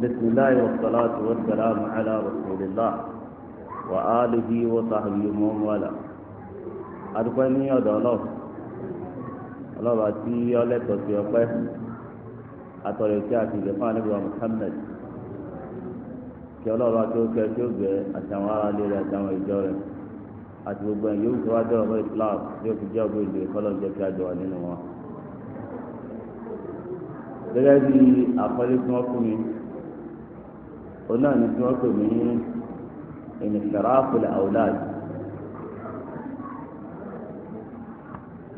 بسم الله والصلاة والسلام على رسول الله وآله وصحبه ومن والاه adúpẹ́ ní ọ̀dọ̀ ọlọ́ọ̀ ọlọ́ọ̀bá tí ọlẹ́tọ̀ sí ọpẹ́ atọ̀rẹ̀ tí a ti lè fún anábìwá Muhammad kí ọlọ́ọ̀bá tó kẹ́ tó gbẹ àtàwọn ará lé rẹ̀ àtàwọn ìjọ rẹ̀ àti gbogbo ẹ̀ yóò tó wá jọ ọ̀rọ̀ Islam tí ó fi jẹ́ ọgbẹ́ ìlú ìkọlọ́ jẹ́ kí a jọ nínú wọn. gẹ́gẹ́ bí àkọlé tí wọ́n fún mi òun náà ní tí wọ́n pè ní ìnìkàràkùlà àwùláàd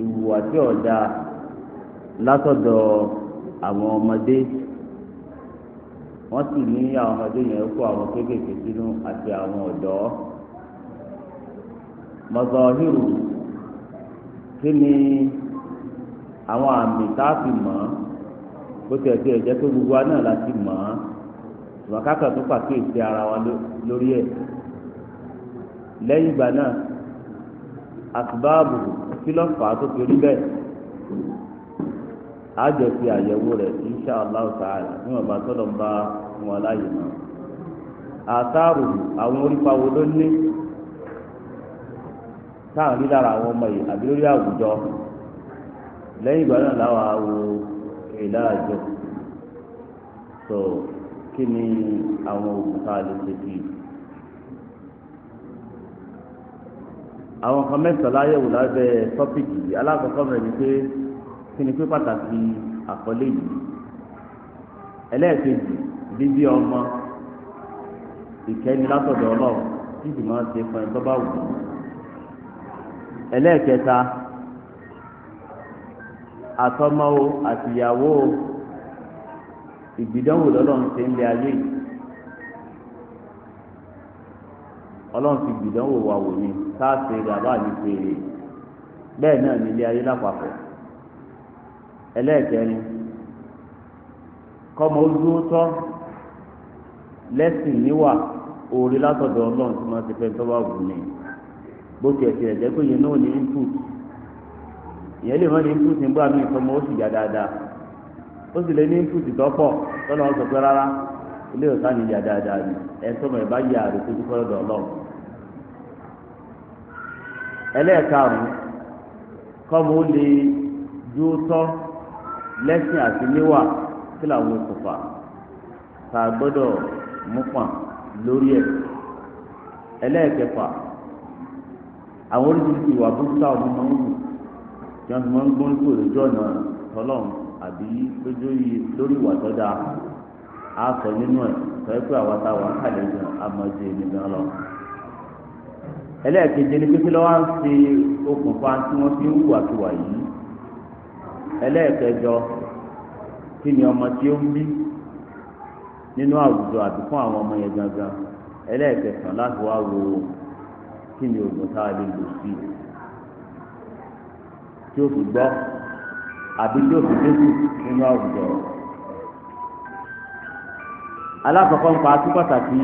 ìwùwà tí ọ̀dà látọ̀dọ̀ àwọn ọmọdé wọ́n sì ní àwọn ọmọdé yẹn kó àwọn kéékèèké sínú àti àwọn ọ̀dọ́ mọ̀gàhírù kí ni àwọn àmì tá a fi mọ̀ bó tiẹ̀ tiẹ̀ jẹ́ pé gbogbo wa náà la ti mọ̀ ọ́. ìwàkàkà tó pàkíyèsí ara wa lórí ẹ̀ lẹ́yìn ìgbà náà àtibáàbù kílọ̀fà tó fi rí bẹ́ẹ̀ àjọ ti àyẹ̀wò rẹ̀ insha Allah ta'ala níwọ̀n bá tọ́lọ̀ ń bá wọn láàyè náà àtàrù àwọn orípa ló ní táwọn rí lára àwọn ọmọ yìí àbí lórí àwùjọ ìgbà náà àjọ kí ni àwọn oògùn tá a lè ṣe sí i. àwọn kan mẹ́sàn-án láyẹ̀wò lábẹ́ tọ́pìkì yìí alákọ̀ọ́kọ́ mẹ́rin ni pé kí ni pé pàtàkì àkọlé yìí ẹlẹ́ẹ̀kejì bíbí ọmọ ìkẹ́ni látọ̀dọ̀ ọlọ́run tí sì máa ń ṣe fún ẹ tó bá wù ú ẹlẹ́ẹ̀kẹta àtọmọ́ o àtìyàwó ìgbìdánwò lọ́lọ́run ṣe ń lé ayé yìí ọlọ́run fi gbìdánwò wa wò ni sáàsì gàbá àbí fèrè bẹ́ẹ̀ náà ní ilé ayé lápapọ̀ ẹlẹ́ẹ̀kẹrin kọ́mọ ojú tọ́ lẹ́sìn níwà oore látọ̀dọ̀ ọlọ́run tí wọ́n ti fẹ́ tọ́ bá wù ní bó tiẹ̀ tiẹ̀ jẹ́ pé yẹn náà ní input ìyẹn lè má ní input nígbà míì tọmọ ó sì yá dáadáa ó sì lè ní input tọ́pọ̀. tọ́lọ́ sọ pé rárá ilé ìwòsàn àyè ìyá dáadáa ni ẹ sọmọ ẹ bá yẹ àrùn tó dúpọ́ ọlọ́run ẹlẹ́ẹ̀karùn-ún kọ́mọ ó lè dúró tọ́ lẹ́sìn àti a gbọ́dọ̀ mú pọ̀n lórí ẹ̀ ẹlẹ́ẹ̀kẹfà àwọn oríṣiríṣi ìwà ọmọ máa ń wù kí wọ́n fi máa ń lójú ọ̀nà àbí lójú yìí lórí ìwà tó dáa á sọ nínú ẹ̀ sọ pé àwa tá a wà kàlẹ́ gan amọ̀jẹ nìkan lọ. ẹlẹ́ẹ̀kejì ni pípẹ́ lọ́wọ́ ń ṣe okùnfà tí wọ́n fi ń hùwàkiwà yìí ẹlẹ́ẹ̀kẹjọ kí ni ọmọ tí ó ń bí nínú àwùjọ àbí fún àwọn ọmọ yẹn gangan ẹlẹ́ẹ̀kẹsàn-án láti wá wo kí ni oògùn tá a lè lò sí i tí ó fi gbọ́ àbí tí òfin dẹ́kù nínú àwùjọ. alákọ̀ọ́kọ́ ń pa sí pàtàkì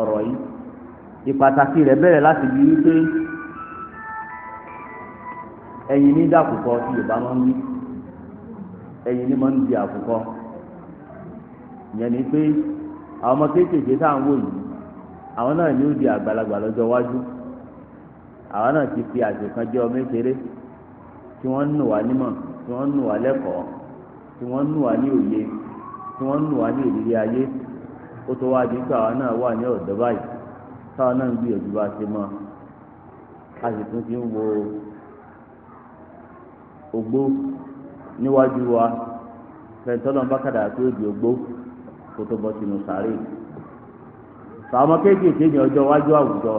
ọ̀rọ̀ yìí ìpàtàkì rẹ̀ bẹ̀rẹ̀ láti bí wípé ẹ̀yin ní dàkùkọ tí yorùbá máa ń wí ẹ̀yin ní máa ń di àkùkọ ìyẹn ni pé àwọn ọmọ kéékèèké tá à ń wò yìí àwọn náà ni ó di àgbàlagbà lọ́jọ́ iwájú àwọn náà ti fi àṣẹ kan jẹ́ ọmọ kékeré tí wọ́n ń nù wá nímọ̀ tí wọ́n ń nù wá lẹ́kọ̀ọ́ tí wọ́n ń nù wá ní òye tí wọ́n ń nù wá ní ìrírí ayé ó tó wá di pé náà wà ní ọ̀dọ́ báyìí náà ń gbìyànjú bá ṣe mọ́ a sì tún ti ń wo ogbó níwájú wa fẹ̀ntọ́lọ́n bá kàdà ọjọ́ iwájú àwùjọ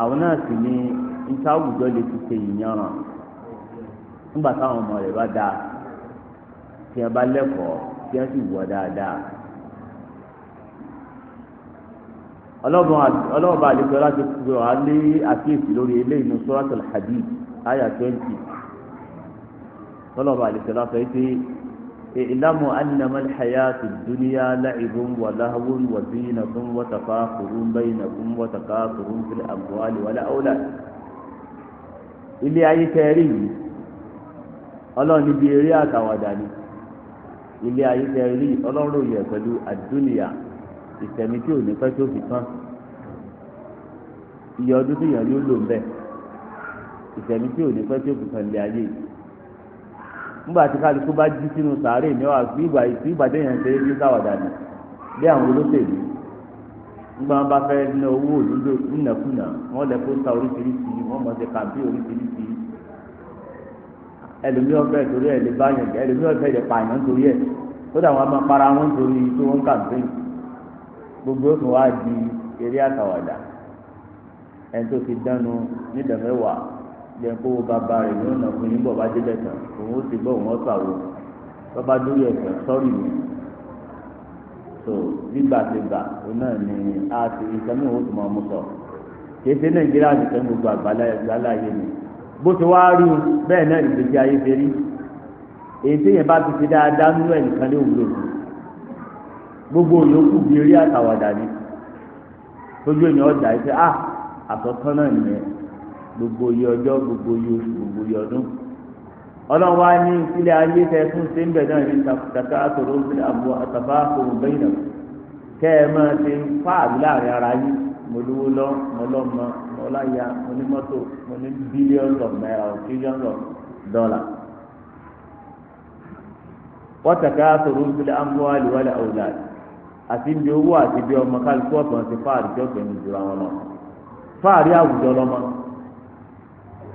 àwọn náà sì ní níta àwùjọ lè ti ṣe ìyanràn nígbà táwọn ọmọ rẹ̀ bá dáa tí wọ́n bá lẹ́kọ̀ọ́ tí wọ́n sì wọ̀ dáadáa. ọlọ́ọ̀bà àlejò láti pè wá lé àkíyèsí lórí eléyìí ní suratul hadid aya twenty ọlọ́ọ̀bà àlejò láti pè é ìlàmù annama alhayatu dunya la'ibun wa lahwun wa zinatun wa tafakurun bainakum wa takasurun fil amwali wal awlad. ilé ayé tẹ́rí yìí ọlọ́run níbi eré àtàwàdà ni ilé ayé tẹ́rí yìí ọlọ́run ya pẹ̀lú àdúnìyà ìtẹ̀mí tí ò ní pẹ́ fi iye ọdún tí yẹn ló lò ń bẹ̀ ìtẹ̀mí tí ò ní pẹ́ tó fi tán ilé ayé nígbà tí kálukú bá jí sínú sàárè ní wàá sí ìgbà tí ń ṣe é sàwàdà nígbà wọn bá fẹ́ ná owó òdodo nínàkúnà wọn lè kó ta oríṣiríṣi wọn mọ̀ ṣe kàǹpé oríṣiríṣi ẹlòmíì ọ̀fẹ́ torí ẹ̀ lè báyọ̀ jẹ́ ẹlòmíì ọ̀fẹ́ lè pààyàn torí ẹ̀ kódà wọn máa para wọn torí tó wọn kàǹpé gbogbo ó tún wá di eré àtàwàdà ẹni tó ti dánu nídàmẹ́wàá jẹ́ kó bàbá rẹ̀ ló nà fún yín bọ̀ bá dé lẹ́sàn òun ó ti gbọ́ òun ọ̀sà wò bàbá dúró ẹ̀sẹ̀ so gbígbà ti gbà òun náà ni a ti nǹkan mi ò tún mọ ọmú sọ kìí ṣe nàìjíríà nìkan gbogbo àgbáláyé ni bó ti wá rí o bẹ́ẹ̀ náà ìgbésí ayé ṣe rí èyí tí yẹn bá ti ṣe dáadáa nínú ẹ̀ nìkan lé òwúlò gbogbo yòókù bíi eré àtàwàdà ni tójú èèyàn ọjà yìí ṣe ah àtọ̀tán náà nìyẹn gbogbo iye ọjọ́ gbogbo iye oṣù gbogbo iye ọdún ọlọ́run wá ní ìpínlẹ̀ ayé tẹ fún sẹ́ńbẹ̀ náà ní kàkà àtòrò ìpínlẹ̀ àbò àtàbà àtòrò bẹ́yìnà kẹ́ ẹ máa ṣe fáàbí láàrin ara yìí mo lówó lọ mo lọ́mọ mo láya mo ní mọ́tò mo ní billions of wọ́n tàkà àtòrò ìpínlẹ̀ àbò àlùwálẹ̀ ọ̀dà àti ibi owó àti ibi ọmọ kálukú ọ̀tàn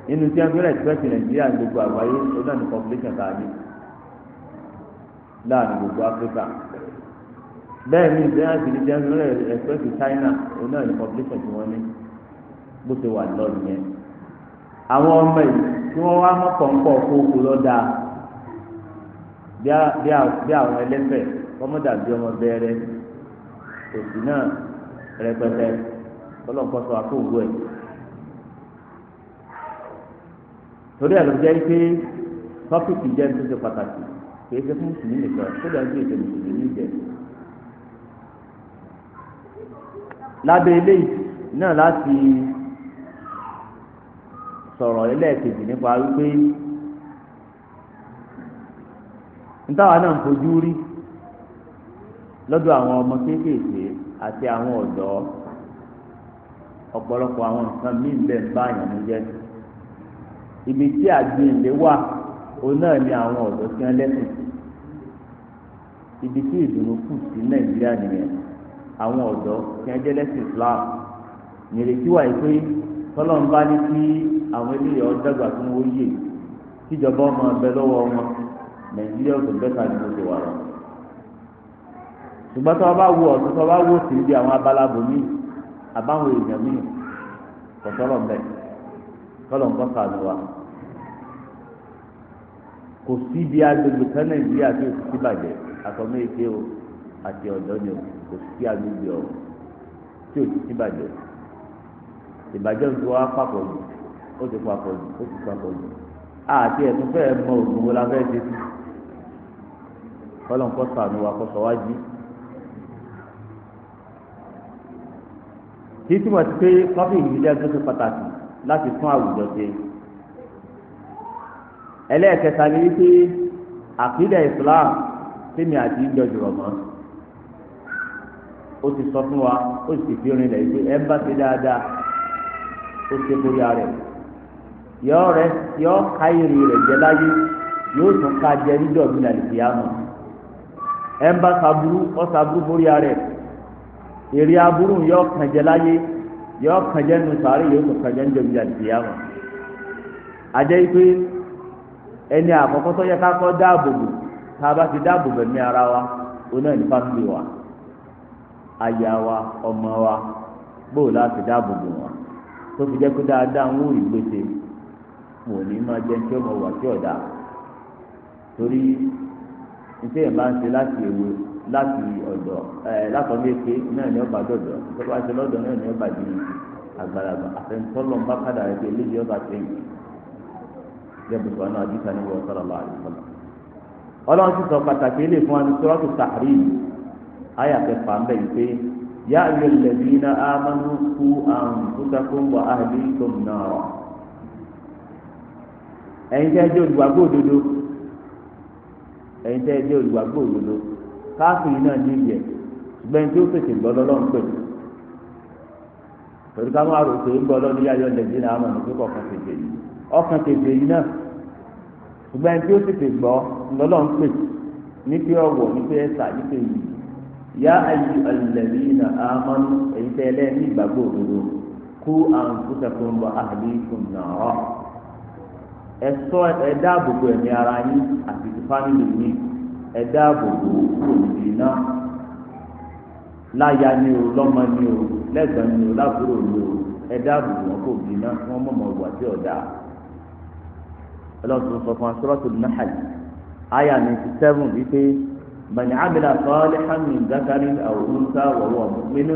nínú tí wọn fẹ́rẹ̀ ẹ̀sìpẹ́sì nàìjíríà gbogbo àgbáyé onáni population tá a ní láàrin gbogbo africa bẹ́ẹ̀ ni ìgbéyàwó àti ìdíje fẹ́rẹ̀ ẹ̀sìpẹ́sì china onáni population tí wọ́n ní bó ṣe wà lọ́ọ̀dù yẹn àwọn ọmọ yìí tí wọ́n wá mọ́kànpọ̀ kókó lọ́dà bí àwọn ẹlẹ́fẹ̀ kọ́mọ́dà bí ọmọ bẹ́ẹ̀rẹ̀ òsì náà rẹpẹtẹ ọlọ́kọ́sọ àkóògùn ẹ̀ torí ẹ̀ ló jẹ́ pé tọ́pìkì jẹ́ tó ṣe pàtàkì kìí ṣe fún mùsùlùmí nìkan kódà ń ṣe jẹ. lábẹ́ eléyìí náà láti sọ̀rọ̀ ẹlẹ́ẹ̀kejì nípa wípé náà ń fojú rí lọ́dọ̀ àwọn ọmọ kéékèèké àti àwọn ọ̀dọ́ ọ̀pọ̀lọpọ̀ àwọn nǹkan míì bẹ́ẹ̀ ń bá àyàn ibi tí àgbìnlé wà òun ni àwọn ọ̀dọ́ tí wọ́n lẹ́sìn ibi tí ìdùnnú kù sí nàìjíríà nìyẹn àwọn ọ̀dọ́ tí wọ́n jẹ́ lẹ́sìn Islam nírètí wà pé tọ́lọ́n bá ní kí àwọn eléyìí ọ̀dọ́gba tó ń wóye tíjọba ọmọ ọbẹ̀ lọ́wọ́ wọn nàìjíríà ọ̀dọ́ bẹ́ta ni mo ti wà lọ. ṣùgbọ́n tí wọ́n bá wo ọ̀tún tí wọ́n bá wò sí ibi àwọn abalábòmíì àbáwọn èèyàn míì kọ̀tọ́lọ̀ bẹ́ẹ̀ kọ́lọ̀ nǹkan kàánú wa kò sí ibi agbègbè kan nàìjíríà tó ti ti bàjẹ́ àtọ́mọ́ èké o àti ọ̀dọ́ ni o kò sí agbègbè ọ̀hún tí ò ti ti bàjẹ́ ìbàjẹ́ òtún wa papọ̀ jù ó ti papọ̀ jù ó ti papọ̀ jù àti ẹ̀tún fẹ́ẹ̀ mọ òògùn wo la fẹ́ ṣe sí kọ́lọ̀ nǹkan kàánú wa kọ́ sọ wá jí. kí túmọ̀ sí pé kọ́fì ìgbìyànjú tó ṣe pàtàkì láti tún àwùjọ ṣe ẹlẹ́ẹ̀kẹta ni wípé àkídà Islam tèmi àti ìjọ jùlọ mọ́ ó ti sọ fún wa ó sì fi orin rẹ̀ wípé ẹ bá ṣe dáadáa ó ṣe bóyá rẹ̀ yọ rẹ yọ ká èrè rẹ̀ jẹ láyé yóò tún ká jẹ níjọ́ mi nà lè fi àmọ́ ẹ bá ṣàbúrú ọ ṣàbúrú bóyá rẹ̀ èrè aburú yọ kàn jẹ láyé yọ kànjẹ́ nu sàárì yóò tó kànjẹ́ ń jọbi àti ìyàwó àjẹ́ ipe ẹni àkọ́kọ́ tó yẹ ká kọ́ dáàbò bò tá ti dáàbò bò ní ara wa oná ní fámìlì wa aya wa ọmọ wa bóò láti dáàbò bò wọn tó fi jẹ́ pé dáadáa ń wò ìgbésẹ̀ wọn ní máa jẹ́ kí ọmọ wà sí ọ̀dà torí nítorí ẹ̀ máa ń ṣe láti èwe láti ọ̀dọ̀ ẹ̀ látọ̀dọ̀ èké náà ní ọba dọ̀dọ̀ tó bá ti lọ́dọ̀ náà ọba di àgbàlagbà àfẹnusọ́lọ́ bá kàdà rẹ̀ pé ọba sẹ́yìn jẹ́bi sọ̀rọ̀ náà àdìsá ní wọ́n sọ̀rọ̀ láàrin sọ̀rọ̀. ọlọ́run ti sọ pàtàkì ilé fún wa ní sàárì kẹfà ń bẹ̀ yìí pé yá iná kú àrùn wà tó ẹ̀yin tẹ́ ẹ káàkiri náà ní ìyẹ ṣùgbọ́n tí ó tètè gbọ́dọ̀ lọ́n pè torí ká máa rò pé ń gbọ́dọ̀ ní yáyọ lẹ́gbẹ́ náà mọ̀ nípa ọkàn tètè yìí ọkàn tètè yìí náà ṣùgbọ́n tí ó tètè gbọ́ lọ́lọ́ ń pè ní pé ọ̀wọ̀ ní pé ẹ̀sà ní pé yìí yá ayé náà èyí tẹ́ ìgbàgbọ́ òdodo kú ẹ dáàbò bò ó kúrò níbi iná láya ni o lọ́mọ ni o lẹ́gbọ̀n ni o lábúrò ni o ẹ dáàbò bò wọn kò bí iná kí wọ́n mọ̀mọ́ ìwà tí ọ̀dà ọlọ́run sọ fún asọ́rọ́tò náhàlì àyà ní sẹ́fún wípé mọ̀nyí àmìlà sọ́ọ́lì hàmì zákàrí àwòrán sá wọ̀wọ̀ mínú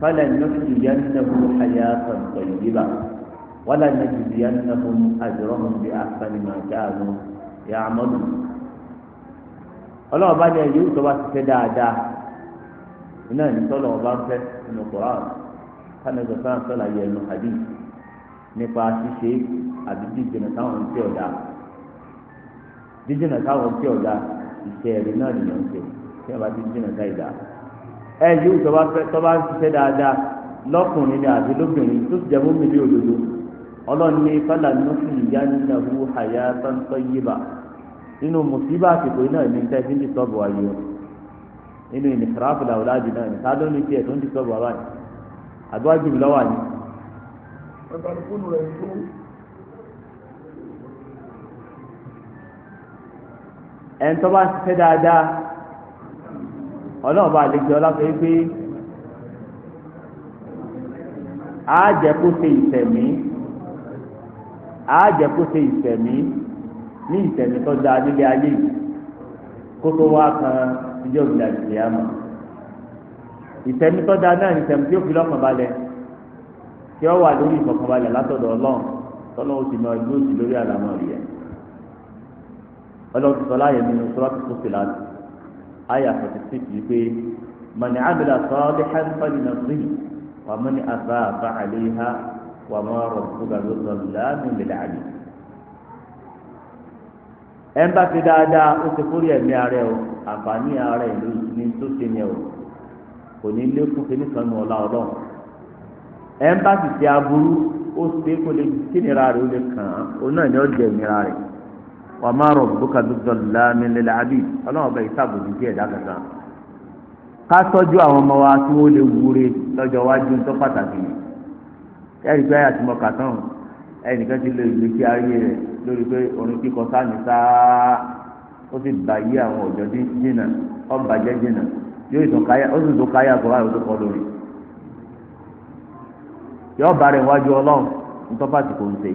fọlẹ̀ nọ́ọ̀sì yẹn nàbó àyà sọ̀tọ̀ ìdíbà wọ́lẹ̀ nàbìbì yẹn nàbó àjọrọ̀ ọlọ́run bá ní ẹ̀yẹ́ òtọ́ bá ti fẹ́ dáadáa iná ní sọ́lọ́ ọba ń fẹ́ nínú koran kánẹ́sọ̀ sáà sọ́lá yẹ ẹnu hadi nípa ṣíṣe àbí jíjìnà táwọn ti ọ̀dà jíjìnà táwọn ti ọ̀dà ìṣe ẹ̀rí náà nìyẹn ń ṣe tí wọ́n bá ti jíjìnà táì dá ẹ̀yẹ́ òtọ́ bá fẹ́ tọ́ bá ń ṣiṣẹ́ dáadáa lọ́kùnrin ni àbí lóbìnrin tó ti jẹ́ mọ́mìlì òdodo ní inú mùsíbà àsìkò iná ní tẹ́sí ń disọ́bù ayé o inú ìnìkàràfù làwùláàdì náà nìta ló ní tiẹ̀ tó ń disọ́bù ara yìí àdúrà jù mí lọ́wọ́ àní. ẹ̀ ń tọ́ bá ń ṣiṣẹ́ dáadáa ọlọ́run bá lè jẹ́ ọlọ́pàá pé àájẹ́ kó ṣe ìfẹ̀mí àájẹ́ kó ṣe ìfẹ̀mí ní ìtẹ̀mítọ́ da nílé ayé yìí kó tó wá kan ìjọ ìgbà ìgbìyà mọ̀ ìtẹ̀mítọ́ da náà ìtẹ̀mí tí ó fi lọ́kàn balẹ̀ tí ó wà lórí ìfọ̀kànbalẹ̀ látọ̀dọ̀ ọlọ́run tọ́lọ́wọ́ ti mọ ìlú òsì lórí àlámọ̀ rí ẹ̀ ọlọ́run ti sọ láàyè nínú sọ́lọ́tì tó fi láti àyà fọ̀tí sí kìí pé mọ̀nì ábìlà sọ́ọ́lì hẹ́ńpẹ́lì ẹ ń bá ti dáadáa ó ti kórè ẹ̀mí ara o àǹfààní ara ẹ̀ ló tó ṣe yẹn o kò ní lékún kí nìkan nu ọ̀la ọlọ́run ẹ ń bá ti aburú ó ṣe kó lè kí nira rẹ̀ ó lè kàn án òun náà ni ó jẹ ìnira rẹ̀ wà má rọ̀ bùkà dúdọ̀lù láàmì lẹ́la àbí ọlọ́run ọba ìsàbòdì díẹ̀ dákankan ká tọ́jú àwọn ọmọ wa tí wọ́n lè wúre lọ́jọ́ iwájú tó pàtàkì ẹ̀rí pé àyà tí mo kà ẹnìkan ti lo ìgbésí ayé rẹ̀ lórí pé orin kíkọ sáàmì sáà ó sì bàyí àwọn ọ̀dọ́ jìnnà ọ̀bàjẹ́ jìnnà yóò sùn káyà ó sì sùn káyà kó báyìí tó kọ lórí yóò bá rẹ̀ wájú ọlọ́run ntọ́fàtì kò ń ṣe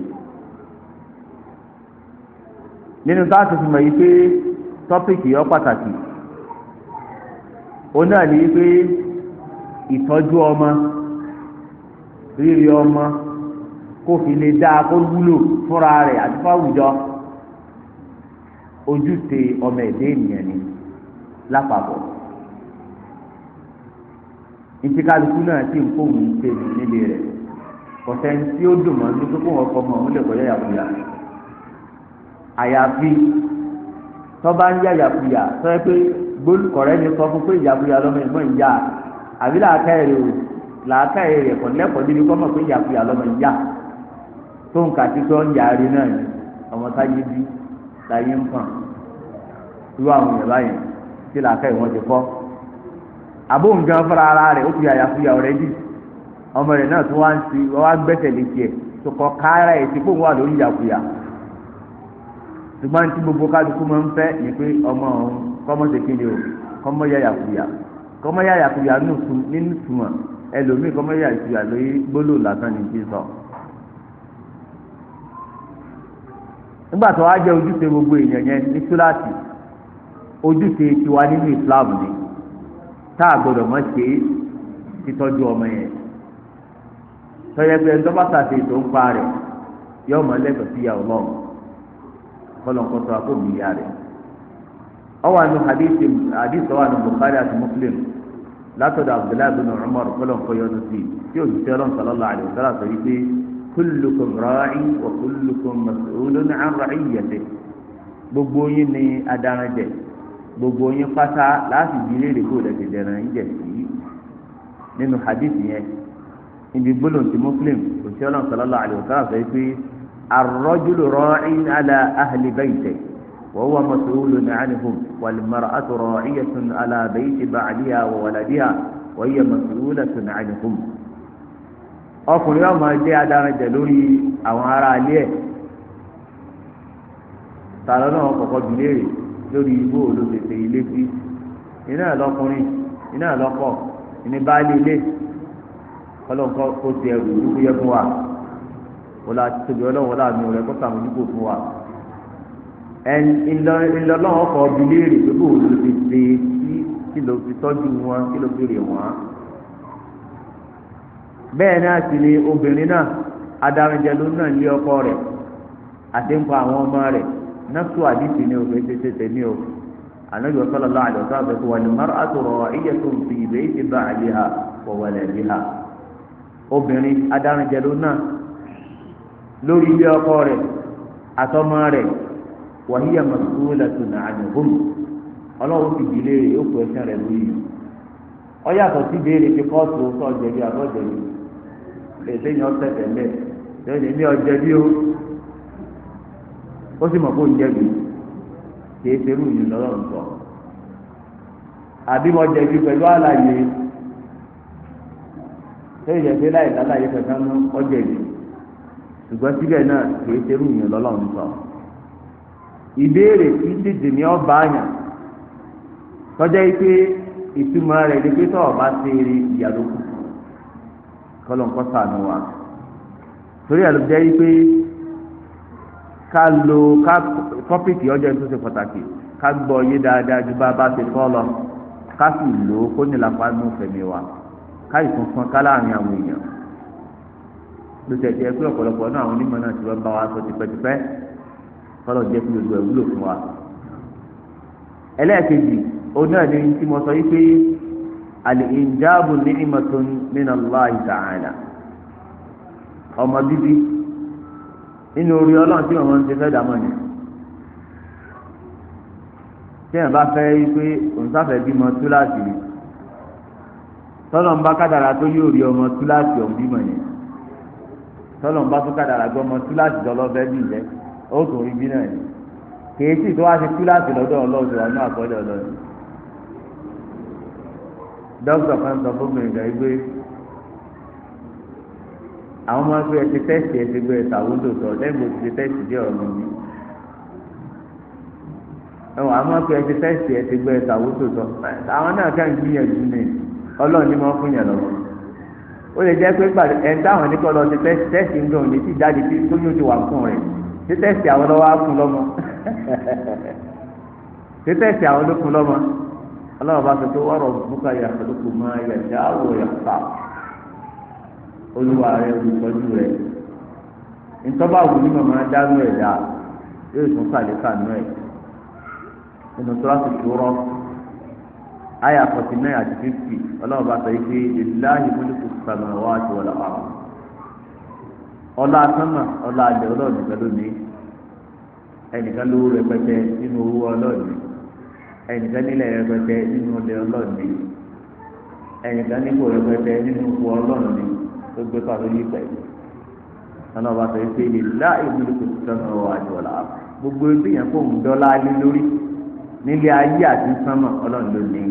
nínú táàtì fi mọ̀ yìí pé tọ́pìkì yọ pàtàkì náà ní kó fi lè dáa kó wúlò fúnra rẹ̀ àti fáwùjọ ojúṣe ọmọ ẹ̀dá ènìyàn ni lápapọ̀ ìtìkálukú náà sì ń kó òun ṣe nílé rẹ̀ kọ̀tẹ́ ní tí ó dùn mọ́ ní pípọ̀ ọkọ̀ mọ́ òun lè kọ́ yàyàkuyà àyàfi tọ́ba ń yàyàkuyà sọ́yẹ́ pé gbólùkọ̀rẹ́ ni sọ fún pé ìyàkuyà lọ́mọ ìmọ̀ ìyá àbí làákàyèrè rẹ̀ kọ̀ lẹ́kọ̀ọ́ níbi kọ́ mọ̀ pé ìyàkuyà lọ́mọ ìyá tó nǹkan títọ́ ń yàrá náà ni ọmọ táyé bí táyé ń pọ̀n irú àwọn èèyàn báyìí tí làákà ìwọ̀n ti kọ́ àbó nǹkan fúnra ara rẹ̀ ó ti yàyà fúyà ọ̀rẹ́ dì ọmọ rẹ̀ náà tó wá ń ti wá gbẹ́sẹ̀lé tiẹ̀ tó kọ kára ẹ̀ tí kò wà lórí ìyàkuyà ṣùgbọ́n tí gbogbo kálukú máa ń fẹ́ ni pé ọmọ òun kọ́mọ ṣe kéde o kọ́mọ yà yàkuyà kọ́mọ yà yàkuyà nù nínú tùmọ̀ ẹlòmíì kọ́mọ yà yàkuyà lórí gbólóò lásán ni ti sọ. So. nígbà tó wá jẹ ojúṣe gbogbo èèyàn yẹn ní túláàsì ojúṣe tiwa nínú Islam ni tá a gbọ́dọ̀ mọ̀ ṣe títọ́jú ọmọ yẹn tọ́yẹ pé ẹjọ́ bá tàṣe ètò ń pa rẹ̀ yọ ọmọ lẹ́tọ̀ọ́ sí ìyá ọlọ́run kọlọ̀kọ́tọ̀ àkóbì ìyá rẹ̀ ọwọ́ àánú hadith ọwọ́ àánú Bukhari àti Muslim látọ̀dọ̀ Abdullahi bin Umar kọlọ̀kọ́ yọdún sí i tí òṣìṣẹ́ ọlọ́run sallallahu alaihi wasallam sọ yìí pé kullukum ra'i wa kullukum mas'ulun 'an ra'iyyatihi gbogbo yín ni adaranjẹ gbogbo yín pátá láti di léèrè kó lẹsẹ dẹrẹ ń jẹ sí nínú hadith yẹn ibi gbólóhùn ti muslim òṣìṣẹ́ ọlọ́run sallallahu alaihi wasallam sọ pé ar-rajulu ra'in 'ala ahli baytihi wa huwa mas'ulun 'anhum wal mar'atu ra'iyatun 'ala bayti ba'liha wa waladiha wa hiya mas'ulatun 'anhum ọkùnrin ọmọ jẹ́ adaranjẹ lórí àwọn ará alẹ́ ẹ̀ tààrọ náà kọ́kọ́ bi léèrè lórí ibú olóṣèṣe ilé bí iná lọkùnrin iná lọkọ ìní baálé ilé kọlọ́nkọ́ kó ti ẹrù ìdúgbò yẹ fún wa wọlá tóbi ọlọ́wọ́ láàánú rẹ kó sàmójú kò fún wa ńlọlọ́wọ́ kọ́ bi léèrè pé bó olóṣèṣe kí ló fi tọ́jú wọn kí ló fi rè wọn. bẹ́ẹ̀ náà sì ni obìnrin náà adarunjẹlu náà lé ọkọ rẹ̀ àti àwọn ọmọ rẹ̀ nafsu àdìsí ni òfin ṣe ṣe ní o anabi sallallahu alaihi wasallam wal mar'atu ra'iyatun fi ha ba'liha wa waladiha obìnrin adarunjẹlu náà lórí ilé ọkọ rẹ̀ àtọmọ rẹ̀ wa hiya mas'ulatun na ọlọ́run ti dìlé rẹ̀ ọ yàtọ̀ ti ètè yẹn ọ̀sẹ̀ tẹ̀lé lẹ́yìn ní ọjẹ́ bí ó ó sì mọ̀ kó ń jẹ̀bi kìí serú yìí lọ́rọ̀ sọ àbí mo jẹ̀bi pẹ̀lú àlàyé lẹ́yìn ẹ̀fẹ́ láì lálàyé kankan mú ọjẹ̀bi ṣùgbọ́n síbẹ̀ náà kìí yìí ìbéèrè ní ọba àyàn pé ìtumọ̀ rẹ̀ ni pé tọ́ ọba ṣe eré ìyàlókù. kọ́lọ̀ ń kọ́ sànù wa torí ẹ̀ ló jẹ́ pé ká lo ká tọ́pìkì ọjọ́ yìí tó ṣe pàtàkì ká gbọ́ yé dáadáa ju bá a bá ṣe kọ́ lọ ká sì lò ó kó nílà pánú fẹ̀mí wa ká ìfúnfún ká láàrin àwọn èèyàn ló ṣe jẹ́ pé ọ̀pọ̀lọpọ̀ náà àwọn onímọ̀ náà ti wọ́n bá wa sọ tipẹ́tipẹ́ kọ́lọ̀ jẹ́ fún gbogbo ẹ̀ wúlò fún wa ẹlẹ́ẹ̀kejì oní ẹ̀ ní tí mo sọ yìí pé al-injabu ni'matun min Allah ta'ala ọmọ bíbí nínú orí ọlọ́run tí wọ́n ti fẹ́ dàmọ́ ni tí èèyàn bá fẹ́ yí pé òun sáfẹ́ bímọ túláàsì ni tọ́lọ̀ ń bá kádàrà tó yóò rí ọmọ túláàsì ọ̀hún bímọ yẹn tọ́lọ̀ ń bá tó kádàrà gbọ́ ọmọ túláàsì tọ́lọ́fẹ́ bí ìlẹ́ ó tún rí bí náà yẹn kèé tó wá sí túláàsì lọ́dọ̀ ọlọ́run tó wà ní àkọọ́lẹ̀ ọlọ́run dókítà kan sọ fún mi gan gbé àwọn máa ń gbé ẹsẹ tẹsí ẹsẹ gbé ẹsẹ àwùjọ sọ lẹ́gbẹ̀ẹ́ ti tẹsí dé ọ̀rọ̀ mi ẹwọn àwọn máa ń gbé ẹsẹ tẹsí ẹsẹ gbé ẹsẹ àwùjọ sọ àwọn náà kàn gbìyànjú ni ọlọ́run ni wọ́n fún yàn lọ́wọ́ ó lè jẹ́ pé gbàdé ẹ̀ ń dáhùn ní kọ́lọ́ ti tẹ́sì tẹ́sì ń gbọ̀n ní ti jáde tí tó yóò ti wà fún rẹ̀ ti tẹ́sì àwọn lọ́wọ́ á fún lọ́mọ ti tẹ́sì àwọn ló fún lọ́mọ ọlọ́run bá sọ pé wọ́n rọ̀ bùkà yàtọ̀lùkù máa yàtọ̀ àwọ̀ yàtọ̀ olúwa rẹ̀ olùtọ́jú rẹ̀ ntọ́ba wù ní màmá dárú ẹ̀ dá yóò tún kàlẹ́ kànú ẹ̀ nínú tọ́lásì ṣòro àyà fọ̀tí náà àti fífì ọlọ́run bá sọ yìí pé ìdíláàyè múlùkù sàmà wá àti wọlé pa ọlá sánmà ọlá àjẹ ọlọ́run nìkan lónìí ẹnìkan lówó rẹpẹtẹ nínú ẹnìkan nílẹ̀ rẹpẹtẹ nínú ọdẹ ọlọ́ọ̀ni ẹnìkan nípò rẹpẹtẹ nínú ipò ọlọ́ọ̀ni tó gbé pàtó yí pẹ̀ ọ̀nà ọba sọ pé ìlà gbogbo ebi yẹn kó ń dọ́lá lé lórí nílé ayé àti sánmọ̀ ọlọ́ọ̀ni ló ní.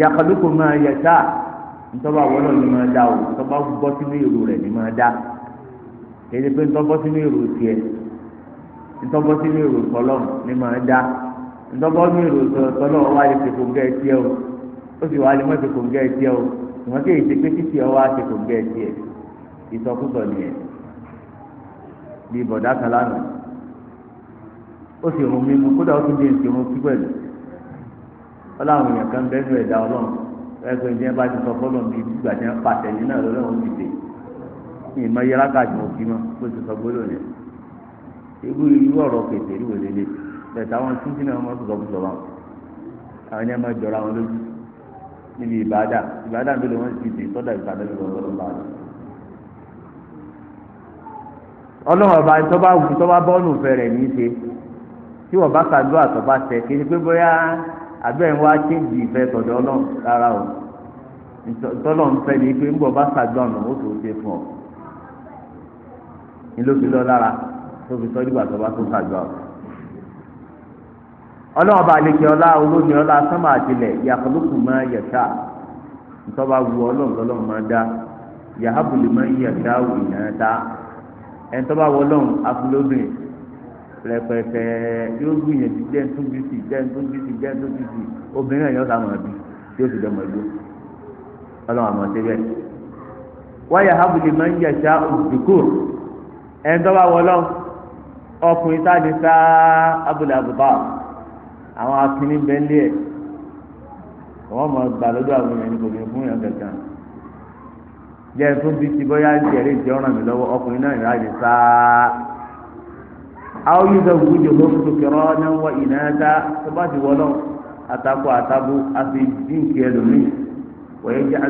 yàkàlùkù máa yẹ táà ntọ́ba wọlé ọ̀nà máa dá o ntọ́ba bọ́ sínú èrò rẹ̀ ni máa dá pé ntọ́ bọ́ sínú èrò tiẹ̀ ntọ́gbọ́ sí mi rò sọlọ́ ni màá dá ntọ́gbọ́ mi rò sọlọ́ wá lè ṣèkò ńgẹ́ tiẹ́ o ó sì wá lè mọ́ ṣèkò ńgẹ́ tiẹ́ o ìwọ́n tí èyí ṣe pé títí ọ wá ṣèkò ńgẹ́ tiẹ́ ìsọkúsọ nìyẹn bí bọ̀dá kan lánàá ó sì rún mímu kódà ó tún dé nǹkan mú sí pẹ̀lú ọláwọn èèyàn kan bẹ́ẹ̀ nù ẹ̀dá ọlọ́run ẹgbẹ́ ìdí ẹ bá ti sọ fọlọ́n bíi ìgbà tí wọ́n pàtẹ́yìn náà lọ́lọ́run ti dé ìmọ̀ yẹra káàdì mọ̀ kí mọ́ bó ti sọ gbólóhùn irú irú ọ̀rọ̀ kẹsẹ̀ rí wòlé lé bẹ̀tẹ̀ àwọn tuntun náà wọ́n sọ̀rọ̀ sọ̀rọ̀ àwọn àwọn ẹni máa jọra wọn lójú níbi ìbáadà ìbáadà mélòó wọn ti dè sọ́dà ìbáadà mélòó wọn lọ́ba rẹ̀. ọlọ́run ọba tó bá wù tó bá bọ́ọ̀nù fẹ́ rẹ̀ ní í ṣe tí wọ́n bá kàdó àtọ́bá tẹ kí ni pé bóyá abẹ́ ń wá chéǹdì ìfẹ́ tọ̀dọ̀ ọlọ́run rárá o tó fi tọ́jú ìgbà tó bá tó ṣàdúrà ọlọ́run bá lè kí ọlá olómi ọlá sánmà àtìlẹ̀ yàtọ̀lókùn máa yẹ̀ṣà ntọ́ba wu ọlọ́run lọ́lọ́run máa dá yàhábùlì máa ń yẹ̀ṣà òyìnbá dá ẹ̀ńtọ́ba wọ ọlọ́run afúlóbìn rẹpẹtẹ yóò gbìyànjú jẹ́ntún bísí jẹ́ntún bísí jẹ́ntún bísí obìnrin ẹ̀yọ́ sá máa bí yóò sì dẹ́mọ̀ ẹ̀dúró ọlọ́run àmọ́ ṣe wáyà hábùlì máa ń yẹ̀ṣà òdùkú ẹ̀ńtọ́ba wọ ọkùnrin tá a lè sá abúlé àbùbá àwọn akínní bẹ́ńlẹ̀ ẹ̀ wọ́n mọ̀ gbà lọ́dọ̀ àwọn èèyàn kò fún yàn kankan jẹ́ fún bíi ti bọ́yá jẹ̀rí ìjọ ràn mí lọ́wọ́ ọkùnrin náà yàrá lè sá àwọn yìí sọ náà wọ tó bá ti wọlọ́ àti dínkì ẹlòmíì wọ́n jẹ́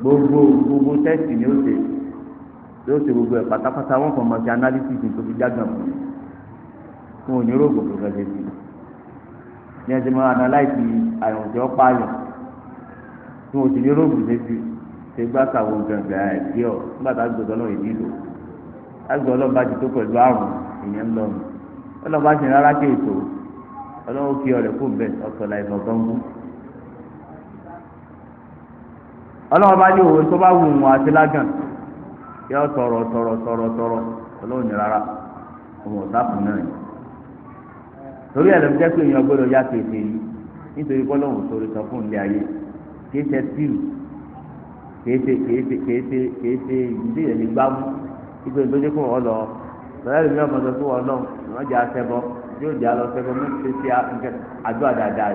gbogbo gbogbo tẹ́sì ni ó ṣe yóò ṣe gbogbo ẹ̀ pátápátá wọn kàn máa ṣe analysis tó fi jágàn fún un wọn ò ní rògbò tó fẹ́ létí ní ẹsẹ̀ máa analyse àyàn tí ó pààyàn wọn ò sì ní rògbò létí ṣe gbá kàwọ gbẹ̀ngbẹ̀ àìsí ọ̀ nígbà tá a gbọ́dọ̀ náà èdè lò a gbọ́dọ̀ ọlọ́ba ti tó pẹ̀lú àrùn ìyẹn ń lọ́nu ọlọ́ba ti rárá kéètò ọlọ́wọ́ kí ọ̀rẹ́ kó bẹ̀ ọ̀sọ̀ láì mọ̀ ọlọ́run bá ní òwe tó bá wù wọn àti lágàn tọrọ tọrọ tọrọ tọrọ ọlọ́run ní rárá ọmọ ọ̀sáfù náà yìí torí ẹ̀ ló jẹ́ pé èèyàn gbọ́dọ̀ yá tètè yìí nítorí bọ́lọ́hùn sórí sọ fún ilé ayé kìí ṣe tíù kìí ṣe kìí ṣe kìí ṣe ṣe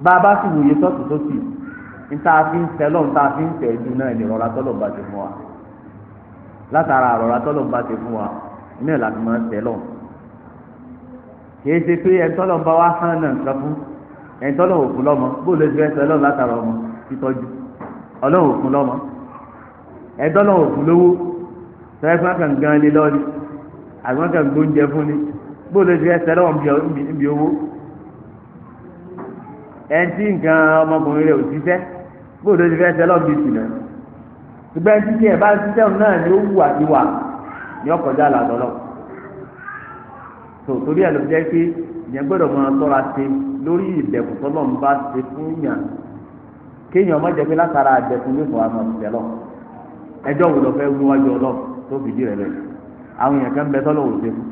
bá a bá sì wòye sọ́ọ̀tù sósì níta fi ń tẹ́ lọ́n tá a fi ń tẹ́ ju náà ní ìrọ̀lá tọ́lọ̀ bá ti fún wa látara ìrọ̀lá tọ́lọ̀ bá ti fún wa náà láti máa tẹ́ lọ́n kìí ṣe pé ẹ̀ tọ́lọ̀ bá wa hàn náà nǹkan fún ẹ̀ tọ́lọ̀ òkun lọ́mọ bóòlù ẹ̀ fẹ́ tẹ́ lọ́n látara ọmọ títọ́jú ọlọ́run òkun lọ́mọ ẹ̀ tọ́lọ̀ òkun lówó tọ́lẹ̀ fún akàngan lé lọ́ọ̀lì àgbọ̀n ẹtí nǹkan ọmọkùnrin rẹ̀ ò ṣiṣẹ́ bóòdó ti fẹ́ sẹ́ lọ́ọ̀bì ìsìn náà ṣùgbọ́n ẹtí tí ẹ̀ bá ṣiṣẹ́ òun náà ni ó wù àti wà ní ọkọjá làdọ́lọ́ tó torí ẹ̀ ló jẹ́ pé ìyẹn gbọ́dọ̀ máa tọ́ra ṣe lórí ìdẹ̀kùn tọ́lọ́ ń bá ṣe fún yàn kéèyàn ọmọ jẹ pé látara àdẹ̀kùn ló fọ àmọ̀ ṣẹ̀ lọ ẹjọ́ wò lọ fẹ́ wú wájú ọlọ́ tó fìdí rẹ̀ lẹ̀ àwọn èèyàn kan bẹ tọ́lọ́ wò ṣe fún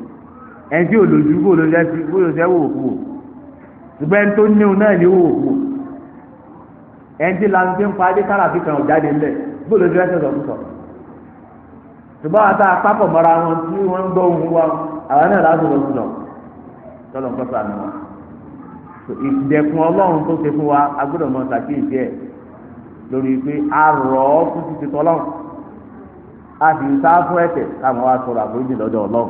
ẹjọ́ òlòjú bó ló ṣe wò kú wò ṣùgbọ́n ẹni tó níwò náà ni ó wò ẹni tí lanu fi ń pa adé káràbí kan ọ̀jáde ńlẹ̀ bó ló dúró sọ̀tọ̀ sọ̀ ṣùgbọ́n àtà àpapọ̀ mọ́ra wọn tí wọ́n ń gbọ́ ohun wa àwọn náà láti lọ sọ̀tọ̀ tọ́lọ̀ ń kọ́sà nù wọn. ìdẹ̀kùn ọlọ́run tó ṣe fún wa a gbọ́dọ̀ mọ ṣàkíyèsí ẹ̀ lórí pé a rọ̀ ọ́ fún títí tọ́lọ́run a sì ń sá fún ẹ̀tẹ̀ káwọn wa sọ̀rọ̀ àforíjì lọ́dọ̀ ọlọ́run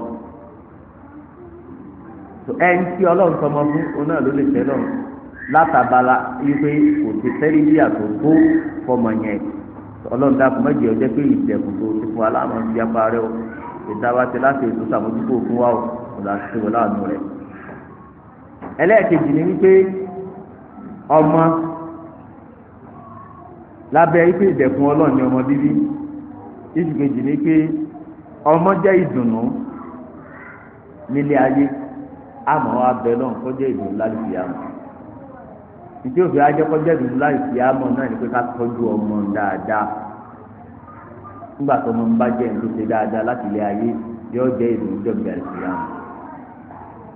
ẹni tí ọlọ́run tọmọ fún òun náà ló lè fẹ́ lọ́run látàbàlà wípé kò ti sẹ́rí bí àtòkó fọmọ yẹn ọlọ́run dákun mẹ́jọ jẹ́ pé ìjẹ̀kùn tó ti fún aláàmọ́ ti apá rẹ o ìdáwà ti láti ètò sàmójúkò fún wa o kò lá ti wọ láàánú rẹ. ẹlẹ́ẹ̀kejì ni wípé ọmọ lábẹ́ wípé ìjẹ̀kùn ọlọ́run ni ọmọ bíbí ìjùkejì ni pé ọmọ jẹ́ ìdùnnú nílé ayé àmọ́ wa bẹ náà kọjá ìdùnnú láì fi àmọ́ ìdí òfin ajẹ kọjá ìdùnnú láì fi àmọ́ náà ni pé ká tọ́jú ọmọ dáadáa nígbà tó ọmọ ń bá jẹ́ ìlú ṣe dáadáa láti ilé ayé yóò jẹ́ ìdùnnú jọ̀gbìn àìsí àmọ́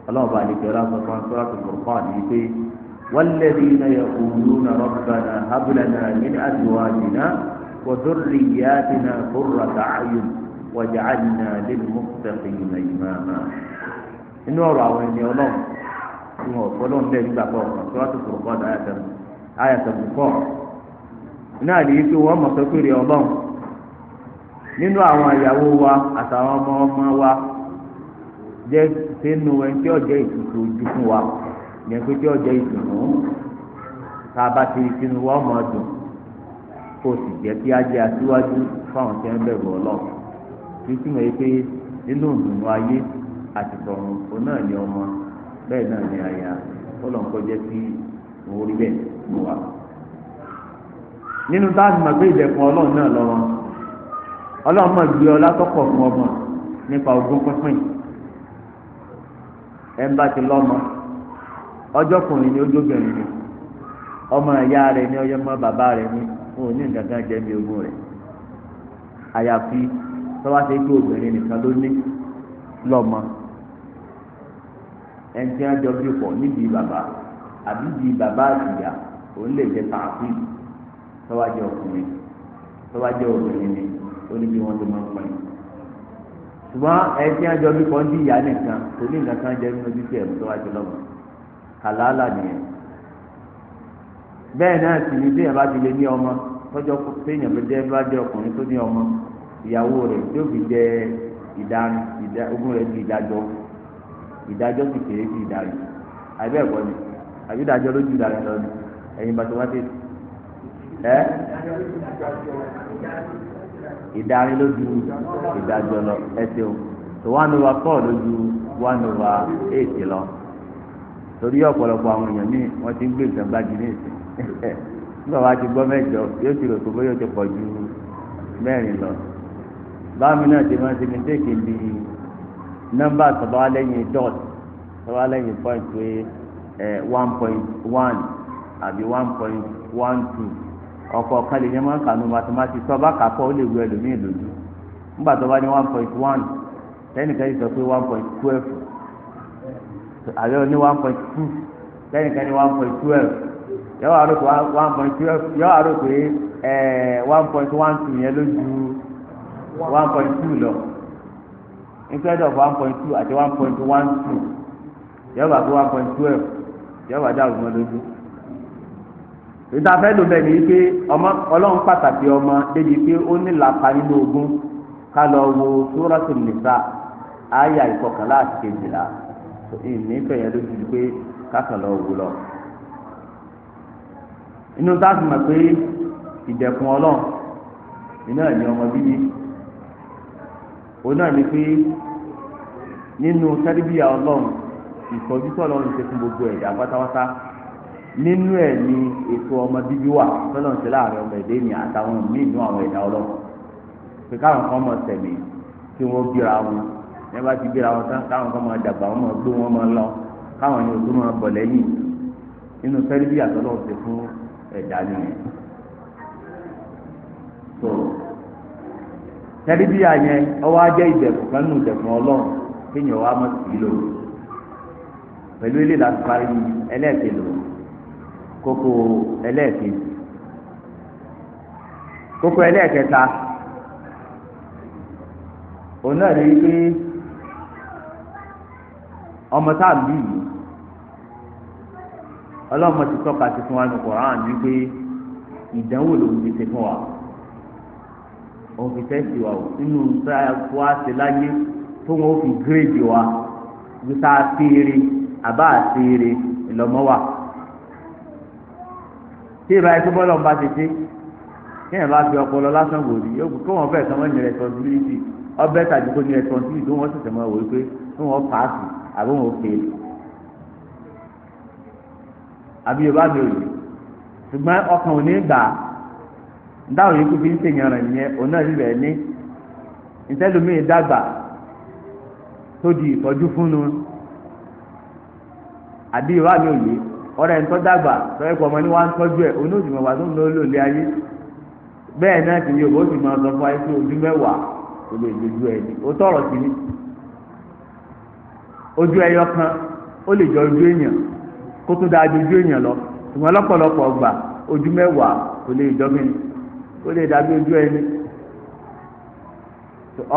ọlọ́run bá nìkẹ́ ọlọ́run sọ fún sọ́ra tuntun fún àdìyí pé والذين يقولون ربنا هب لنا من أزواجنا وذرياتنا قرة أعين واجعلنا للمتقين إماما inú ọ̀rọ̀ àwọn ènìyàn ọlọ́run tí wọn ò fọlọ́run lẹ́yìn nígbà pọ̀ ọ̀kan tí wọ́n ti sọ̀rọ̀ kọ́ ayàtẹ̀mù pọ̀ náà lè fi péré nínú àwọn àyàwó wa àtàwọn ọmọ ọmọ wa jẹ́ sínú ẹni tí ìtùtù ojú fún wa yẹn pé tí ìtùnú tá a bá ti rí sínú àti tọ̀run òun náà ní ọmọ bẹ́ẹ̀ náà ní aya ọlọ́nkọ́ jẹ́ sí òun rí bẹ́ẹ̀ mọ̀ wá. nínú táàbù ìdẹ̀kùn ọlọ́run náà lọ́wọ́ ọlọ́run mọ̀ gbé fún ọmọ nípa ogún pínpín ẹ̀ ni ni ọmọ ìyá rẹ̀ ni ọmọ bàbá rẹ̀ ni ní nǹkan ẹni tí wọ́n jọ bí pọ̀ níbi bàbá àbí ibi bàbá àtìyà òun lè jẹ tààfin tọ́wájẹ́ ọkùnrin tọ́wájẹ́ obìnrin ni ó ní bí wọ́n ti máa ń pín in ṣùgbọ́n ẹni tí wọ́n jọ bí pọ̀ ń di ìyá nìkan kò ní nǹkan kan nínú títí ẹ̀mú tọ́wájẹ́ lọ́mọ kàlàálà nìyẹn bẹ́ẹ̀ náà sì ni bí ẹ̀ bá ti lè ní ọmọ tọ́jọ́ téèyàn bá jẹ́ bá jẹ́ ọkùnrin tó ní ọmọ ìyàwó rẹ̀ yóò fi jẹ ìdá ogún rẹ̀ di ìdájọ́ ìdájọ́ sì kéré sí ìdarí àbí ẹ̀kọ́ ni àbí ìdájọ́ lójú ìdarí lọ ni ẹ̀yin bàtí wọ́n ti ẹ́ ìdarí lójú ìdájọ́ lọ ẹ ṣeun tó one over four lójú one over eight lọ torí ọ̀pọ̀lọpọ̀ àwọn èèyàn ní wọ́n ti ń gbé nǹkan gbájú ní ìsìn nígbà wàá ti gbọ́ mẹ́jọ yóò ti rò pé bóyá ó ti pọ̀ ju mẹ́rin lọ báwo náà ti máa ń ṣe mi téèké bíi. nọmba sọba wa dọt dot tọba wa pé ẹ one point one àbí one point one two ọkọ̀ kan kànú ó lè wú ẹlòmíì lójú nígbà ní yìí sọ pé one àbí ọ ní one point two tẹnìkan ní one point twelve yọ wà pé yọ wà pé ẹ eh, yẹn lọ. instead of one point two àti one point one two yọba tó one point twelve yọba dá ògùn lójú ìdáfẹ́ ló bẹ̀ ní pé ọmọ ọlọ́run pàtàkì ọmọ débi pé ó ní làpá nínú ogún ká lọ wo sórọ́sì nìta àyà ìkọkànlá àti kejìlá ìnífẹ̀ẹ́ yẹn lójú pé kákan lọ wò lọ. inú táàbù mọ̀ pé ìdẹ̀kùn ọlọ́run iná ẹ̀ ní ọmọ bíbí ona mi pe ninu nínú tẹ́lifíà ọlọ́run ìtọ́jú tọ́lọ́ ń ṣe fún gbogbo ẹ̀dá pátápátá nínú ni ètò ọmọ bíbí wà tọ́lọ́ ń ṣe láàrin ọmọ ẹ̀dá ènìyàn àtàwọn míì nú àwọn ẹ̀dá ọlọ́run pé káwọn kan mọ̀ sẹ̀mí kí wọ́n gbéra wọn ní bá ti gbéra wọn tán wọn wọn lọ káwọn ni nínú ń ṣe fún tẹ́lí bí àyẹn ọwọ́ ajẹ́ ìdẹ̀kùn kan nù ìdẹ̀kùn kéèyàn wá mọ̀ sí lò pẹ̀lú ilé láti parí ẹlẹ́ẹ̀kẹ́ lò kókó ẹlẹ́ẹ̀kẹ́ kókó òun náà rí pé ọmọ tá a lù yìí ti tọ́ka fún wa ní òun fi tẹ́sì wa o nínú tá a kó a ṣe láyé tó wọn ó fi gírèdì wa ibi tá a ṣeré àbá a ṣeré ìlọmọ wa tí ìbá yẹn tó bọ́lọ̀ ń bá ti ṣe kí ẹ̀ bá fi ọpọlọ lásán wò rí yóò kó wọn fẹ́ẹ̀ sọmọ ní responsibility ọbẹ̀ tàbí kó ní responsibility tó wọn sì tẹ̀ mọ́ wò wípé tó wọn pàásì àbí wọn ò fèèrè àbí yorùbá mi ò yìí ṣùgbọ́n ọkàn ò ní gbà á. dáhùn yìí kú fi ń sèyàn rẹ̀ nìyẹn òun náà rírẹ̀ ní ìtẹ́lómìnì dàgbà tó di ìtọ́jú fún àbí ìwà mi ò yé ọ̀rẹ́ ń tọ́ dàgbà ọmọ ní wa ń tọ́jú ẹ̀ òun náà sì mọ̀ wá tó ń lò ó ayé bẹ́ẹ̀ náà sì ni òbó sì máa sọ fún ayé ojú mẹ́wàá kò lè ẹ̀ ní o tọ̀rọ̀ sí ni ojú ẹyọ kan ó lè lọ ṣùgbọ́n lọ́pọ̀lọpọ̀ ó lè dàbí ojú ẹni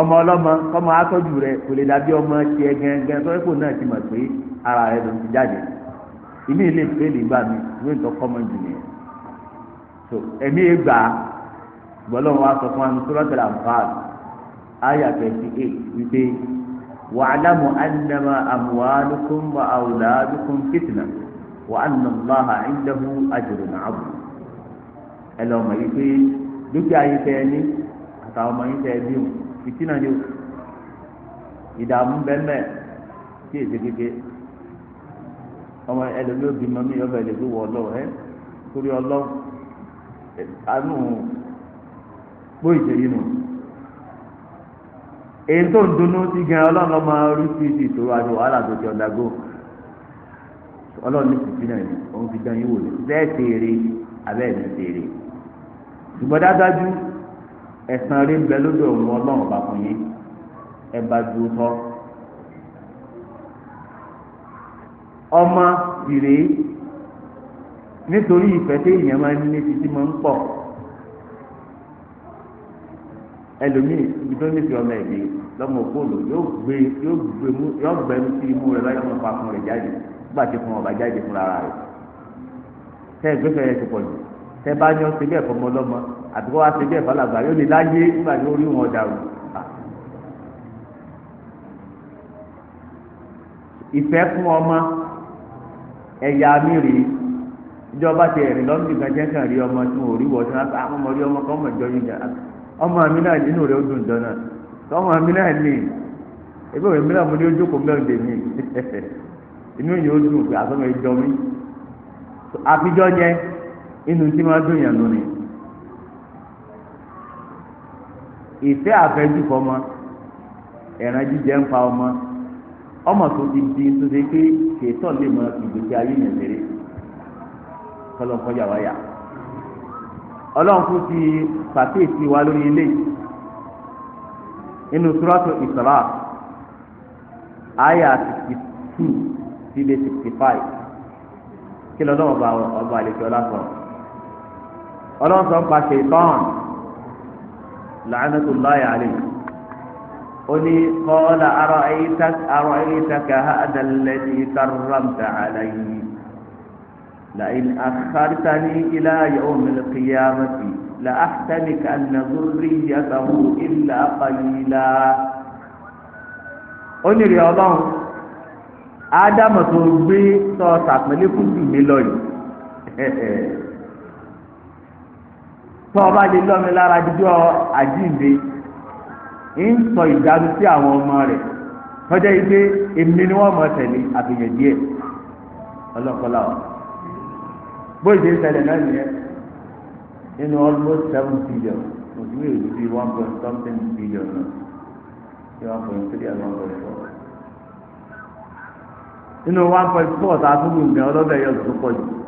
ọmọ ọlọ́mọ kọ́mọ atọ́jú rẹ kò lè dàbí ọmọ tiẹ̀ gẹ́gẹ́ tó náà ti mọ̀ pé ara rẹ ló ti jáde ìmí ilé ìpè lè gbà mí ìwé ìtọ́ kọ́mọ ìjìnlẹ̀ tó ẹ̀mí ìgbà gbọ́dọ̀ wọn aṣọ fún wa ní sọ́lọ́tẹ̀lá nfààl ayà twenty eight wípé wa'lamu annama amwalukum wa awladukum fitna wa anna Allaha 'indahu ajrun 'azim ẹ lọ́mọ yìí pé. dúkìá yìí tẹ ẹ ní àtàwọn ọmọ yìí tẹ ẹ bí wọn fìtínà ni o ìdààmú bẹ́ẹ̀ tí èsì kéke ọmọ ẹlòmíì òbí mọ mi ọbẹ̀ lè wọ ọlọ́wọ́ ẹ torí ọlọ́wọ́ ìṣèyí nù èyí tó ń ọlọ́run ọmọ ti ìṣòro àti wàhálà tó ti ọ̀dàgó ọlọ́run ní yìí òun dán yín wò ṣùgbọ́n dájú ẹ̀sán rí ń bẹ lódò òun ọlọ́run bá fún yín ẹ bá ju tọ́ ọmọ ìrèé nítorí ìfẹ́ tí èèyàn máa ń ní títí máa ń pọ̀ ẹlòmíì ibi tó ní fi ọmọ ẹ̀dẹ́ lọ́mọ òkúlù yóò gbé yóò gbé mú yóò gbẹnu sí imú rẹ láyé wọn fa fún rẹ jáde gbàtí fún ọba jáde fún ara rẹ tẹ́ ẹgbẹ́ fẹ́rẹ́ ti pọ̀ jù tẹ bá yan ṣe bẹ́ẹ̀ fọmọ lọ́mọ àti kó wá ṣe bẹ́ẹ̀ fọlágbà yóò lè láyé nígbà tí ó rí wọn dàrú. ìfẹ́ fún ọmọ ẹ̀yà mi rèé ìjọba ti ẹ̀rìn lọ́mọdé kan jẹ́ kàn rí ọmọ tí mo rí wọ́n tí wọ́n á mọ̀ rí ọmọ kan mọ̀ jọ yín jà ọmọ mi náà nínú rẹ̀ ó dùn jọ náà tọ́mọ mi náà ní ebi òwe mi náà mo ní ojú kò mẹ́rin dè mí inú yìí ó dùn pé àtọ́mọ ìjọ mi àfijọ́ yẹn inú tí máa dùn yàn lónìí ìfẹ́ àfẹ́jùfọ́ ọmọ ẹ̀ràn jíjẹ ń pa ọmọ ọmọ tó ti di tó ṣe pé ṣètò lè mọ ìgbésí ayé yẹn lérè kọlọ́nkọ́jà wáyà ọlọ́run fún ti pàkíyèsí wa lórí ilé inú Suratu Isra àyà sixty two sílé sixty five kí lọ́dọ̀ ọba ọba àlejò ọlá sọ̀rọ̀ ọlọ́run sọ pa ṣètọ́n làánàtò láyà rè ó ní kọ́lá arọ ayé arọ ayé taka ha adàlẹ́ni kárọ̀mta àlàyé làìn àkàrítàní ilá yóò mìlẹ̀ kìyàmẹ́tì làákítàní kàná lórí yàtàwó ilà kàlílà. ó ní rí ọlọ́run ádámù tó gbé sọ sàpẹ́lẹ́ fún mi lọ yìí. tó o bá lè lọ́mi lára jíjọ́ àjíǹde ń sọ ìdáru sí àwọn ọmọ rẹ̀ tọ́jà yìí pé èmi ni wọ́n mọ̀ tẹ̀lé àfihàn díẹ̀ ọlọ́kọ́lá o bóyá ìdí ìṣẹ̀lẹ̀ náà nìyẹn nínú almost seven billion òtún yóò di one point something billion náà bí one point three and one point four nínú one point four tá a tún lù ní ọlọ́bẹ̀ yóò tó pọ̀ jù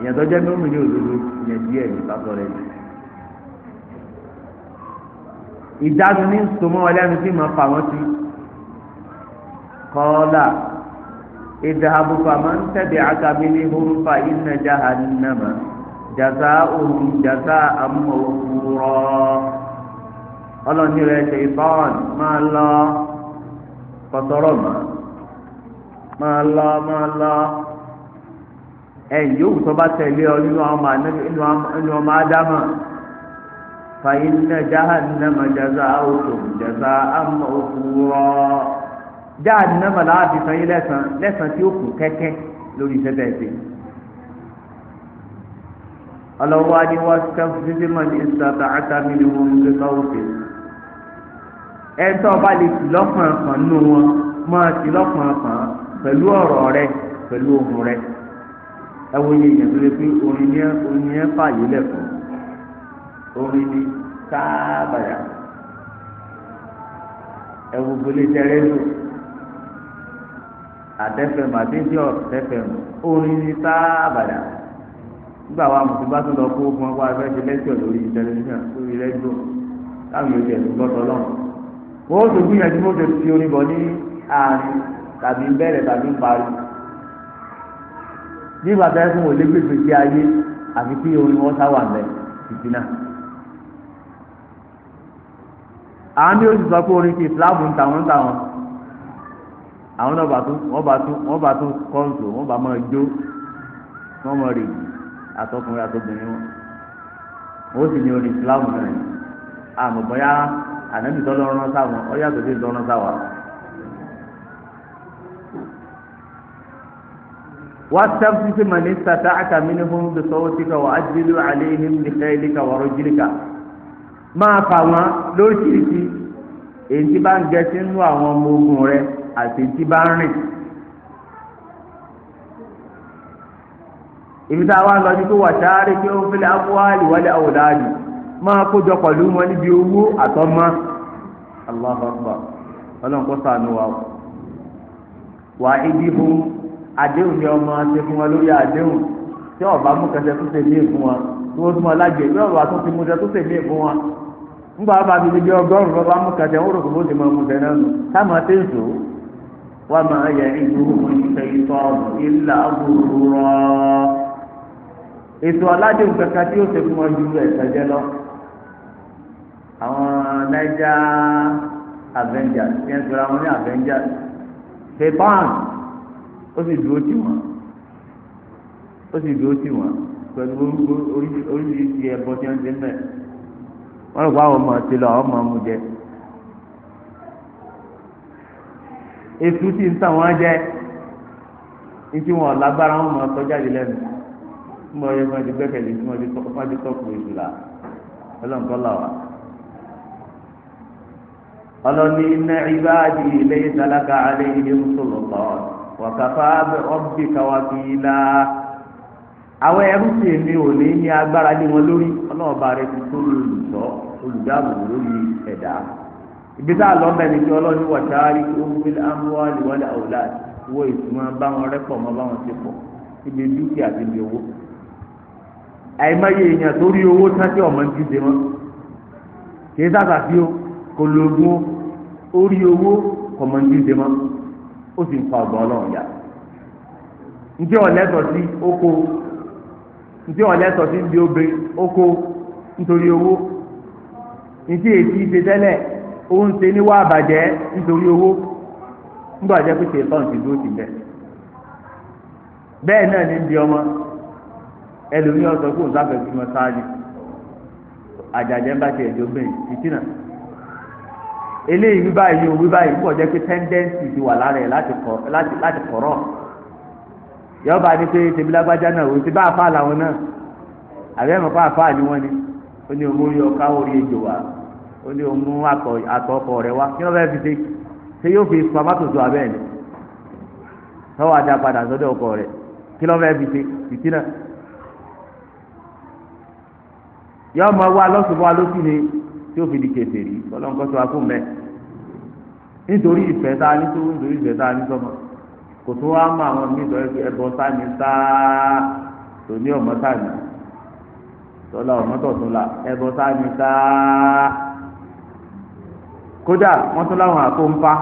ìyẹn tó jẹ́ mímú ní òdodo ìyẹn díẹ̀ ní sásọ rẹ̀ yìí. ìdájú ní sọmọ ọlẹ́nu tí màá fà wọ́n sí kọ́ọ́lá ìdáàbò fàmà ń tẹ̀dẹ̀ àkàmì ní hurúfà iná jahannama jàzá òhun jàzá àmọ́ ọlọ́ni rẹ̀ ṣe ìfọ́n máa lọ kọ́sọ́rọ̀ mọ́ máa lọ máa lọ ẹ̀yìn yòówù tó bá tẹ̀lé ọ nínú ọmọ anábì nínú ọmọ ádámà fàyín náà jahannama jaza òkùn jaza àmà òkúrọ jahannama láàbì fẹyín lẹsàn lẹsàn tí ó kù kẹkẹ lórí iṣẹ́ bẹ́ẹ̀ ṣe. ọlọ́wọ́ adé wá sẹ́fúnṣẹ́fúnṣẹ́mọ̀ ní ìsàtà àtàmìlì wọn ló sọ́wọ́ sí. ẹ̀ńtọ́ bá lè tì lọ́kàn kan nù wọn máa tì lọ́kàn kan pẹ̀lú ọ̀rọ̀ rẹ pẹ̀lú ohùn rẹ ẹwọ yẹ yẹn tó lè pé orin ní orin ní fààyè lẹkọọ orin ní sábàyà ẹwọ gbélé tẹrẹ lò àtẹfẹmù àtẹjọ tẹfẹmù orin ní sábàyà nígbà wa mùsùlùmá tó lọ kó fún ọgbà abẹ́jẹ lẹ́jọ́ lórí tẹlifíṣàn lórí rẹ́díò táwọn yóò tẹ̀sí gbọ́tọ̀ lọ́wọ́ wọ́n tó gbìyànjú mọ́tò ti orin bọ̀ ní àárín tàbí bẹ̀rẹ̀ tàbí parí nígbà tó yẹ kó wọlé gbèsè sí ayé àfi kí orin wọn sáwà mẹ títí náà. àwọn ní oṣù sọ pé orin ti islam ń tàwọn ń tàwọn àwọn náà bàtú wọn bàtú wọn bàtú kọ́ńtò wọn bà máa jó wọn mọ rèé àtọkùnrin àtọkùnrin wọn ó sì ní orin islam náà àmọ́ bóyá ànábì tọ́lọ́rọ́ sáwọn ó yàtọ̀ sí tọ́lọ́rọ́ sáwọn. واستفتت من استطعت منهم بصوتك وأجلل عليهم بخيلك ورجلك máa fà wọn lóríṣiríṣi èyí tí bá ń gẹ sínú àwọn ọmọ ogun rẹ àti èyí tí bá ń rìn. ibi tá a wá ń lọ ní pé wà sáré kí ó ń fẹlẹ abúwálì wálé àwòdáàdì máa kójọ pẹ̀lú wọn níbi owó àtọmọ Allahu Akbar Ọlọ́run kó ṣàánú wa wà á ibi fún àdéhùn ni ọmọ ṣe fún wọn lórí àdéhùn tí ọba mú kẹsẹ tó ṣe míì fún wọn tí wọn tún wọn lágbè tí ọba tó ti mú kẹsẹ tó ṣe míì fún wọn ńgbà wọn bá fi ṣe bí ọgọ́rùn lọba mú kẹsẹ wọn rò kó bó ṣe mọ ọmọ kẹsẹ náà nù táwọn àti èso wọn máa yẹ ìlú ìṣe ìtọ ìlà òwúrọ̀ ètò aládéhùn kankan tí ó ṣe fún wọn ju ẹsẹ̀ jẹ lọ àwọn naija avengers yẹn tura wọn ní avengers japan ó sì dúró tì wọ́n ó sì dúró tì wọ́n pẹ̀lú oríṣiríṣi ẹbọ tí wọ́n ti ń bẹ̀ wọ́n lọ bá àwọn ọmọ àti lọ àwọn ọmọ mu jẹ ètú tí ń tàn wọ́n jẹ ní tí wọ́n lágbára wọn máa tọ́ jáde lẹ́nu mo yẹ kí wọ́n ti gbẹ́kẹ̀lé tí wọ́n ti tọ́ wọ́n ti tọ́ kù ètù là ọlọ́nkọ́ là wà ọlọ́ni iná ibáàdì ilé ìsàlákà alẹ́ ilé mùsùlùmọ́ wàkàfà ọ̀bì kawakìlá àwọn ẹrú sì mi ò ní ní agbára lé wọn lórí ọlọ́ọ̀bá rẹ ti tó olùsọ olùdáàbòbò lórí ẹ̀dá ibi tá a lọ mẹ́rin tí ọlọ́ọ̀ni wà sáárì tó ń gbé amúhálì wọlé àwòlá wo ìtumọ̀ báwọn rẹ́pọ̀ mọ́ báwọn ti pọ̀ ibi dúkìá àti ibi owó àìmọye èèyàn tó rí owó tán tí ń dìde mọ́ kì í sábà bí kò lóògùn ó rí owó kọ̀mọ̀ ń dìde mọ́. ó sì ń pa ọgbọ́n ọlọ́run yá ǹjẹ́ sí oko ǹjẹ́ ọ̀lẹ́tọ̀ sí ibi obe oko nítorí owó ǹjẹ́ èsì ṣe tẹ́lẹ̀ ó ṣe níwá owó nígbà jẹ́ ti dúró sí bẹ́ẹ̀ bẹ́ẹ̀ náà ní ibi ọmọ ẹlòmíràn sọ pé òun sáfẹ́ fi mọ sáájú àjàjẹ́ ń bá tiẹ̀ jó bẹ́ẹ̀ ìtìnà. eléyìí wí báyìí o wí báyìí pọ̀ jẹ́ pé tẹ́ndẹ́ǹsì ti wà lára ẹ̀ láti kọ̀rọ̀ yọba ni pé tèmi lágbájá náà òun ti bá àfa làwọn náà àbí ẹ̀mọ̀ kọ́ àfa ni wọ́n ni ó ní òun yọ ká orí ejò wa ó ní òun mú àtọ̀ ọkọ̀ rẹ̀ wá kí wọ́n fẹ́ fi ṣe ṣé yóò fi památòtò abẹ́ ẹ̀ tọ́wọ́ adá padà sọ́dọ̀ ọkọ̀ rẹ̀ kí lọ́ fẹ́ fi ṣe fìtí náà yọ ọmọ wa lọ́sùn wa lókì ni tí ó fi di kèfèrí tọ́lọ́ nǹkan tó wá fún mẹ́ nítorí ìfẹ́ tá a ní tó nítorí ìfẹ́ tá a ní sọmọ kò tó wá mọ àwọn míì sọ pé ẹbọ sáni sáá tó ní ọmọ sáni tọ́lá ọmọ tọ̀tún la ẹbọ sáni sáá kódà wọ́n tún láwọn àkóńpá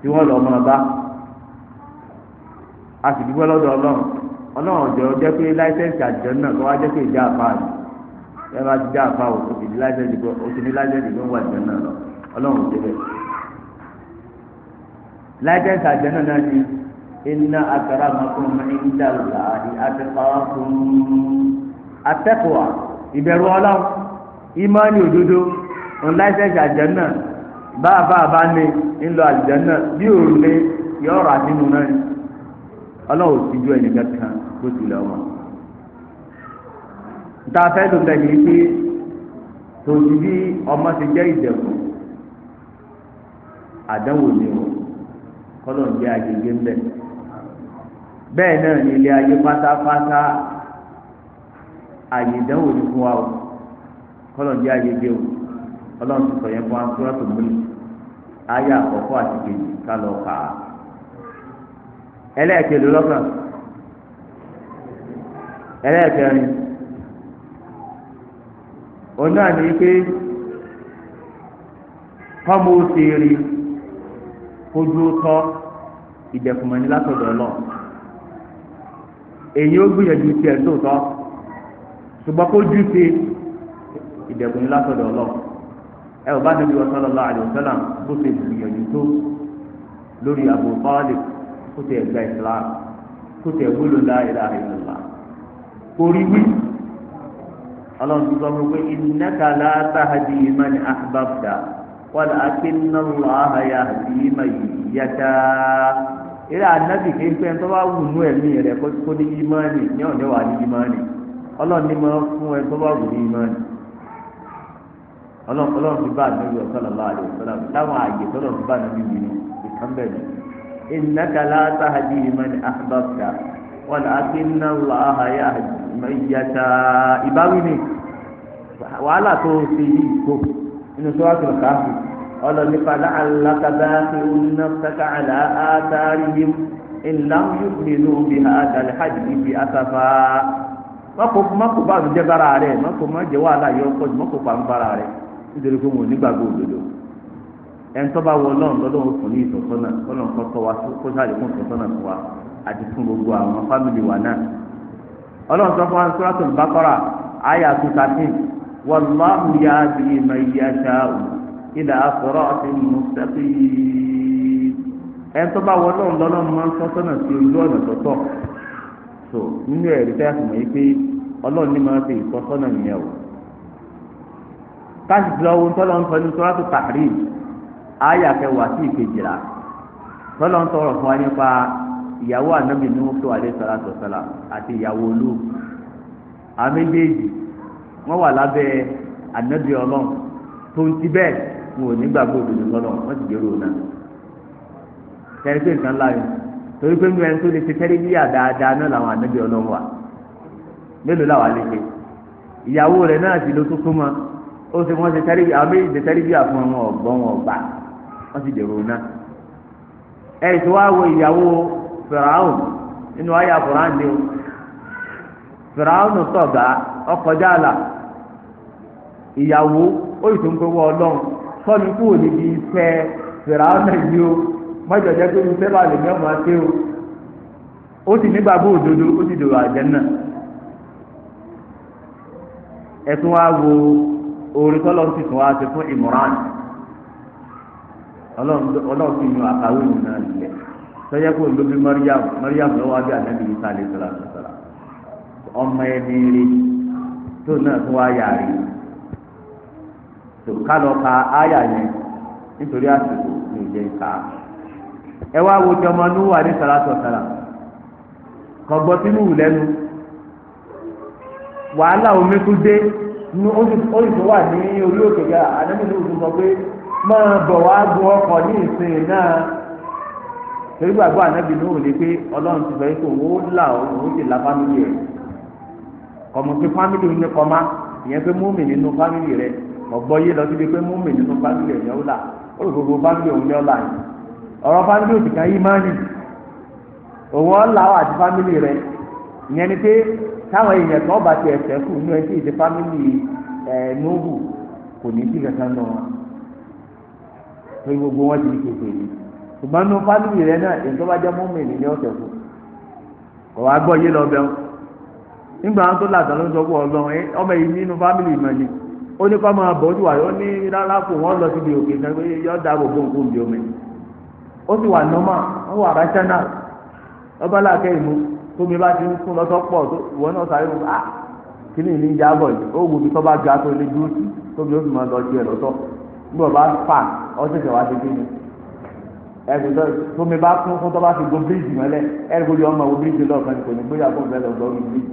tí wọ́n lọ́ mọ́ bá a sì dúpẹ́ lọ́dọ̀ ọlọ́run ọlọ́run ọ̀jọ́ jẹ́ pé láìsẹ̀nsì àjọ náà kọ́ wá jẹ́ pé ìjà àpáàdì yẹn bá ti dá àfa o o ti ní lájẹ́ ìdìbò o ti ní lájẹ́ ìdìbò wà jẹ́ náà lọ ọlọ́run ti bẹ̀. lájẹ́ ìsàjẹ́ náà náà ni iná àkàrà àmọ́kùn ní dàrúdà àti àtẹ̀kọ́kùn àtẹ̀kọ́wà ìbẹ̀rù ọlọ́run ìmọ̀ọ́nì òdodo ńláṣẹ́ ìsàjẹ́ náà bá a bá a bá ní ńlọ náà bí òrùlé yọ̀ọ̀rọ̀ àtinú náà ni ti ju ẹnì kankan bó tilẹ̀ wọn. nta fẹ́ ike pé ọmọ ti jẹ́ ìdẹ̀kùn àdánwò ni o kọ́lọ̀ ń jẹ́ bẹ́ẹ̀ náà ilé ayé pátápátá àyè ìdánwò ni fún wa o kọ́lọ̀ ń o ọlọ́run ti sọ yẹn fún wa fún wa tó múlò ayé àkọ́kọ́ àti kejì ká lọ kà òun náà ní pé kọ́mọ òsèré ojú tọ́ ìdẹ̀kùnmọ̀ni látọ̀dọ̀ náà èyí ó gbìyànjú tiẹ̀ tóòtọ́ ṣùgbọ́n kó jú ti ìdẹ̀kùnmọ̀ni látọ̀dọ̀ náà ẹ ò bá níbi wọn sallallahu alaihi wasallam bó ṣe gbìyànjú tó lórí Abu Talib kó tẹ̀ ẹ̀gbẹ́ Islam kó tẹ̀ gbólóńdá ìlà ìlàlá kó rí wí ọlọ́run ti sọ fún pé innaka la tahdi man ahbabta walakinna Allaha yahdi man yasha eré anábì kéńpé tó bá wù nú ẹ̀mí rẹ̀ kó ní ìmánì ní ọ̀dẹ́ wà ní ìmánì ọlọ́run ní máa fún ẹ tó bá wù ní ìmánì ọlọ́run ti bá àdúgbò sallallahu alaihi wasallam láwọn àyè tọ́lọ́run ti bá àdúgbò yìí ìkànnbẹ̀rẹ̀ innaka la tahdi man ahbabta walakinna Allaha yahdi ìyàtà ìbáwí ni wàhálà tó ṣe yìí kó inú sọ́wọ́sì lọ́ka ọlọ́ni padà alákàbá ṣe oníná sẹ́ka àlá àtàrí yìí ìlànà nínú bí àdàlẹ́ hajj níbi àtàfà mọ́kò mọ́kò bá àlùjẹ́ bára rẹ̀ mọ́kò má jẹ́ wàhálà yọ ọkọ̀ jù mọ́kò pa ń bára rẹ̀ nítorí pé wọn ò nígbàgbọ́ òdodo ẹ̀ńtọ́ bá wọ ọlọ́run lọ́lọ́run fún ní ìtọ́sọ́nà ọlọ́run kọ́ tọ́ wa kó sáré fún ìtọ́sọ́nà fún wa àti fún gbogbo àwọn fámìlì wa náà ọlọ́run sọ fún wa sọ́ràtún bákọ́rà àyà tó tàbí wàlláhu yá bí mayíyáṣá o ilà àkọ́rọ́ àti mùsàkì ẹ̀ tó bá wọlé ọ̀hún lọ́nà máa ń sọ́sọ́nà sí ojú ọ̀nà tọ̀tọ̀ so nínú ẹ̀rí tẹ́ àtùmọ̀ yìí pé ọlọ́run ní máa ń ṣe ìsọ́sọ́nà nìyẹn o káàsì tí lọ́wọ́ tọ́lọ́ ń sọ ní sọ́ràtún tàrí àyà kẹwàá sí ìkejìlá tọ́lọ́ ń sọ̀rọ̀ fún wa nípa ìyàwó ànábì ní wọn tó wà lẹsọ àtọsọlà àti ìyàwó olú àwọn méjèèjì wọn wà lábẹ́ ànábì Ọlọ́run tó ń ti bẹ́ẹ̀ wọn ò nígbàgbọ́ òdodo lọnà wọn sì dérò náà tẹrí pé nǹkan láàyò torí pé nínú ẹni tó lè ṣe tẹrí bíyà dáadáa náà làwọn ànábì Ọlọ́run wà mélòó làwọn àlè ṣe ìyàwó rẹ̀ náà sì ló tó súnmọ́ ó sì wọn ṣe tẹrí àwọn méjì tẹrí bíyà fún wọn ọgbọ́n wọn ọgbà wọn sì dérò náà ẹ fìràhùn nínú àyà fúrán ni o fìràhùn tọ̀gá ọkọjá àlà ìyàwó ń gbowó ọlọ́run sọ́ni kúrò níbi iṣẹ́ o mọ́jọ̀jẹ́ pé iṣẹ́ bá lè o ó òdodo ó ẹ̀tún wa wo orin tọ́lọ́ ti fún ọlọ́run yan àkàwé sọyẹ kó ló bí mariam mariam lọ́wọ́ abẹ́ anabi isa alayhi salatu salam ọmọ ẹni rí tó náà tó wá yà rí tó ka áyà yẹn nítorí àsìkò ní ìjẹ ìka ẹ wá wo ti ọmọ nuwa alayhi salatu salam kọgbọ sínú wù lẹ́nu wàhálà omi tó dé ó sì tó wà ní orí òkè anabi ní sọ pé torí gbàgbọ́ ànábì ní òòlù pé ọlọ́run ti sọ yìí pé òun ó òun la fámìlì rẹ̀ kọ̀mọ̀ fámìlì ń kọ́má ìyẹn pé múmi nínú fámìlì rẹ̀ ọ̀gbọ́ yé lọ síbi pé múmi nínú fámìlì rẹ̀ fámìlì òun ní ọ̀la yìí ọ̀rọ̀ fámìlì òsì kan yìí máa ń òun ọ̀la wà ti fámìlì rẹ̀ ìyẹn ni pé táwọn gbogbo wọn ṣùgbọ́n nínú fámìlì rẹ náà èyí tó bá jẹ́ mọ́mì ní ọ̀sẹ̀ fún kò wá gbọ́ yé lọ bẹ́ẹ̀ nígbà tó làtà ló ń sọ fún ọlọ́run ọmọ yìí nínú fámìlì ìmọ̀ ni ó ní kó máa bọ̀ ó ní rárá kò wọ́n lọ síbi òkè kan pé yọ da gbogbo nǹkan omi ó sì wà ẹgbẹ́ tó mi bá kún fún tó bá fi go bíríìjì mọ́lẹ̀ ẹgbẹ́ yọ ọmọ wo bíríìjì lọ́ọ̀kan kò ní gbéyàwó fún bẹ́ẹ̀ lọ́dọ̀ ọ̀rùn bíríìjì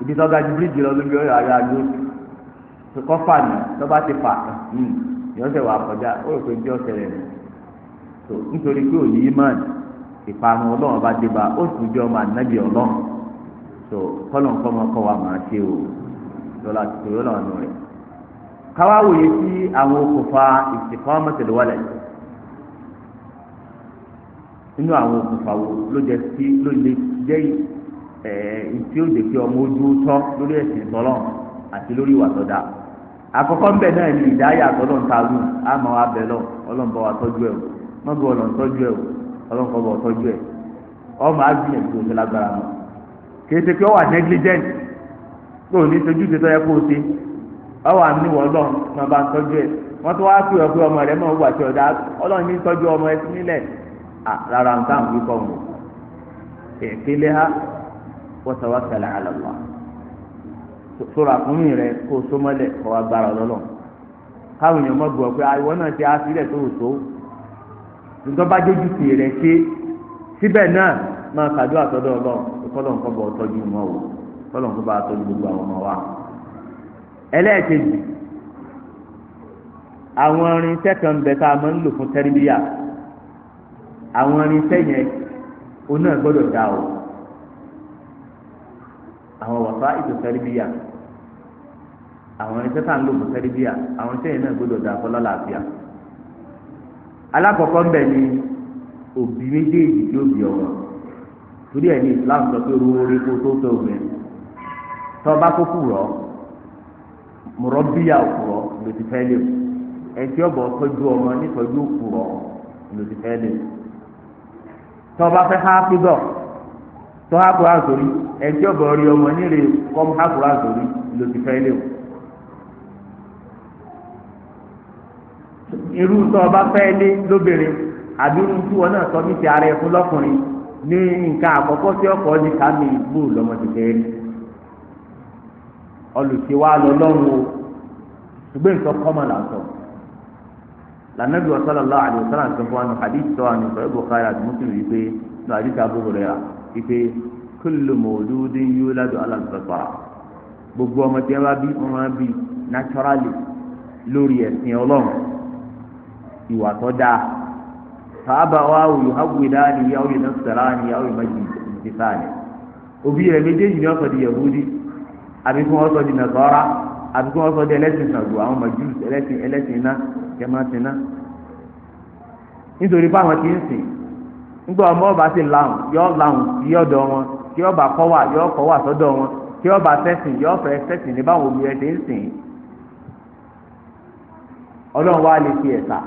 ibi tó ga ju bíríìjì lọ lóbi ọ̀yọ̀ ayọ̀ ayọ̀ tó kọ́ fà ní tó bá ti fà yọ sẹ̀ wà kọjá ó rò pé bí ọ̀sẹ̀ rẹ̀ tó nítorí pé òní imán ìparun ọlọ́run bá dé bá ó sì jẹ́ ọmọ ànábì ọlọ́run tó kọ́lọ́n kọ́ nínú àwọn òkùnfà wo ló jẹ sí ló lè jẹ ẹ tí ó lè fi ọmọ ojú tọ́ lórí ẹ̀sìn tọ́lọ̀ àti lórí ìwà ńbẹ náà ni ìdáyà ń ta lù abẹ lọ wa tọ́jú ẹ̀ o mọ́bí ọlọ́n tọ́jú ẹ̀ o ọlọ́nkọ́ bọ̀ tọ́jú ẹ̀ ọmọ agbìyànjú tó lágbára ọ wà negligent o ṣe ń tó wá pè pé ọmọ rẹ wà tí ní rárá ń sáà ń wí kọ́ wọn ha wọ́n sọ ala kẹlẹ̀ àlọ́ wa sọ̀rọ̀ àkúnmí rẹ kó o kọ́ wa gbára káwọn èèyàn mọ́ gbọ́ pé àìwọ́ ah, náà ti àfilẹ̀ tó o tó nǹkan bá dójú rẹ ṣe síbẹ̀ náà máa kàdúrà sọ́dọ̀ ọlọ́run kọ́lọ̀ nǹkan bọ̀ o kọ́lọ̀ nǹkan bá tọ́jú gbogbo àwọn wa ẹlẹ́ẹ̀kejì àwọn irinṣẹ́ kan tá a àwọn irinṣẹ́ yẹn òun náà gbọ́dọ̀ dá o àwọn wàfá ètò sẹ́ríbíyà àwọn irinṣẹ́ tá à ń lò fún àwọn irinṣẹ́ yẹn náà dá fọlá làbíà ń ni òbí méjèèjì tí ó bí ọmọ torí ní Islam sọ pé orí kó tó bá kó tọba fẹ́ ha kúdọ̀ tọ́ ha kúrò ọ̀bọ̀ rí ọmọ nílé kọ́ ha kúrò ló ti fẹ́ lé o. irú tọba fẹ́ lé lóbìnrin àbí irú tí wọn náà sọ ní ti ara ẹ̀fún lọ́kùnrin ní nǹkan àkọ́kọ́ tí ọkọ̀ ní sàmì ìgbò lọ́mọ ti fẹ́ rí olùsèwà lànàbí sallallahu alaihi wasallam àti sọfún àwọn hadith tó àwọn ìfọwọ́ Bukhari àti Muslim yìí pé ní hadith Abu Hurairah yìí pé kullu mawludin yuladu ala al-fitra gbogbo ọmọ tí wọn bá bí wọn máa bí naturally lórí ẹ̀sìn Ọlọ́run ìwà tó dáa sábà wà wòye hàwùdá ni yàwó yìí náà sọ̀rọ̀ ni yàwó yìí má jì jì òbí rẹ̀ méjèèjì ni wọ́n sọ di Yahudi àbí kí wọ́n sọ di Nasara àbí kí wọ́n sọ di ẹlẹ́sìn Ṣàngó àwọn Májúù ẹlẹ́sìn ẹlẹ́sìn náà kẹ́ máa ti ná nítorí báwọn ti ń sìn nígbà ọmọ ọba sì láwọn yọ láwọn sí ọ̀dọ̀ wọn kí ọba kọ wà yọ kọ wà sọ́dọ̀ wọn kí ọba sẹsìn yọ fẹ sẹsìn ní báwọn òbí rẹ ti ń sìn Ọlọ́run wa lè fi ẹ̀sà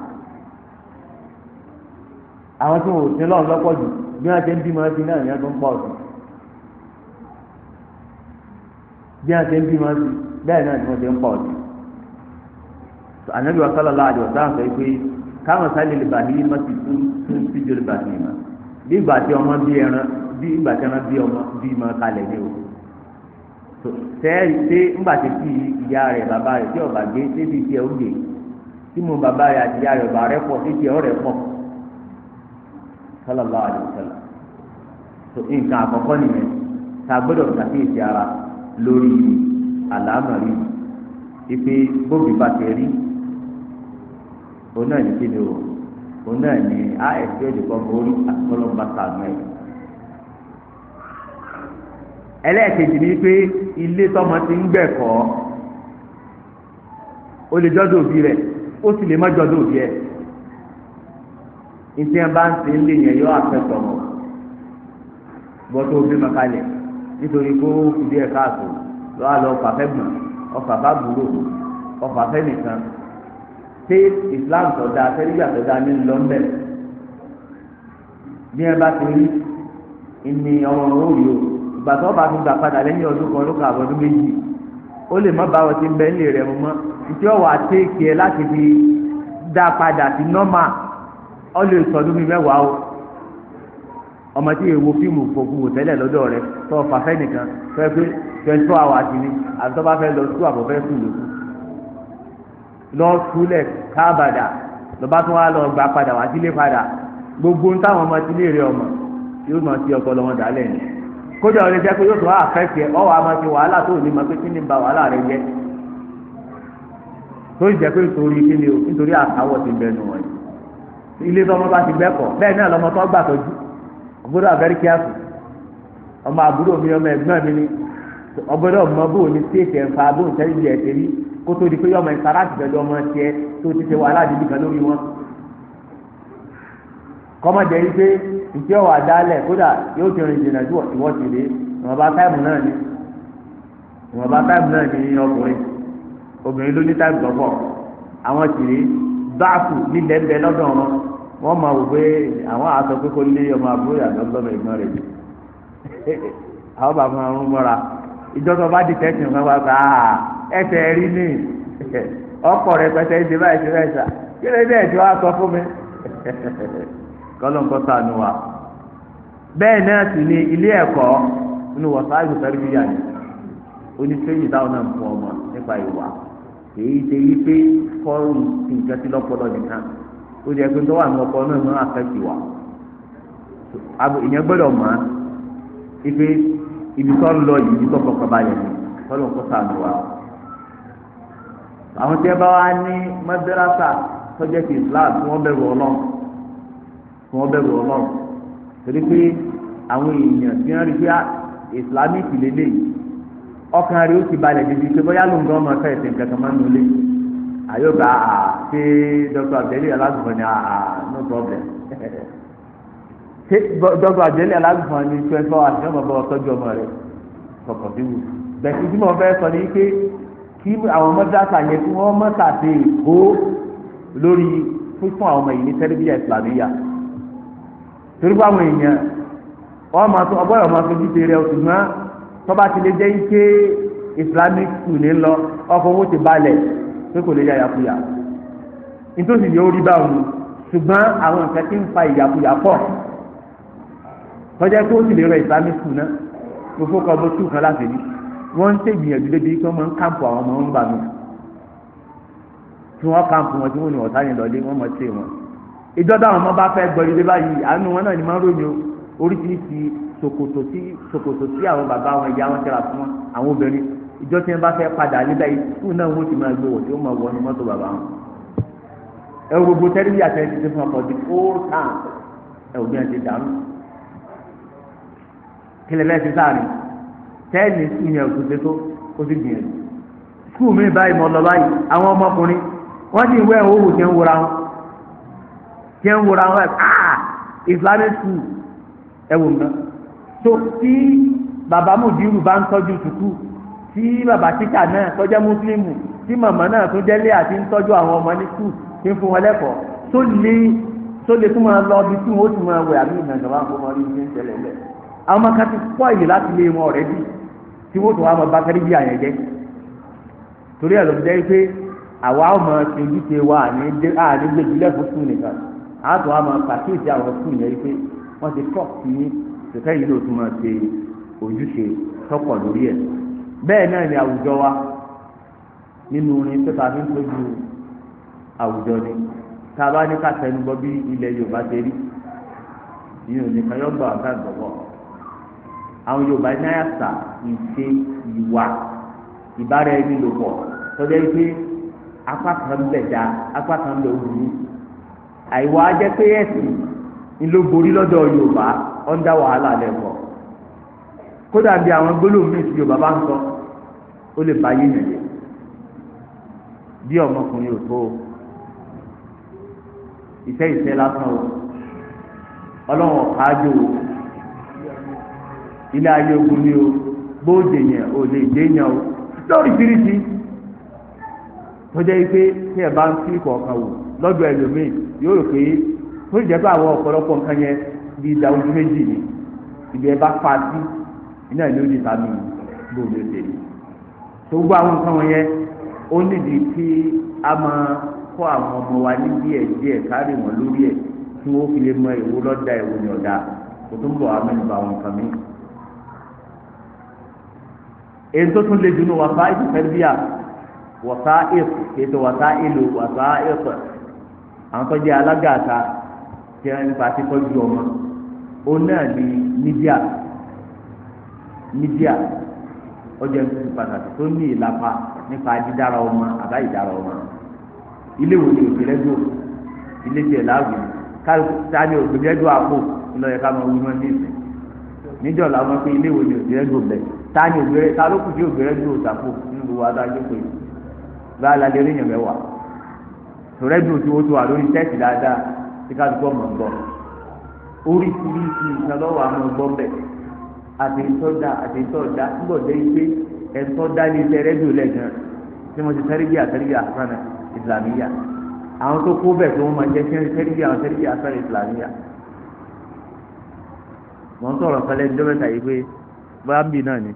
àwọn tí wọn ò sí lọ́run lọ́pọ̀ jù bí wọ́n ti ń bímọ sí náà ní ọdún pọ̀ jù bí wọ́n ti ń bímọ sí bẹ́ẹ̀ náà ni wọ́n ti ń pọ̀ jù. anabi wa sallallahu alaihi wa sallam sọ pé káwọn sáré lè bàdí yìí ti tún tún síjó lè bàdí yìí má ma o tẹ́ẹ̀rì pé ńgbà si kì í re rẹ̀ bàbá rẹ̀ tí ọba gbé mo bàbá rẹ̀ àti re ba ọba rẹ̀ pọ̀ tí kala ọ̀rẹ́ pọ̀ sallallahu alaihi wa sallam nǹkan àkọ́kọ́ nìyẹn tá a gbọ́dọ̀ ṣàkíyèsí ara lori àlámọ̀rí ipe bóbi bá ti òun náà ní kíni o òun náà ní a ẹsẹ ìdìbò borí àtọlọmọba sànú ẹ ẹlẹ́ẹ̀kejì ni pé ilé tọmọ ti ń o lè jọ́dọ̀ òbí rẹ̀ o sì lè má jọ́dọ̀ òbí ẹ̀ ìtí ẹ̀ bá ń ṣe ń lè yẹn yọ àfẹ́sọ̀ mọ́ bọ́tò òbí mọ̀kálẹ̀ nítorí kó kùdí káàtó bá gbúrò pé islam tó dáa sẹ́rígbà tó dáa ní lọ́ńbẹ̀ bí ẹ bá ti rí ìní ọmọ òun yìí o ìgbà tó bá fi gbà padà lẹ́yìn ọdún kan lókàn àbọ̀dún méjì ó lè má bá wọn ti ń bẹ nílé rẹ̀ mọ́ ìtí ọ̀wà téèkì ẹ láti fi dá padà sí nọ́mà ọ lè sọdún mi mẹ́wàá o ọmọ tí èèwọ̀ fíìmù fòkúwò tẹ́lẹ̀ lọ́dọ̀ rẹ̀ tó ọ̀fà fẹ́ nìkan fẹ́ pé twenty four hours ni àti tó bá fẹ́ lọ sí àbọ̀fẹ́ sùn lókun. lọ súlẹ̀ káàbàdà lọ́ba tó wá lọ gbà padà wá sílé padà gbogbo táwọn ọmọ ti ọmọ yóò máa ti ọpọlọ ala dálẹ̀ ni kódà ọ̀rẹ́ jẹ́ pé yóò tó wá àfẹ́kẹ́ ti wàhálà tó ní ma pé kí ni ba wàhálà rẹ tó ń pé nítorí kí ni o nítorí ti wọn ilé bá ti bẹ́ẹ̀ náà kó tó di pé ọmọ ìsàràtì pẹ̀lú ọmọ tiẹ̀ tó ti ṣe wàhálà dídì kan lórí wọn. kọ́mọdé yìí pé ìṣe ọ̀wà dálẹ̀ kódà yóò ti rìn jìnnà ju ìwọ́ ti lé ìwọ̀nba táìmù náà ni ìwọ̀nba táìmù náà ni ọkùnrin obìnrin ló ní táìmù tọ́pọ̀ àwọn ti rí báàfù nílẹ̀ ń bẹ lọ́dọ̀ wọn wọ́n máa wò pé àwọn àtọ̀ pé kó lé ọmọ àbúrò àtọ́gbọ́mọ ìgbọ́n rẹ̀ jù àwọn bàbá wọn mọ́ra ìjọba bá di tẹ́sán wọn wá bá ẹsẹ̀ rí ní ọkọ̀ rẹ̀ pẹ̀sẹ̀ ẹsẹ̀ báyìí ṣe rẹ̀ sà kí lè dé ẹ̀jọ́ mi sànù wa bẹ́ẹ̀ náà sì ni ilé ẹ̀kọ́ nínú ni oníṣẹ́yìn táwọn náà ń fún ọmọ nípa ìwà èyí ṣe yí pé fọ́ọ̀rù nǹkan sí nìkan ó tó wà ní ọkọ náà máa wà ìyẹn gbọ́dọ̀ ibi tó ń lọ yìí ni àwọn tí ẹ bá wá ní mọ́dẹ́rásà tọ́jẹ́ Islam tí wọ́n bẹ̀rù Ọlọ́run tí wọ́n bẹ̀rù Ọlọ́run torí pé àwọn èèyàn tí wọ́n rí pé ah, Islamic lélẹ́yìí ọkàn rẹ̀ ó ti balẹ̀ débi pé bóyá ló ń gbọ́ ọmọ ẹ̀fẹ́ ìsìn kankan máa ń lólé àyọ̀bá ah, ah, ṣé Dr. Abdeli alágùnfọ̀n ni no problem ṣé Dr. Abdeli alágùnfọ̀n ni twenty four hours ní ọmọ bọ́ ọtọ́jú ọmọ rẹ̀ kọ̀kọ̀ síwù bẹ̀sí tí mo fẹ́ sọ ni pé kí àwọn mọ́dásà yẹn kí wọ́n mọ́sà ṣe èkó lórí fífún àwọn ọmọ yìí ní tẹ́lifíyà ìsìlámíyà torí pé àwọn èèyàn wọ́n máa tó ọgbọ́dọ̀ máa fojú ti rẹ ṣùgbọ́n tọ́ba ti lè jẹ́ ike islamic school ní lọ ọkọ̀ owó ti balẹ̀ pé kò lè yá yàkuyà nítòsí yóò rí báwọn ṣùgbọ́n àwọn nǹkan tí ń fa ìyàkuyà pọ̀ tọ́jà pé ó sì lè rọ islamic school náà gbogbo kan bó tú kan láti rí wọ́n ń tẹ̀ gbìyànjú débi kí wọ́n máa ń káàpù àwọn ọmọ ń bà mí tí wọ́n káàpù wọn tí wọ́n ní ọ̀tá yẹn lọ́lé wọ́n mọ̀ sí wọn. ìjọba àwọn ọmọ bá fẹ́ gbọ́dọ̀ dé báyìí àánú wọn náà ni máa ń ròyìn oríṣiríṣi ṣòkòtò tí ṣòkòtò tí àwọn bàbá wọn ìyá wọn tẹ̀ra fún àwọn obìnrin ìjọ tí wọ́n bá fẹ́ padà nígbà yìí fún náà wọ́n ti máa gbé wọ̀ tí wọ́n máa wọ ní mọ́tò bàbá wọn. ẹ wo gbogbo tẹ́lifí àtẹ́lifí ti fún ọkọ̀ di four times ẹ kílẹ̀ bẹ́ẹ̀ sáà ni tẹ́ẹ̀nì sùn yẹn òtún tètò ó sì gbìyànjú skul mi báyìí mọ lọ báyìí àwọn ọmọkùnrin wọ́n ti wẹ́ òwò tí ń wura wọn tí ń wura wọn aa ah, islamic school ẹ wò mí tó tí bàbá mùdírù bá ń tọ́jú sùkú tí bàbá tíkà náà tọ́jú mùsùlùmù tí màmá náà tún délé àti ń tọ́jú àwọn ọmọ ní skul tí ń fún wọn lẹ́kọ̀ọ́ tó lè tó lè tún máa lọ bí tí wọ́n ó tún máa wẹ̀ àbí ìnàjọba kó máa rí ní ìṣẹ̀lẹ̀ lẹ́ẹ̀ àwọn ọmọ kan ti pọ̀ èyí láti lé wọn ọ̀rẹ́dì tí wọ́n tó wá mọ bákẹ́rì bí àyẹ̀ jẹ́ torí ẹ̀ ló ń jẹ́ pé àwa ọmọ ti ojúṣe wa àní gbèjìlẹ̀ fún sùn nìkan àtọ̀ àmọ́ pàkíyèsí àwọn sùn yẹn pé wọ́n ti tọ́ sí ṣẹ̀kẹ́ yìí lóòótọ́ máa ṣe ojúṣe tọ́pọ̀ lórí ẹ̀ bẹ́ẹ̀ náà ni àwùjọ wa nínú orin pépà fi ń tójú àwùjọ ni tá a bá ní ká tẹnubọ bí ilẹ̀ Yorùbá ṣe rí yìí ò ní kan yọ gbà ká gbọ̀gbọ̀ àwọn yorùbá ní àyàsà ìṣe ìwà ìbára ẹni lò pọ̀ tọ́jú ẹ pé apá kan bẹ̀ dá apá kan bẹ̀ òwúrú àìwá jẹ́ pé ẹ̀sìn ló borí lọ́dọ̀ yorùbá ó ń dá wàhálà lẹ́kọ̀ọ́ kódà bí àwọn gbólóhùn míì tí yorùbá bá ń sọ ó lè bá yíyan yẹ bí ọmọkùnrin ò tó o ìfẹ́ lásán o ọlọ́run ọ̀ká ájò o ilé ayé ogun ni o bóde yẹn ò lè dé yẹn o lórí tìrìtì tó jẹ́ pé tí ẹ bá ń fi kọ̀ọ̀kan wò lọ́dọ̀ ẹlòmíì yóò rò pé tó jẹ́ pé àwọn ọ̀pọ̀lọpọ̀ nǹkan yẹn bíi ìdá ojú méjì ni ibi ẹ bá fa sí iná ìlú òdì tàbí bóde òde tó gbọ́ àwọn nǹkan wọn yẹn ó nídìí kí a máa kọ́ àwọn ọmọ wa ní díẹ̀ díẹ̀ kárí wọn lórí ẹ̀ tí wọ́n fi lè mọ ìwúlọ́dà ìwúni kò tó ń bọ̀ wá mẹ́nu bá àwọn nǹkan mìíràn èyí tó tún lè dunu wàsá ìlú tẹ́lifíà wàsá ìlú ètò wàsá ìlú wàsá ìlú àwọn tó jẹ́ alágàta tí wọ́n nípa ti tọ́jú ọmọ ó náà ní mídíà mídíà ó jẹ́ nítorí pàtàkì tó ní ìlàpá nípa dídára ọmọ àbá ìdára ọmọ ilé wo ni òkè rẹ́díò ilé tiẹ̀ láàbù káàkiri tani òkè rẹ́díò àpò ńlọ yẹ ká máa wí wọn ní ìsìn níjọ́ làwọn pé ilé wo ni òkè rẹ́díò bẹ̀rẹ̀ ta ni òbẹrẹ ta ló kù sí òbẹrẹ ju òsàkó nínú gbogbo adájọ́ pé bá aládé rí yàn mẹ́wàá tòrẹ́ dùn tí wọ́n tó wà lórí tẹ́sì dáadáa tí ká dùkọ́ mọ̀ ń bọ̀ oríṣiríṣi nǹkan lọ́wọ́ àwọn ọgbọ́n bẹ̀ àtẹ̀yìntọ́dá àtẹ̀yìntọ́dá ńgbọ̀ dé ipé ẹ̀ńtọ́dá ní ilé rẹ́díò lẹ́gàn tí wọ́n ti tẹ́rìbí àtẹ́rìbí àsánà ìsìlámíyà àwọn tó kó bẹ̀ tó wọ́n máa jẹ́ tẹ́rìbí àwọn tẹ́rìbí àsánà ìsìlámíyà mọ̀ ń tọ̀rọ̀ fẹ́lẹ́ ní dọ́mẹ́ta yìí pé bóyá ń bì náà ni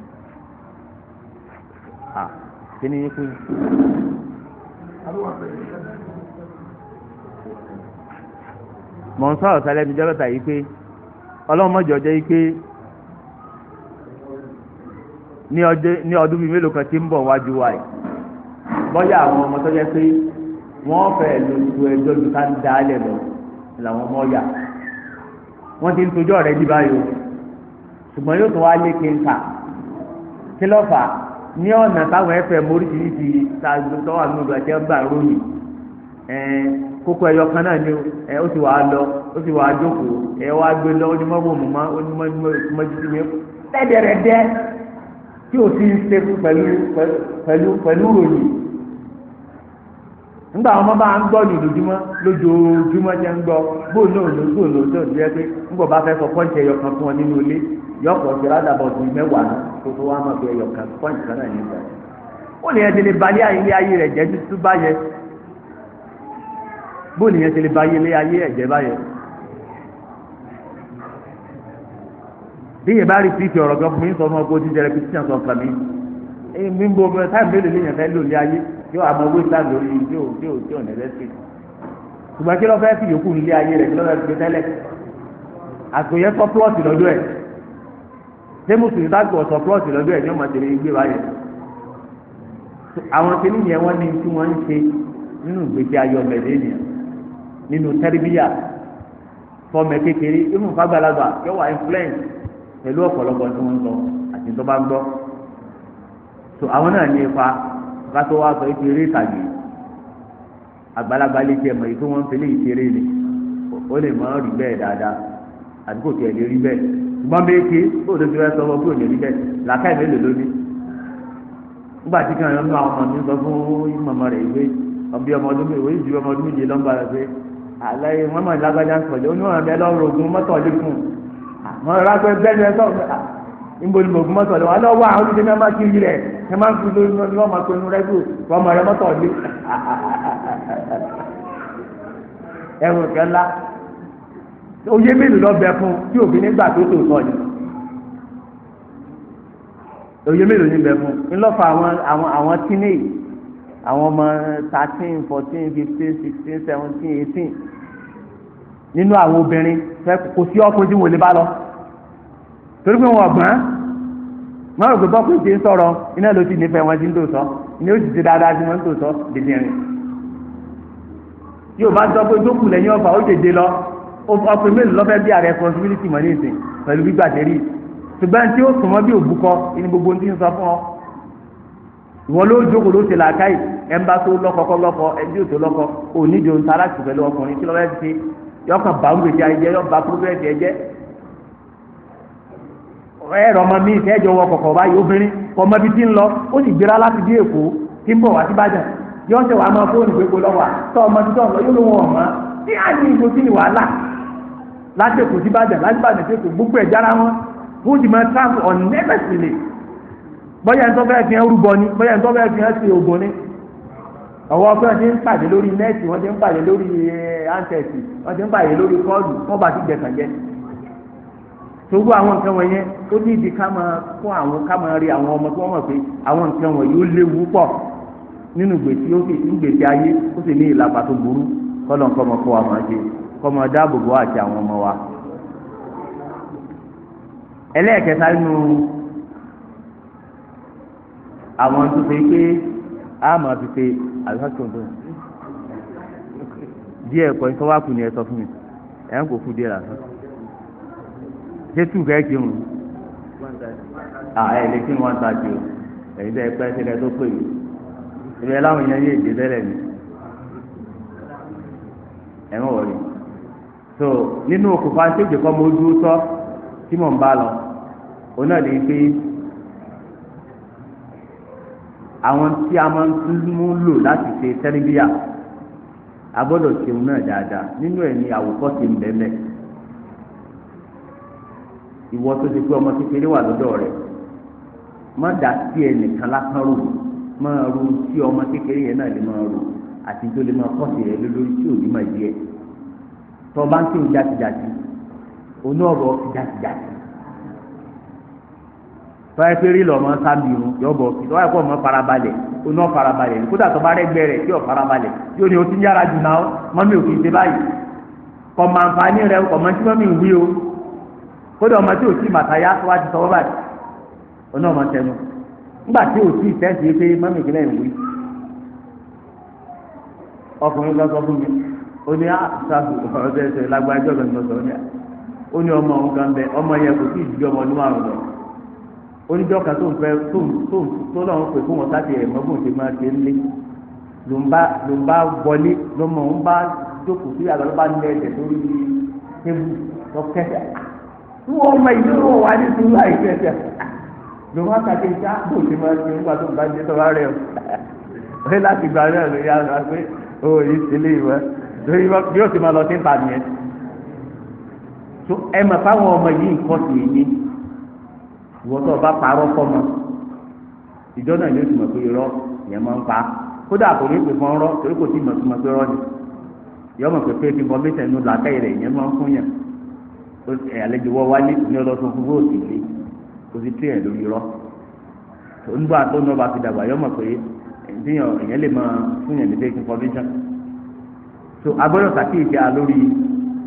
kí ni yín kú. mọ̀ ń sọ̀rọ̀ sálẹ̀ ní jọ́lọ́ta yìí pé ọlọ́mọjọ́ jẹ́ yìí pé ní ọdún bíi mélòó kan tí ń bọ̀ wájú wa yìí bọ́yá àwọn ọmọ tó yẹ pé wọ́n fẹ́ lo ju ẹjọ́ lu ká ń da alẹ̀ lọ làwọn ọmọ yà wọ́n ti ń tojọ́ rẹ̀ dí báyìí o ṣùgbọ́n yóò tún wá lé kéńkà kí ló fà ní ọ̀nà táwọn ẹ̀fẹ̀ móríṣiríṣi ṣáàjú tó wà nínú ìgbàjẹ́ gbà ròyìn kókó ẹyọ kan náà ni ẹ ó sì wàá lọ ó sì wàá jókòó ẹ wá gbé lọ ó ní mọ́ mọ́ mọ́ ó ní mọ́ mọ́ títí mi tẹ́ẹ̀dẹ̀rẹ̀dẹ́ tí ò sí ń ṣe pẹ̀lú pẹ̀lú pẹ̀lú ròyìn nígbà wọn bá ń gbọ́ lójoojúmọ́ lójoojúmọ́ jẹ́ ń gbọ́ gbóòlò lóòlò lóòlò jẹ́ pé nígbà bá fẹ́ sọ pọ́ǹtì ẹyọ kan fún ọ nínú ilé yọkọ̀ ọ̀sẹ̀ ládàbọ̀ ju mẹ́wàá tó tó wá máa fi ẹyọ kan pọ́ǹtì kan náà nígbà yẹn. ó lè yẹn ti lè balẹ̀ ilé ayé rẹ̀ jẹ́ tútú báyẹn bó lè yẹn ti lè balẹ̀ ilé ayé rẹ̀ jẹ́ báyẹn. bí yẹn bá rí fífi ọ̀rọ̀ gan fún mi sọ fún ọ tí ó àmọ́ owó ìta lórí tí ó tí ó tí ó nẹ́rẹ́ sí ṣùgbọ́n kí ló fẹ́ fi yòókù nílé ayé rẹ̀ kí ló fẹ́ fi tẹ́lẹ̀ àsìkò yẹn sọ plọ́ọ̀tì lọ́dọ̀ ẹ̀ ṣé mùsùlùmí bá gbọ́ sọ plọ́ọ̀tì lọ́dọ̀ ẹ̀ ní ọmọ tèmi gbé wáyé àwọn kìíní yẹn wọ́n ní tí wọ́n ń ṣe nínú ìgbésí ayé ọmọ ẹ̀dẹ́ ènìyàn nínú tẹ́rìbíyà fọmọ kékeré irú fagbalagbà yọwà influence pẹ̀lú ọ̀pọ̀lọpọ̀ tí wọ́n ń sọ àti tó bá ń gbọ́ so àwọn náà ní ipa kátó wá sọ ìpè eré ìtàgé àgbàlagbà lè tiẹ̀ mọ̀ èyí tó wọ́n ń fẹlẹ́ ìṣeré ni ó lè mọ̀ rí bẹ́ẹ̀ dáadáa àti kò tiẹ̀ lè rí bẹ́ẹ̀ ṣùgbọ́n bí eke ó lè fi rẹ́ sọ fún òní rí bẹ́ẹ̀ làákàyè mélòó ló ní. nígbà tí kan yọnu àwọn ọmọ mi sọ fún mọ̀mọ́ rẹ̀ ìwé ọbí ọmọ ọdún mi ìwé ìdí ọmọ ọdún méje lọ́nba rẹ̀ pé àlẹ́ wọn mọ̀ lágbájá ń sọ̀jọ́ oníwọ̀n bẹ́ẹ̀ lọ́rùn ogun mọ́tò ọdún fún un níbo ni mògùn mọ́tò lọ wọn wá àwọn oníṣẹ́ náà bá kiri rẹ̀ ẹ máa ń fi lórí lórí wọn máa pe inú rẹ́díò wọn máa rẹ mọ́tò lé ẹ̀rùn kẹ́ ńlá oyé mélòó lọ bẹ fún tí òbí nígbà tó tó sọ ni oyé mélòó ní bẹ fún ńlọ́fà àwọn àwọn àwọn teenage àwọn thirteen fourteen fifteen sixteen seventeen eighteen nínú àwọn obìnrin kò sí ọkùnrin tí wọn ò lè torí pé wọn ọ̀gbọ́n wọn rò pé bọ́ọ̀kì ti ń sọ̀rọ̀ iná ló ti nífẹ̀ẹ́ wọn ti ń tòótọ́ ni ó sì ti dáadáa sí wọn ń tòótọ́ dèdè rìn yóò bá sọ pé jókòó lẹ́yìn ọ̀fà ó dèdè lọ ọkùnrin mélòó lọ́fẹ́ bí ààrẹ responsibility mọ̀ ní ìsìn pẹ̀lú gbígbà tẹ́lẹ̀ ṣùgbọ́n tí ó sùn mọ́ bí òbúkọ ní gbogbo ohun tí ń sọ fún ọ ìwọ ló jókòó ló ṣe làákàyè ẹ ń bá tó lọ́kọ kọ́ lọ́kọ ẹ bí òtó lọ́kọ òní jòun ta láti pẹ̀lú ọkùnrin kí lọ́wọ́ ẹ ti ṣe yọkàn bá ń gbèsè ayé jẹ yọ ẹ̀rọ ọmọ mi ìtẹ́jọ wọ kọ̀kọ̀ báyìí obìnrin ọmọ bíi ti ń lọ ó sì gbéra láti dé èkó tí ń bọ̀ wá sí yọ máa fóònù gbégbó lọ́wọ́ tọ́ ọmọ tí tọ́ yóò ọ̀mọ́ tí a ní ìbò sí ni wàhálà láti èkó sí ìbàdàn láti ìbàdàn sí gbogbo ẹ̀ jára wọn ti máa travel unnecessarily bóyá ní tó fi hàn rúbọ ni bóyá ní tó fi hàn sí ògùn ni ọwọ́ ti ń pàdé lórí nẹ́ẹ̀tì wọ́n ti ń pàdé lórí wọ́n ti ń pàdé lórí kọ́ọ̀lù torí àwọn nǹkan wọ̀nyẹn ó ní ìdí ká máa kó àwọn ká máa rí àwọn ọmọ tí wọ́n mọ̀ pé àwọn nǹkan wọ̀nyí ó léwu pọ̀ nínú gbèsè ó sì ń gbèsè ayé ó sì ní ìlàpá tó burú kọ́lọ̀ nǹkan ọmọ kó wa máa ṣe kọ́ máa dáàbò bò àti àwọn ọmọ wa. ẹlẹ́ẹ̀kẹta nínú àwọn tó ṣe pé a máa fi ṣe àlùfáàkì ọ̀dọ́ díẹ̀ ẹ̀kọ́ ní sọ́wákùn ni ẹ sọ fún mi ẹ̀ ń kò fún díẹ̀ lásán ṣé kẹ́ kí n ah, ẹ̀ lè kí ta jù ẹ̀yin tẹ́ pẹ́ sílẹ̀ tó pè yìí ìrẹ́ láwọn èèyàn yéé dé ni ẹ̀ ń wọ̀nyí so nínú òkùnfà tí ìjẹ́kọ́ mo dúró tọ́ tí mò ń bá lọ òun náà lè pé àwọn tí a máa ń mú lò láti ṣe tẹ́lifíà a gbọ́dọ̀ ṣeun náà dáadáa nínú ẹ̀ ni àwòkọ́ ti ń bẹ́ẹ̀ bẹ́ẹ̀ ìwọ tó ti pé ọmọ kékeré wà lọ́dọ̀ rẹ̀ má dà sí ẹnìkan lásán rò máa ru tí ọmọ kékeré yẹn náà lè máa rò àti tó lè máa kọ́sì rẹ̀ lórí tí ò ní máa di ẹ̀ tó bá ń tẹ̀wé jàtìjàtì onú ọ̀rọ̀ jàtìjàtì tọ́yẹ pé rí lọ́mọ sábì irun yọ̀bọ̀ kí tọ́yẹ kọ́ ọmọ farabalẹ̀ oná farabalẹ̀ ní kódà tó bá rẹ́ gbẹ̀rẹ̀ tí ò farabalẹ̀ yóò ní o ti ń yára jù náà mọ́mí òfin ṣe báyìí kọ̀mọ̀ǹfààní rẹ kọ̀mọ̀ǹtí mọ́mí ń wí o kódà ọmọ tí o ti màtà ya wa wá ti sọwọ́ báyìí ọ̀nà ọmọ tẹnu ńgbà tí o ti sẹ́ǹtì yìí pé mọ́mí ìpínlẹ̀ ìwé ọkùnrin lọ́sọ fún mi ó ní ah, ọ̀rọ̀ bẹ́ẹ̀ sọ ní ó ní ọmọ òun bẹ ọmọ yẹn kò ju ọmọ ọdún márùn lọ kan tó ń tó ń tó ń tó fún wọn láti ẹ̀ mọ́gbọ́n máa ṣe ń tí wọ́n mọ ìdúró wa ní sùúrù àìsí ẹ̀sẹ̀ ló má kàkí ìṣá bò ṣe máa ṣe nígbà tó bá ṣe tó bá rẹ̀ o ṣé láti gba rẹ̀ ló yá ra pé o yìí ti lé ìwẹ́ lórí bí ó ti máa lọ sí ìta nìyẹn tó ẹ mọ̀ fáwọn ọmọ yìí nǹkan sì yé ìwọ tó o bá parọ́ fọmọ ìjọ náà yóò ti mọ̀ pé irọ́ yẹn máa ń pa kódà kò ní pè fún ọ̀rọ̀ torí kò tí ì mọ̀ sí mọ̀ pé irọ́ ni yọ mọ̀ pé fake information nù làákàyè rẹ̀ yẹn máa ń fún yàn àlejò wọ wálé ní ọlọ́sọ fún bóòsì ilé kò sí tẹ̀ lórí rọ onígbà tó ní ọba ti dàgbà yọmọ pé ìdíyàn èèyàn lè máa fún yàn níbi information so agbọ́dọ̀ sàkíyèsí a lórí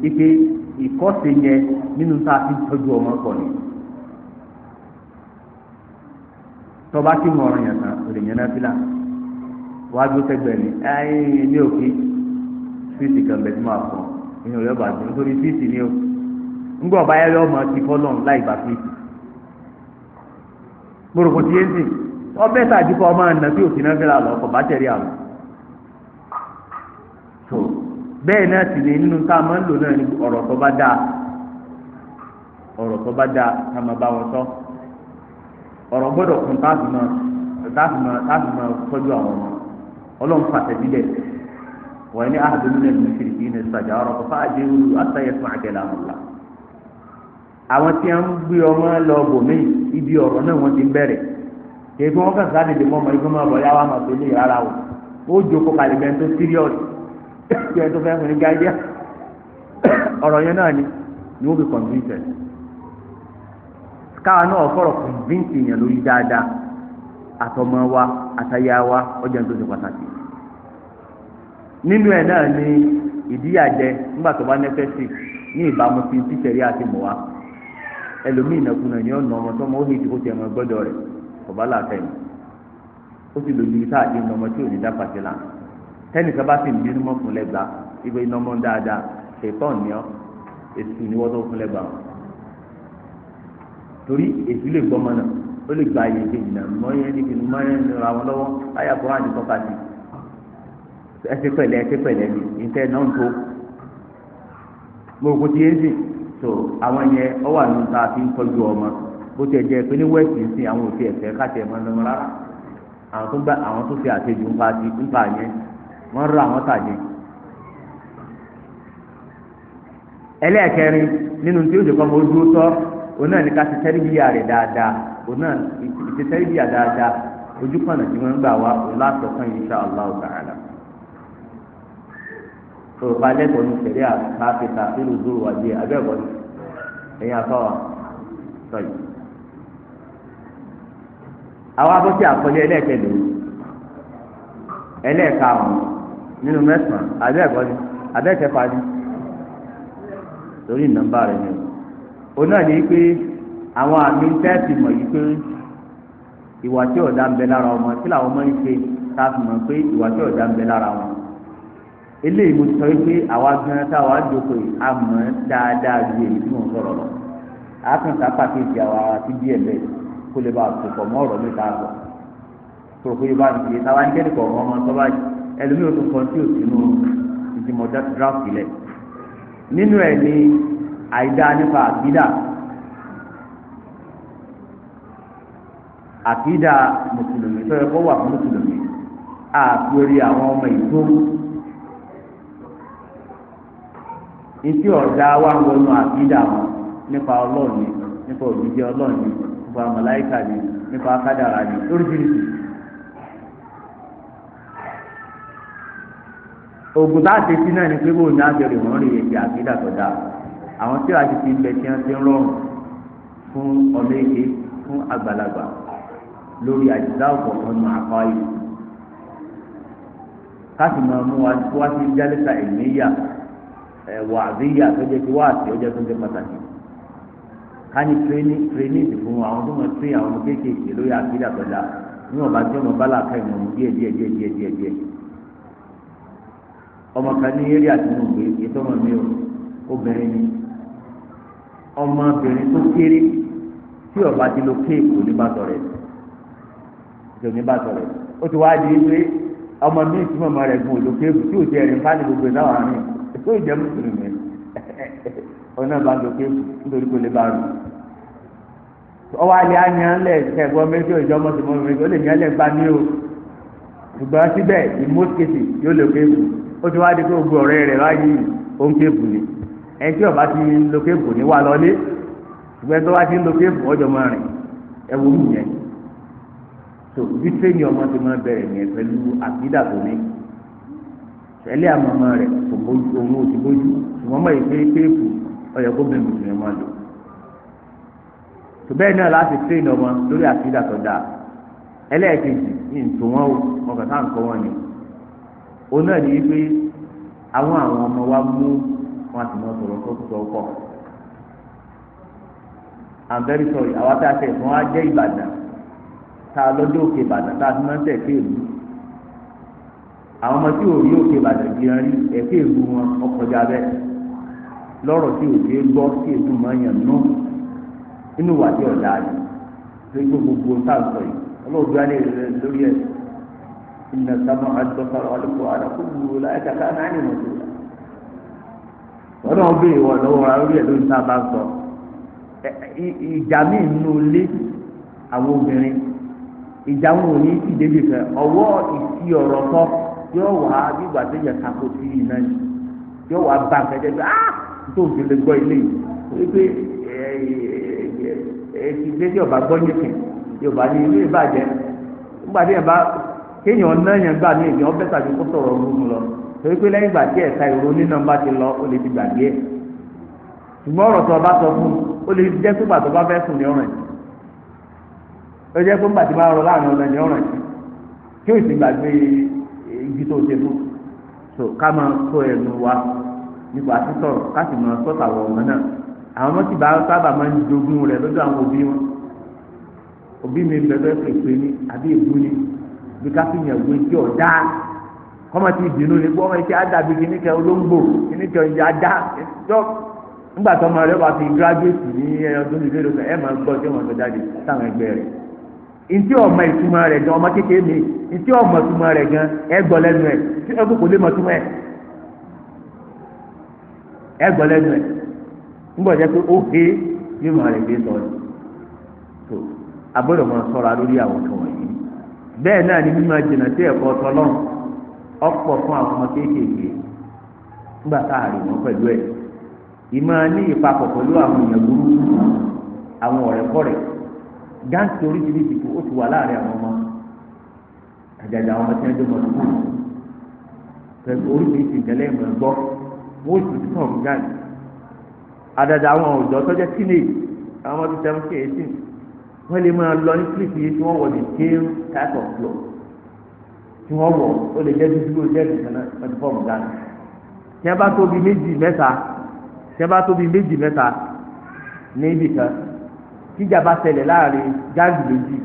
ike ìkọ́sẹ̀ yẹn nínú tá a ti tọ́jú ọmọ pọ̀ ni tọba tí mo ràn yàn tán òlè yàn náà fílà wájú sẹgbẹ̀ẹ́ ni ẹ̀ ẹ́ ní òkè fíìsì kan bẹ̀ tí mo àfọ̀ ìyẹn ò yọ bàtí nítorí fíìsì ni o. ńgbọ́ ọba ya ọmọ ti fọlọ́n láì gbà pé gbòròkò tí yéé sìn taa tàbí kọ́ na àná tí na náà fẹ́ra ọkọ ọkọ̀ bá tẹ̀lé àwọn. náà sì ni nínú tá a máa ń lò náà ni ọ̀rọ̀ tó bá dáa tó bá dáa ká máa bá wọn sọ kún àwọn ọmọ àwọn tí wọn gbé ọmọ lọ bòmí ibi ọrọ náà wọn ti ń bẹ̀rẹ̀ wọn kàn mọ ọmọ yìí kó máa bọ yàwá máa tó ní ìrara o ó jókòó kalẹ̀ bẹ́ẹ̀ tó serious bẹ́ẹ̀ tó fẹ́ fún ní gáídíà ọ̀rọ̀ yẹn náà ni ni wọ́n fi convinced káwa náà fọ̀rọ̀ convince èèyàn lórí dáadáa àtọmọ wa wa ọjà tó ṣe pàtàkì nínú ni ìdíyàjẹ ẹlòmíì nàkúnà ni ọ̀nà ọmọ tọmọ ó ní ìdíkó tiẹ̀ mọ gbọ́dọ̀ rẹ̀ ọ̀bá làtẹ̀ ni ó sì lójú ibi táàdé ní ọmọ tí ò ní dá pàṣẹ là tẹ́nì kan sì ń bínú mọ́ fúnlẹ̀ gbà iná mọ́ dáadáa ṣètọ́ ni ọ́ èsù ni wọ́n tó fúnlẹ̀ gbà wọn. torí èsù lè gbọ́ ọmọ náà ó lè gba àyè ìgbè ìnà mọ́yẹ́ níbi mọ́yẹ́ nira wọn lọ́wọ́ láyà kó hàn ní tọ́ka sí ẹsẹ̀ pẹ̀lẹ́ ẹsẹ̀ pẹ̀lẹ́ ni ìtẹ́ náà ń tó mo rò kó ti yé ń so àwọn yẹn ọ wà nínú tá a fi ń tọ́jú ọmọ bó tiẹ̀ jẹ́ pé ní west ń sìn àwọn òfin ẹ̀fẹ́ káàtì ẹ̀mọ́ rárá àwọn tó gba àwọn tó fi àtẹjù ńpa ti ńpa yẹn wọ́n rọ àwọn tàjẹ. ẹlẹ́ẹ̀kẹrin nínú tí ó lè kọ́ mọ́ tọ́ òun náà ní ká ti tẹ́rìbíyà rẹ̀ dáadáa òun náà ti tẹ́rìbíyà dáadáa ojú kan náà wọ́n ń òrùka lẹ́kọ̀ọ́ ní sẹ̀ríà bá fi tàfíìlù dúró wà díẹ̀ abẹ́ẹ̀kọ́ ni ẹ̀yin afọ́wà sọ̀yì. àwọn abọ́sí àkọlé ẹlẹ́ẹ̀kẹ́lẹ́ ẹlẹ́ẹ̀karùn-ún nínú mẹ́sàn-án abẹ́ẹ̀kọ́ ni abẹ́ẹ̀kẹfà ni lórí nọ́mbà rẹ̀ ni òun náà ní pé àwọn àmì tẹ́ẹ̀tì mọ̀ yìí pé ìwà tí ọ̀dà ń bẹ lára ọmọ tí làwọn ọmọ ń ṣe tá a fi mọ̀ pé ìwà tí ọ̀dà ń bẹ lára wọn eléyìí mo sọ pé àwa gan tá a wàá joko yìí a mọ̀ dáadáa ju èyí tí mo sọ̀rọ̀ lọ a kàn sá pàkíyèsí àwa ti díẹ̀ bẹ́ẹ̀ kó lè bá a sọ̀kọ̀ mọ́ ọ̀rọ̀ mi ká sọ kúròkó yìí bá mi fi táwa ń kẹ́lẹ́ kọ̀ọ̀kan ọmọ tó bá ẹlòmíràn tó kọ́ tí ò sínú ìdìmọ̀ draft lẹ̀ nínú ẹ̀ ni àìdá nípa àkídà àkídà mùsùlùmí tó yẹ kó wà mùsùlùmí àpèrè àwọn ọmọ ìtó etí ọ̀dà wa ń wọnú àbídà wọn nípa ọlọ́ọ̀ni nípa òbíjẹ ọlọ́ọ̀ni nípa màláíkà ni nípa akádàrà ni lóríṣiríṣi. ògùn a sí náà ni pé bóun ní àjọyọ̀ wọn rí èsì àbídà tó dáa àwọn tí wàá ti fi ń ti ń rọrùn fún ọmọ fún àgbàlagbà lórí àjùdá ọ̀kọ̀ọ̀kan yìí máa mú wa ẹ̀wà eh, àbíyà tó jẹ́ ti wá àti ọjọ́ tó jẹ́ pàtàkì ká ní tírénì tírénì fún àwọn tó máa tírénì àwọn ọmọ kéékèèké lórí àbíyà tó dáa níwọ̀n bá tí ọmọ bá là ká ìmọ̀ ọmọ díẹ̀ díẹ̀ díẹ̀ díẹ̀ díẹ̀ díẹ̀ ọmọ kan ní eré àtinúgbé ètò ọmọ mi ò obìnrin ni ọmọbìnrin tó kéré tí ọba ti lo kéèkì oníbàtọ̀ rẹ̀ ti oníbàtọ̀ rẹ̀ ó ti wá di pé ọmọ mi ìtumọ̀ rẹ̀ gun òdò kéèkì tí ò ti ẹ̀rìn fáni gbogbo ìdáwọ̀ àárín tó ìjẹ́ mùsùlùmí òun náà bá lò pé nítorí kò lè bá rù ọwọ́ alẹ́ àyànlẹ̀ ẹ̀gbọ́n méjì ìjọ mọ̀tìmọ́ méjì ó lè ní ẹlẹ́ gbani o ṣùgbọ́n síbẹ̀ in most cases yóò lò pé bù ó ti wá di pé gbogbo ọ̀rẹ́ rẹ̀ báyìí ó ń ké bù ni ẹni tí ọba ti lo ké bù ní wà lọlé ṣùgbọ́n tó wá ti ń lo ké bù ọjọ́ máa rìn ẹ̀wọ̀n mi yẹn tó bí tẹ́ni ọmọ ti máa bẹ̀rẹ̀ yẹn pẹ̀lú àbídà tó ní. tẹ̀lé àmọ́mọ́ rẹ̀ kò bójú ti bójú ṣùgbọ́n mọ̀ èké téèpù ọ̀yọ̀ kó mùsùlùmí máa lò. tùbẹ́ẹ̀ náà láti tẹ́ ìnà lórí àfihàn tó dáa ẹlẹ́ẹ̀kejì ní ntò wọn o wọn kà sáà ń wọn ni. O náà ní pé àwọn àwọn ọmọ wa mú wọn àti wọn sọ̀rọ̀ tó I'm very sorry àwa tá a tẹ̀ fún wa jẹ́ Ìbàdàn tá a lọ́jọ́ òkè a àwọn ọmọ tí ò rí òkè ìbàdàn bí wọn rí ẹ̀fẹ́ èlú wọn ọkọjá bẹ́ẹ̀ lọ́rọ̀ tí ò ṣeé gbọ́ tí èlú máa yàn nú inú wà tí ọ̀dà yìí tó igbó gbogbo tá a sọ yìí ọlọ́ọ̀dúnrún alẹ́ rẹ lórí ẹ̀ ìnà sábà àdọ́sára ọlọ́kọ̀ àdàkọ́ gbogbo láyé kàkà náà ní mọ̀tò rẹ̀ wọ́n náà béèrè wọ́n lọ́wọ́ lórí ẹ̀ lórí tá sọ ìjà míì nínú ilé àwọn obìnrin ìjà wọn ò ní ìdébìkan ọwọ́ ìfi ọ̀rọ̀ tọ́ yóò wá gbígbà tó yẹ kakó sí yìí náà yóò wá bá kẹjẹ pé ah tó o ti lè gbọ́ ilé yìí pé èsì gbèsè ọba gbọ́ nìkan yorùbá ní ilé ìbàjẹ́ nígbà tí yẹn bá kéèyàn náà yẹn gbà ní èdè ọbẹ̀ tàbí kó sọ̀rọ̀ ọ̀run lọ torí pé lẹ́yìn ìgbà tí ẹ̀ka ìró nínú bá ti lọ ó lè ti gbàgbé ẹ̀ ṣùgbọ́n ọ̀rọ̀ tó o bá sọ fún ó lè jẹ́ pé gbàtọ́ bá fẹ́ sùn ní ọ̀ràn ó jẹ́ pé gbàtí bá rọ láàrin ọ̀ràn ní ọ̀ràn tí ó sì gbàgbé ibi tó ṣe fún so ká máa kó ẹnu wa nípa sísọ̀rọ̀ ká máa sọ́tà àwọn ọmọ náà àwọn ọmọ tí sábà máa ń jogún àwọn òbí wọn òbí mi àbí ni bí ká fi yàn gbé tí kọ́mọ ti bínú ni iṣẹ́ olóńgbò ajá nígbà tó ọmọ wà ntí ọmọ ìtumọ̀ rẹ̀ gan ọmọ kékeré mi ntí ọmọ gan tí ẹgbẹ́ kò lè mọ ìtumọ̀ ẹ̀ ẹgbọ́ lẹ́nu ẹ̀ ńgbọ́ jẹ́ pé ó hé bí mọ̀ rẹ̀ gbé sọ̀rọ̀ tó agbọ́dọ̀ máa sọ̀rọ̀ lórí àwọn kan wọ̀nyí bẹ́ẹ̀ náà ni mímọ̀ jìnnà sí ẹ̀kọ́ tọ́lọ́n ọ̀pọ̀ fún àwọn ọmọ kéékèèké nígbà tá a rí wọn ní àwọn gáàsì oríṣiríṣi kò ó ti wà láàrin àwọn ọmọ àjàjà àwọn ọmọ tí wọ́n jẹ́ ọmọ tó kù pẹ̀lú oríṣiríṣi ìtẹ́lẹ̀ ìmọ̀ ẹ̀gbọ́ wọ́n sì ti sọ̀rọ̀ gáàsì àjàjà àwọn ọ̀dọ́ tọ́jẹ́ teenage àwọn ọmọ tó seventeen to eighteen wọ́n lè máa lọ ní kílìpì yìí tí wọ́n wọ̀ ní scale type of flow tí wọ́n wọ̀ ó lè jẹ́ dúdú ó jẹ́ nìkan náà wọ́n ti fọ́ọ̀mù gáàsì tí wọ́n bá tíjà bá ṣẹlẹ̀ láàrin gáàgì méjì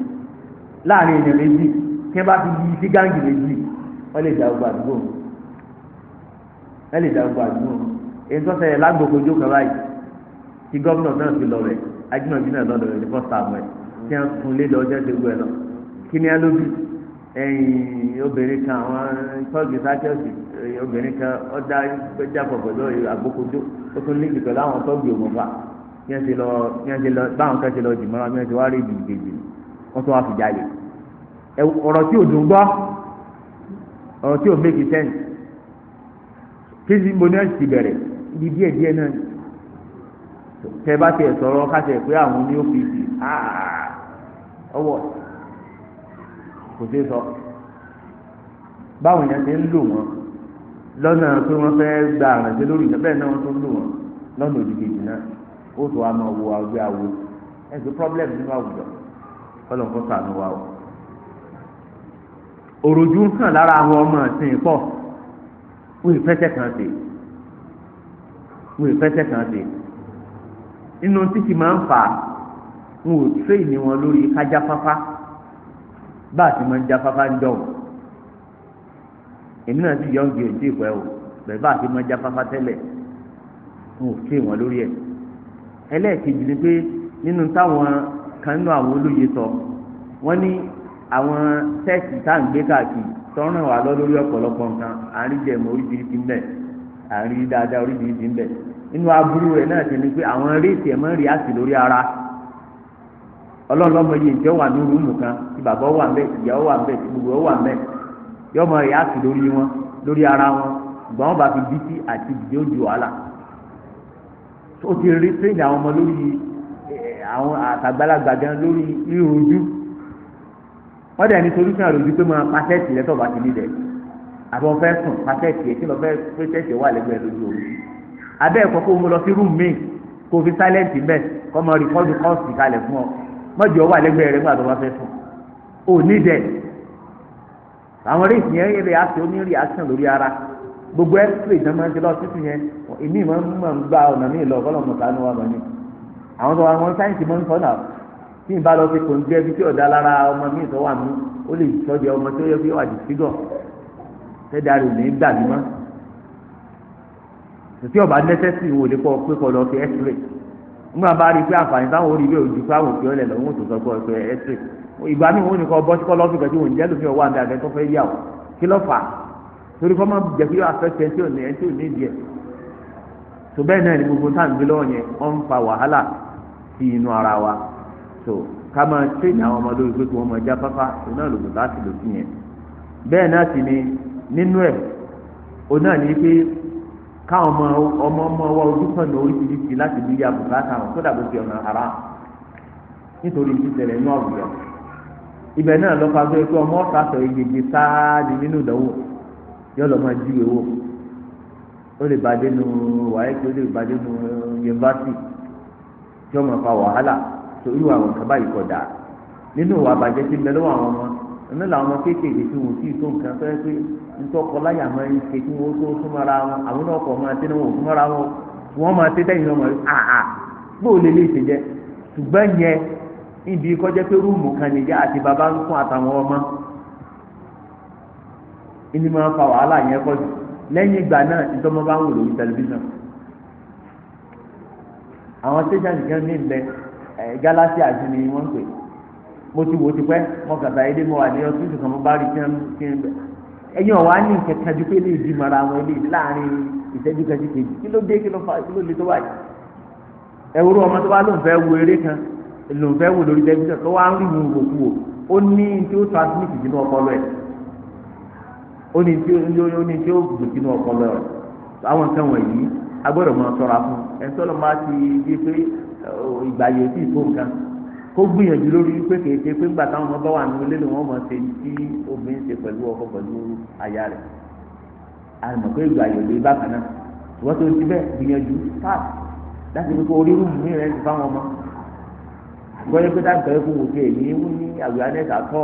láàrin èèyàn méjì kí wọ́n bá fi yí sí gáàgì méjì wọ́n lè dá ogun àdúgbò wọ́n lè dá ogun àdúgbò èyí tó ṣẹlẹ̀ lágbòkojó kan báyìí tí gómìnà náà fi lọ rẹ̀ ajínigbé náà lọ́dọ̀ rẹ̀ ní fọ́sítà àmọ́ ẹ̀ tí wọ́n fún lé lọ́jọ́ ti gbọ́ ẹ lọ kí ni ẹ ló bí ẹ̀yìn obìnrin kan àwọn tọ́ọ̀gì sákẹ́ọ̀sì obìnrin kan ọ̀dà jápọ̀ pẹ̀lú àgbòkojó ó tún líkì pẹ̀lú àwọn tọ́ọ̀gì òmùfà bí wọ́n ṣe lọ bí wọ́n ṣe lọ báwọn kan ṣe lọ dì mọ́ra bí wọ́n ṣe wá rí ìdì ìdèjì wọ́n tún wá fi jalè ọ̀rọ̀ tí ò dùn gbọ́ ọ̀rọ̀ tí ò méjì sẹ́ǹsì kí ni mo ní ẹ̀ ti bẹ̀rẹ̀ ibi díẹ̀ díẹ̀ náà tẹ bá tiẹ̀ sọ̀rọ̀ kásẹ̀ pé àwọn ní ọ́fíìsì ọwọ́ kò sí sọ báwọn èèyàn ti ń lò wọ́n lọ́nà pé wọ́n fẹ́ gba àrànṣe lórí ìjọba ẹ̀ náà wọ́n tún lò wọ́n lọ́nà òdìkejì náà ó tó wa máa wo àwùjọ àwo ẹ̀sùn problem nínú àwùjọ ọlọ́run kọ́ sànù wa o. òròjú ń kàn lára àwọn ọmọ ẹ̀sìn pọ̀ wọ́n ìfẹsẹ̀ kan sí wọ́n ìfẹsẹ̀ kan sí nínú títì máa ń fà á wọn ò tréènì wọn lórí kájáfáfá bá a ti máa ń jáfáfá ń dọ̀wọ́ èmi náà ti yọ̀ ń gbìyànjú ìpẹ́ o bẹ́ẹ̀ bá a ti máa ń jáfáfá tẹ́lẹ̀ wọn ò tréènì wọn lórí ẹ̀. ẹlẹ́ẹ̀kejì ni pé nínú táwọn kan nínú àwọn olóye sọ wọ́n ní àwọn tẹ́ẹ̀sì tá à ń gbé káàkiri tọ́ràn wà lọ lórí ọ̀pọ̀lọpọ̀ nǹkan àríjẹ̀mọ̀ oríṣiríṣi ń bẹ àrí dáadáa oríṣiríṣi ń bẹ nínú aburú rẹ̀ náà ti ni pé àwọn réètì ẹ̀ máa lori lórí ara ọlọ́ọ̀lọ́mọ yìí ǹjẹ́ wà ní rúùmù kan tí bàbá wà ń bẹ ìyàwó wà ń tí wà ń yọmọ ara wọn ìgbà wọn bá fi àti ó di wàhálà ó ti rí tírénì àwọn ọmọ lórí àwọn àtàgbàlagbà gan lórí irun ojú wọ́n dẹ̀ ní solúsùn àròjú pé máa pàṣẹ́tì lẹ́tọ̀ bá ti ní dẹ̀ àbí wọ́n fẹ́ sùn pàṣẹ́tì ẹ̀ kí lọ́ fẹ́ pẹ́ṣẹ́tì wà lẹ́gbẹ̀ẹ́ lójú òru abẹ́ ẹ̀kọ́ kó mo lọ sí rúùmù míì kó o fi sáílẹ̀ǹtì mbẹ́ kọ́ mọ rìkọ́dù kọ́ọ̀sì kalẹ̀ fún ọ mọ́jì ọ wà lẹ́gbẹ̀ẹ́ rẹ̀ nígbà tó bá fẹ́ sùn ò ní dẹ̀ àwọn eré ìsìn yẹn rí action oní rí gbogbo ẹsẹ ìjọba máa ń ṣe lọ títí yẹn èmi máa ń mọ̀ ń gba ọ̀nà mi lọ kọ́lọ̀ mọ̀ta ní wa mọ̀ni àwọn tó wà wọn sáyẹ̀nsì máa ń sọ náà tí n bá lọ fi kò ń jẹ́ bí tí ọ̀dà lára ọmọ mi tó wà mí ó lè sọ́jà ọmọ tó yẹ kí ó wà jù sígọ̀ tẹ́jà rẹ̀ ní gbà mí mọ́ tòtí ọba nẹ́sẹ̀sì wò lè kọ́ pé kọ́ lọ fi x-ray nígbà bá rí i pé àǹfààní táwọn orí bẹ́ẹ̀ ojú fáwọn òfin ọ̀lẹ̀ lọ́wọ́ tó sọ pé ọ̀pẹ ìgbà mi wọn ò ní kọ́ bọ́ sí kọ́ lọ́fíìkẹ́ tí òun jẹ́ lómi ọ̀wá àti àgbẹ̀ tó fẹ́ yà ó kí ló fà á torí kọ́ máa jẹ́ kí yóò afẹ́fẹ́ tí ò ní ẹ tí ò ní ìdí ẹ̀ tó bẹ́ẹ̀ náà ni gbogbo tá à ń gbé lọ́wọ́ yẹn ó ń fa wàhálà sí inú ara wa tó ká máa tẹ̀lé àwọn ọmọ lórí pé kí wọ́n máa já pápá òun náà lòdù láti lò yẹn bẹ́ẹ̀ náà sì ni nínú ẹ̀ òun náà ní pé káwọn ọmọ ọmọ ọmọ wa ojú kànnà oríṣiríṣi láti bí ya bùkátà wọn kódà bó ti ọ̀nà ara nítorí ìṣẹ̀lẹ̀ inú àwùjọ ibẹ̀ náà lọ́ka gbé pé ọmọ ọ̀sà sọ egègè sáà ní nínú ìdánwò yọlọ lọ máa ju ìwò ó lè bàdé dénú wàhálà ó lè bá dénú yunifásitì tí wọn máa fa wàhálà torí àwọn kaba yìí kọ̀ nínú ìwà àbàjẹ́ ti àwọn ọmọ ẹnu làwọn ọmọ kéékèèké tí wọn ò tíì tó nǹkan fẹ́ pé ntọ́kọ wọ́n tó súnmọ́ra wọn àwọn náà kọ̀ máa wọn ò súnmọ́ra wọn wọ́n máa ọmọ yìí àhà gbóò lè lè ṣèjẹ́ ṣùgbọ́n yẹn ibi kọjá pé rúùmù kan àti bàbá ń fún ìní máa fa wàhálà yẹn pọ̀ jù lẹ́yìn ìgbà náà ìtọ́mọ bá ń wò lórí tẹlifíṣàn àwọn tẹsán kan ní ìbẹ ẹ galaxy àti ni wọ́n ń pè mo ti wò ó ti pẹ́ mo kàtà yìí dé mo wà ní ọtúnṣe kan mo bá rí tiẹ́ kí n bẹ ẹ̀yin ọ̀wá ní kẹ̀kẹ́ ju pé lè di mara àwọn ilé láàrin ìṣẹ́jú kan sí kejì kí ló dé kí ló fa kí ló le tó báyìí ẹ̀wúrú ọmọ tó bá lóun fẹ́ wo eré kan lóun fẹ́ wo lórí tẹlifíṣàn tó wá ń rí ìwòkú o ó ní tí ó transmit jìnnà ọpọlọ ẹ̀ ó ní tí ó ní tí ó gbè sínú ọpọlọ rẹ àwọn nǹkan wọ̀nyí agbọ́dọ̀ máa ṣọ́ra fún ẹ̀ńtọ́lọ́ máa ti di pé ìgbà yóò sì tó nǹkan kó gbìyànjú lórí wípé kèé ṣe pé ńgbà táwọn ọmọ bá wà nínú ilé ni wọ́n máa ṣe tí obìnrin ṣe pẹ̀lú ọkọ pẹ̀lú aya rẹ̀ àmọ́ pé ìgbà yóò lè bákan náà ṣùgbọ́n tó ti bẹ́ẹ̀ gbìyànjú pap láti fi kó orí rúùmù mi rẹ̀ ti fáwọn ọmọ àgbọ̀yẹ́ pé dáàbò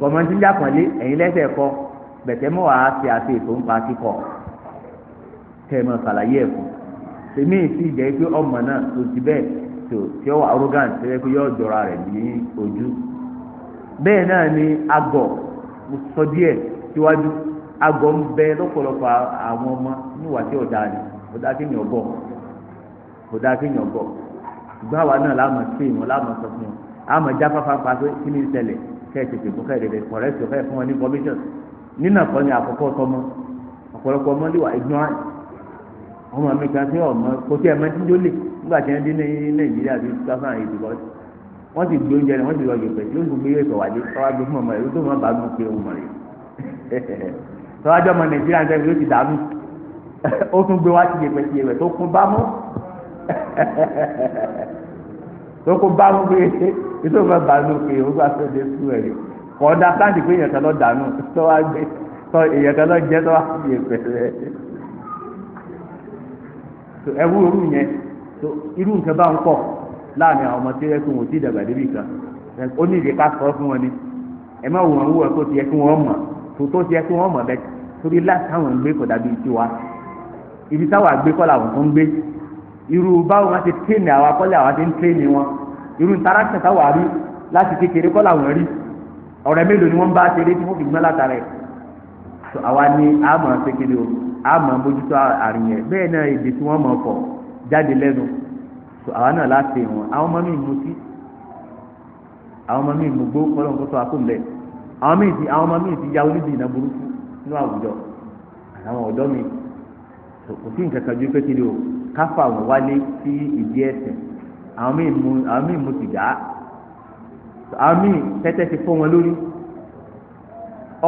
gọ̀mọ̀ntì ń jàpọ̀lé ẹ̀yin lẹ́sẹ̀ kọ bẹ̀tẹ̀ mọ́ wàá ṣe àti ètò ń pa kíkọ kẹ́ ẹ̀ mọ̀ ṣàlàyé ẹ̀ fún tèmi sì jẹ́ pé ọmọ náà tó ti bẹ́ẹ̀ tó tí ó wà arrogant tó yẹ pé yóò jọra rẹ̀ ní ojú bẹ́ẹ̀ náà ni agọ̀ sọ díẹ̀ síwájú agọ̀ ń bẹ lọ́pọ̀lọpọ̀ àwọn ọmọ níwà tí ọ̀dà ni ọ̀dà kéèyàn bọ̀ ọ̀dà kéèyàn bọ̀ ìgbà wa náà láàmú sí ìwọ̀n láàmú sọ fún wọn àmọ̀ jáfáfá pa pé kí ni ń kẹ́ẹ̀tẹ̀tẹ̀ fún kẹ́ẹ̀dẹ̀dẹ̀ kọ̀rẹ́tì ọ̀fẹ́ fún wọn ní information nínú ẹ̀kọ́ ni àkọ́kọ́ sọmọ ọ̀pọ̀lọpọ̀ ọmọ lè wà ndị ọmọ mi kan sí ọmọ kò tí ẹ mọ títí ó lè nígbà tí ní nàìjíríà wọ́n ti gbé oúnjẹ wọ́n ti lọ tí ó ń gbé tó kó bá wọn pé ètò ìfẹ́ bá ló pé ó gbà sọ́dọ̀ ẹ̀sùn ẹ̀ kọ́ ọ́ dá sáǹtì pé èèyàn lọ dànù tó wá gbé tó èèyàn lọ jẹ́ tó wá fi èpè rẹ̀ tó ẹwú irú yẹn tó irú nǹkan bá ń pọ̀ láàrin àwọn ọmọ tí ẹ kó wọn ti dàgbà débi kan ó ní sọ fún wọn ni ẹ má wò wọn irú báwo wọn ti tíìnì àwọn akọ́lé àwọn ti ń tíìnì wọn irú interaction táwọn àrí láti kékeré kọ́ làwọn rí ọ̀rẹ́ mélòó ni wọ́n bá ṣeré tí wọ́n fi gbọ́n látara ẹ̀ tó àwa ni àmọ̀ ṣèkéde o àmọ̀ mójútó àrùn yẹn bẹ́ẹ̀ náà èdè tí wọ́n mọ̀ fọ̀ jáde lẹ́nu tó àwa náà láti wọn àwọn ọmọ mi mutí àwọn ọmọ mi mugbó kọ́lọ́nkọ́tọ́ akóńbẹ àwọn mi ti àwọn ọmọ mi ti ya onídìínà burúkú nínú àwùjọ àwọn ọ̀dọ́ mi kò sí nǹkan kan ju pé kéde o káfà wọn wálé sí ìdí ẹsẹ̀ àwọn míì mu àwọn míì mu sìgá àwọn míì tẹ́tẹ́ ti fọ́ wọn lórí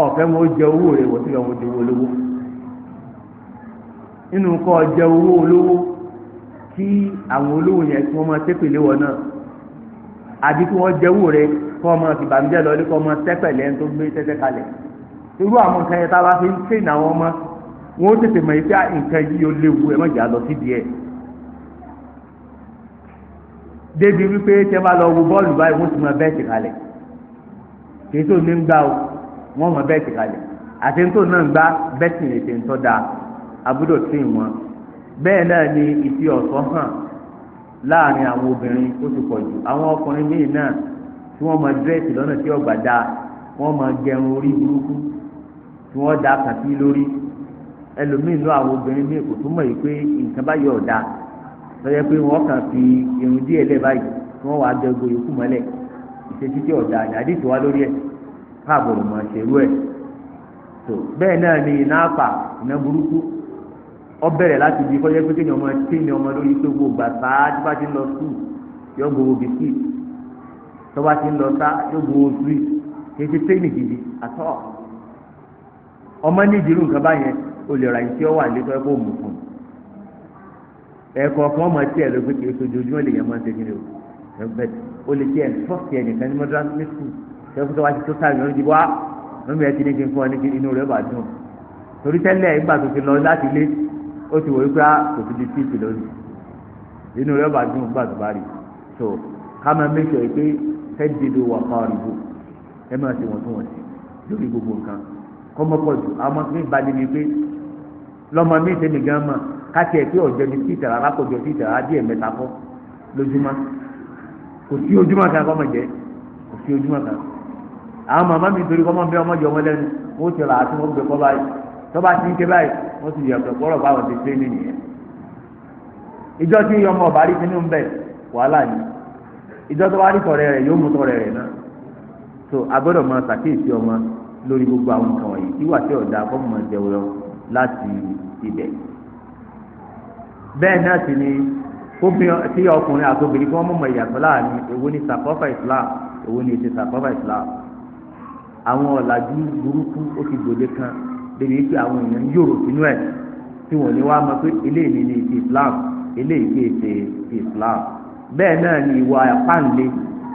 ọ̀fẹ́ wọn ó jẹ owó rẹ wọ́n ti lọ wọn jẹ owó olówó nínú kọ́ ọ jẹ owó olówó kí àwọn olówó yẹn kí wọ́n máa tẹ́pẹ̀lé wọn náà àbí kí wọ́n jẹ owó rẹ kọ́ ọmọ ìbànújẹ́ lọ ní kọ́ ọmọ tẹ́pẹ̀lẹ́ tó gbé tẹ́tẹ́ kalẹ̀ irú àwọn nǹkan yẹn tá a bá fi ń tẹ̀ ní àwọn ọmọ wọn ó tètè mọ̀ yìí pé ah, nǹkan yìí ó léwu ẹ má jà lọ síbi ẹ̀ débi wípé tẹ́ bá lọ wo bọ́ọ̀lù báyìí wọ́n ti mọ bẹ́ẹ̀tì kalẹ̀ kì í tó ní ń gbá o wọ́n mọ bẹ́ẹ̀tì kalẹ̀ àti tó náà ń gbá bẹ́ẹ̀tì lè ṣe ń tọ́ da abúdó tí ì wọn bẹ́ẹ̀ náà ni ìfi ọ̀sán hàn láàrin àwọn obìnrin ó ti pọ̀ jù àwọn ọkùnrin míì náà tí wọ́n mọ dírẹ́sì lọ́nà tí ọgbà da wọ́n mọ gẹrun orí burúkú tí wọ́n da kàtí lórí ẹlòmíín lọ àwọn obìnrin míì kò túmọ̀ yìí pé nǹkan báyọ̀ ọ̀dà lọ́yẹ pé wọ́n kàn fi irun díẹ̀ lẹ̀ báyìí tí wọ́n wàá dẹ́gbò yòókù mọ́lẹ̀ ìṣesí tí ọ̀dà àdàdì tó wá lórí ẹ̀ káàbọ̀ mọ̀ ẹ̀ tó bẹ́ẹ̀ náà ni iná apà iná ọ bẹ̀rẹ̀ láti di kọ́jẹ́ pé kéèyàn ọmọ ọmọ lórí pé gbogbo ti bá ti ń lọ o lè ra ìtí ọwọ́ àlejò ẹ kó mú fún un ẹ̀kọ́ kan ọmọ tí ẹ lọ gbé kí ojoojúmọ́ lè yẹn máa ń ṣe kíni o ẹgbẹ́ o lè tí ẹ fọ́ọ̀tì ẹ nìkan ní mọ́tò ní sùn ṣé fúnṣẹ́ wá ti tó sáré lọ́nà ìdìbò á lọ́nà ẹ ti ní kí n fún ọ ní kí inú rẹ̀ bá dùn torí tẹ́lẹ̀ ìgbà tó ti lọ láti lé ó ti wò ah, ó pé á kò ti di tíìpì lónìí inú rẹ̀ bá dùn gbà tó bá rí so ká máa mẹ́sọ̀ pé fẹ́ẹ́ dìde wà kọ́ àrùbù ẹ máa ṣe wọ̀ntúnwọ̀ntì lórí gbogbo nǹkan kọ́mọ́pọ̀ jù àwọn tí ń balẹ̀ ni pé lọ́mọ mi ṣe nìkan mọ̀ káṣí ẹ̀ pé ọ̀jẹ̀ ni títà rárá kò jọ títà rárá díẹ̀ mẹ́ta fọ́ lójúmọ́ kò sí ojúmọ́ kan kọ́mọ jẹ́ kò sí ojúmọ́ kan àwọn màmá mi torí kọ́mọ bí ọmọ jọ wọn lẹ́nu wọ́n ti rà á tí wọ́n gbé kọ́ báyìí tọ́ba ti ń ké báyìí wọ́n ti yẹ̀ pẹ̀pọ̀rọ̀ báwọn ti ṣe ní nìyẹn ìjọ tí yọmọ ọba rí sínú ń bẹ̀ wàhálà ni ìjọ tó wá rí tọ̀rẹ́ rẹ̀ yóò mú tọ̀rẹ́ rẹ̀ náà so agbọ́dọ̀ máa ṣàkíyèsí ọmọ lórí gbogbo àwọn nǹkan wọ̀nyí ìwà tí ọ̀dà kọ́mọ̀ jẹun lọ láti ibẹ̀. bẹ́ẹ̀ náà sì ni tí ọkùnrin àti obìnrin kí wọ́n mọ̀mọ́ ìyàtọ̀ láàrin èwo ni sàkọ́fà islam èwo ni èsì sàkọ́fà islam. àwọn ọ̀làjú burúkú ó ti gbòde kan débi pé àwọn èèyàn ń yòrò sínú ẹ̀ tí wọ́n ní wá mọ̀ pé eléyìí ni ti islam eléyìí kì í ṣe islam. bẹ́ẹ̀ náà ni ìwà ìpáǹle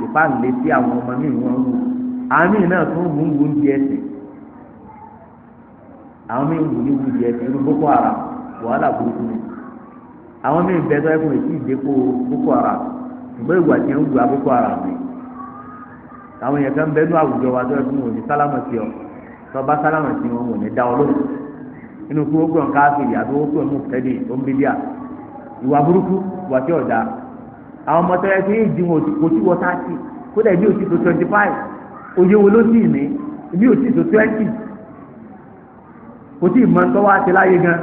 ìpáǹle tí àwọn ọmọ míì àmì náà tún wù ń wù ń di ẹsẹ̀ àwọn míì wù ní wù di ẹsẹ̀ irú boko haram wàhálà burúkú ni àwọn míì bẹ́ẹ̀ tó ẹkùn èsì ìdẹ́kọ̀ boko haram ṣùgbọ́n ìwà tí ń wùwà boko haram ni àwọn èèyàn kan bẹ́ẹ̀ ní àwùjọ wa tó ẹkùn òní sálámà sí ọ tọba sálámà sí wọn òní dá ọ lóhùn inú kí wọ́n gbọ́n káàkiri àti wọ́n gbọ́n mú tẹ́lẹ̀ omidíà ìwà burúkú ìwà tí ọ̀dà àwọn ọmọ tẹ́lẹ̀ ń di wọn kò tí wọ́n tá a ti kó dẹ̀ bí òtítọ́ twenty five òye wo ló sì ní èmi ò sì tó twenty kò tí ì mọ tó wá ti láyé gan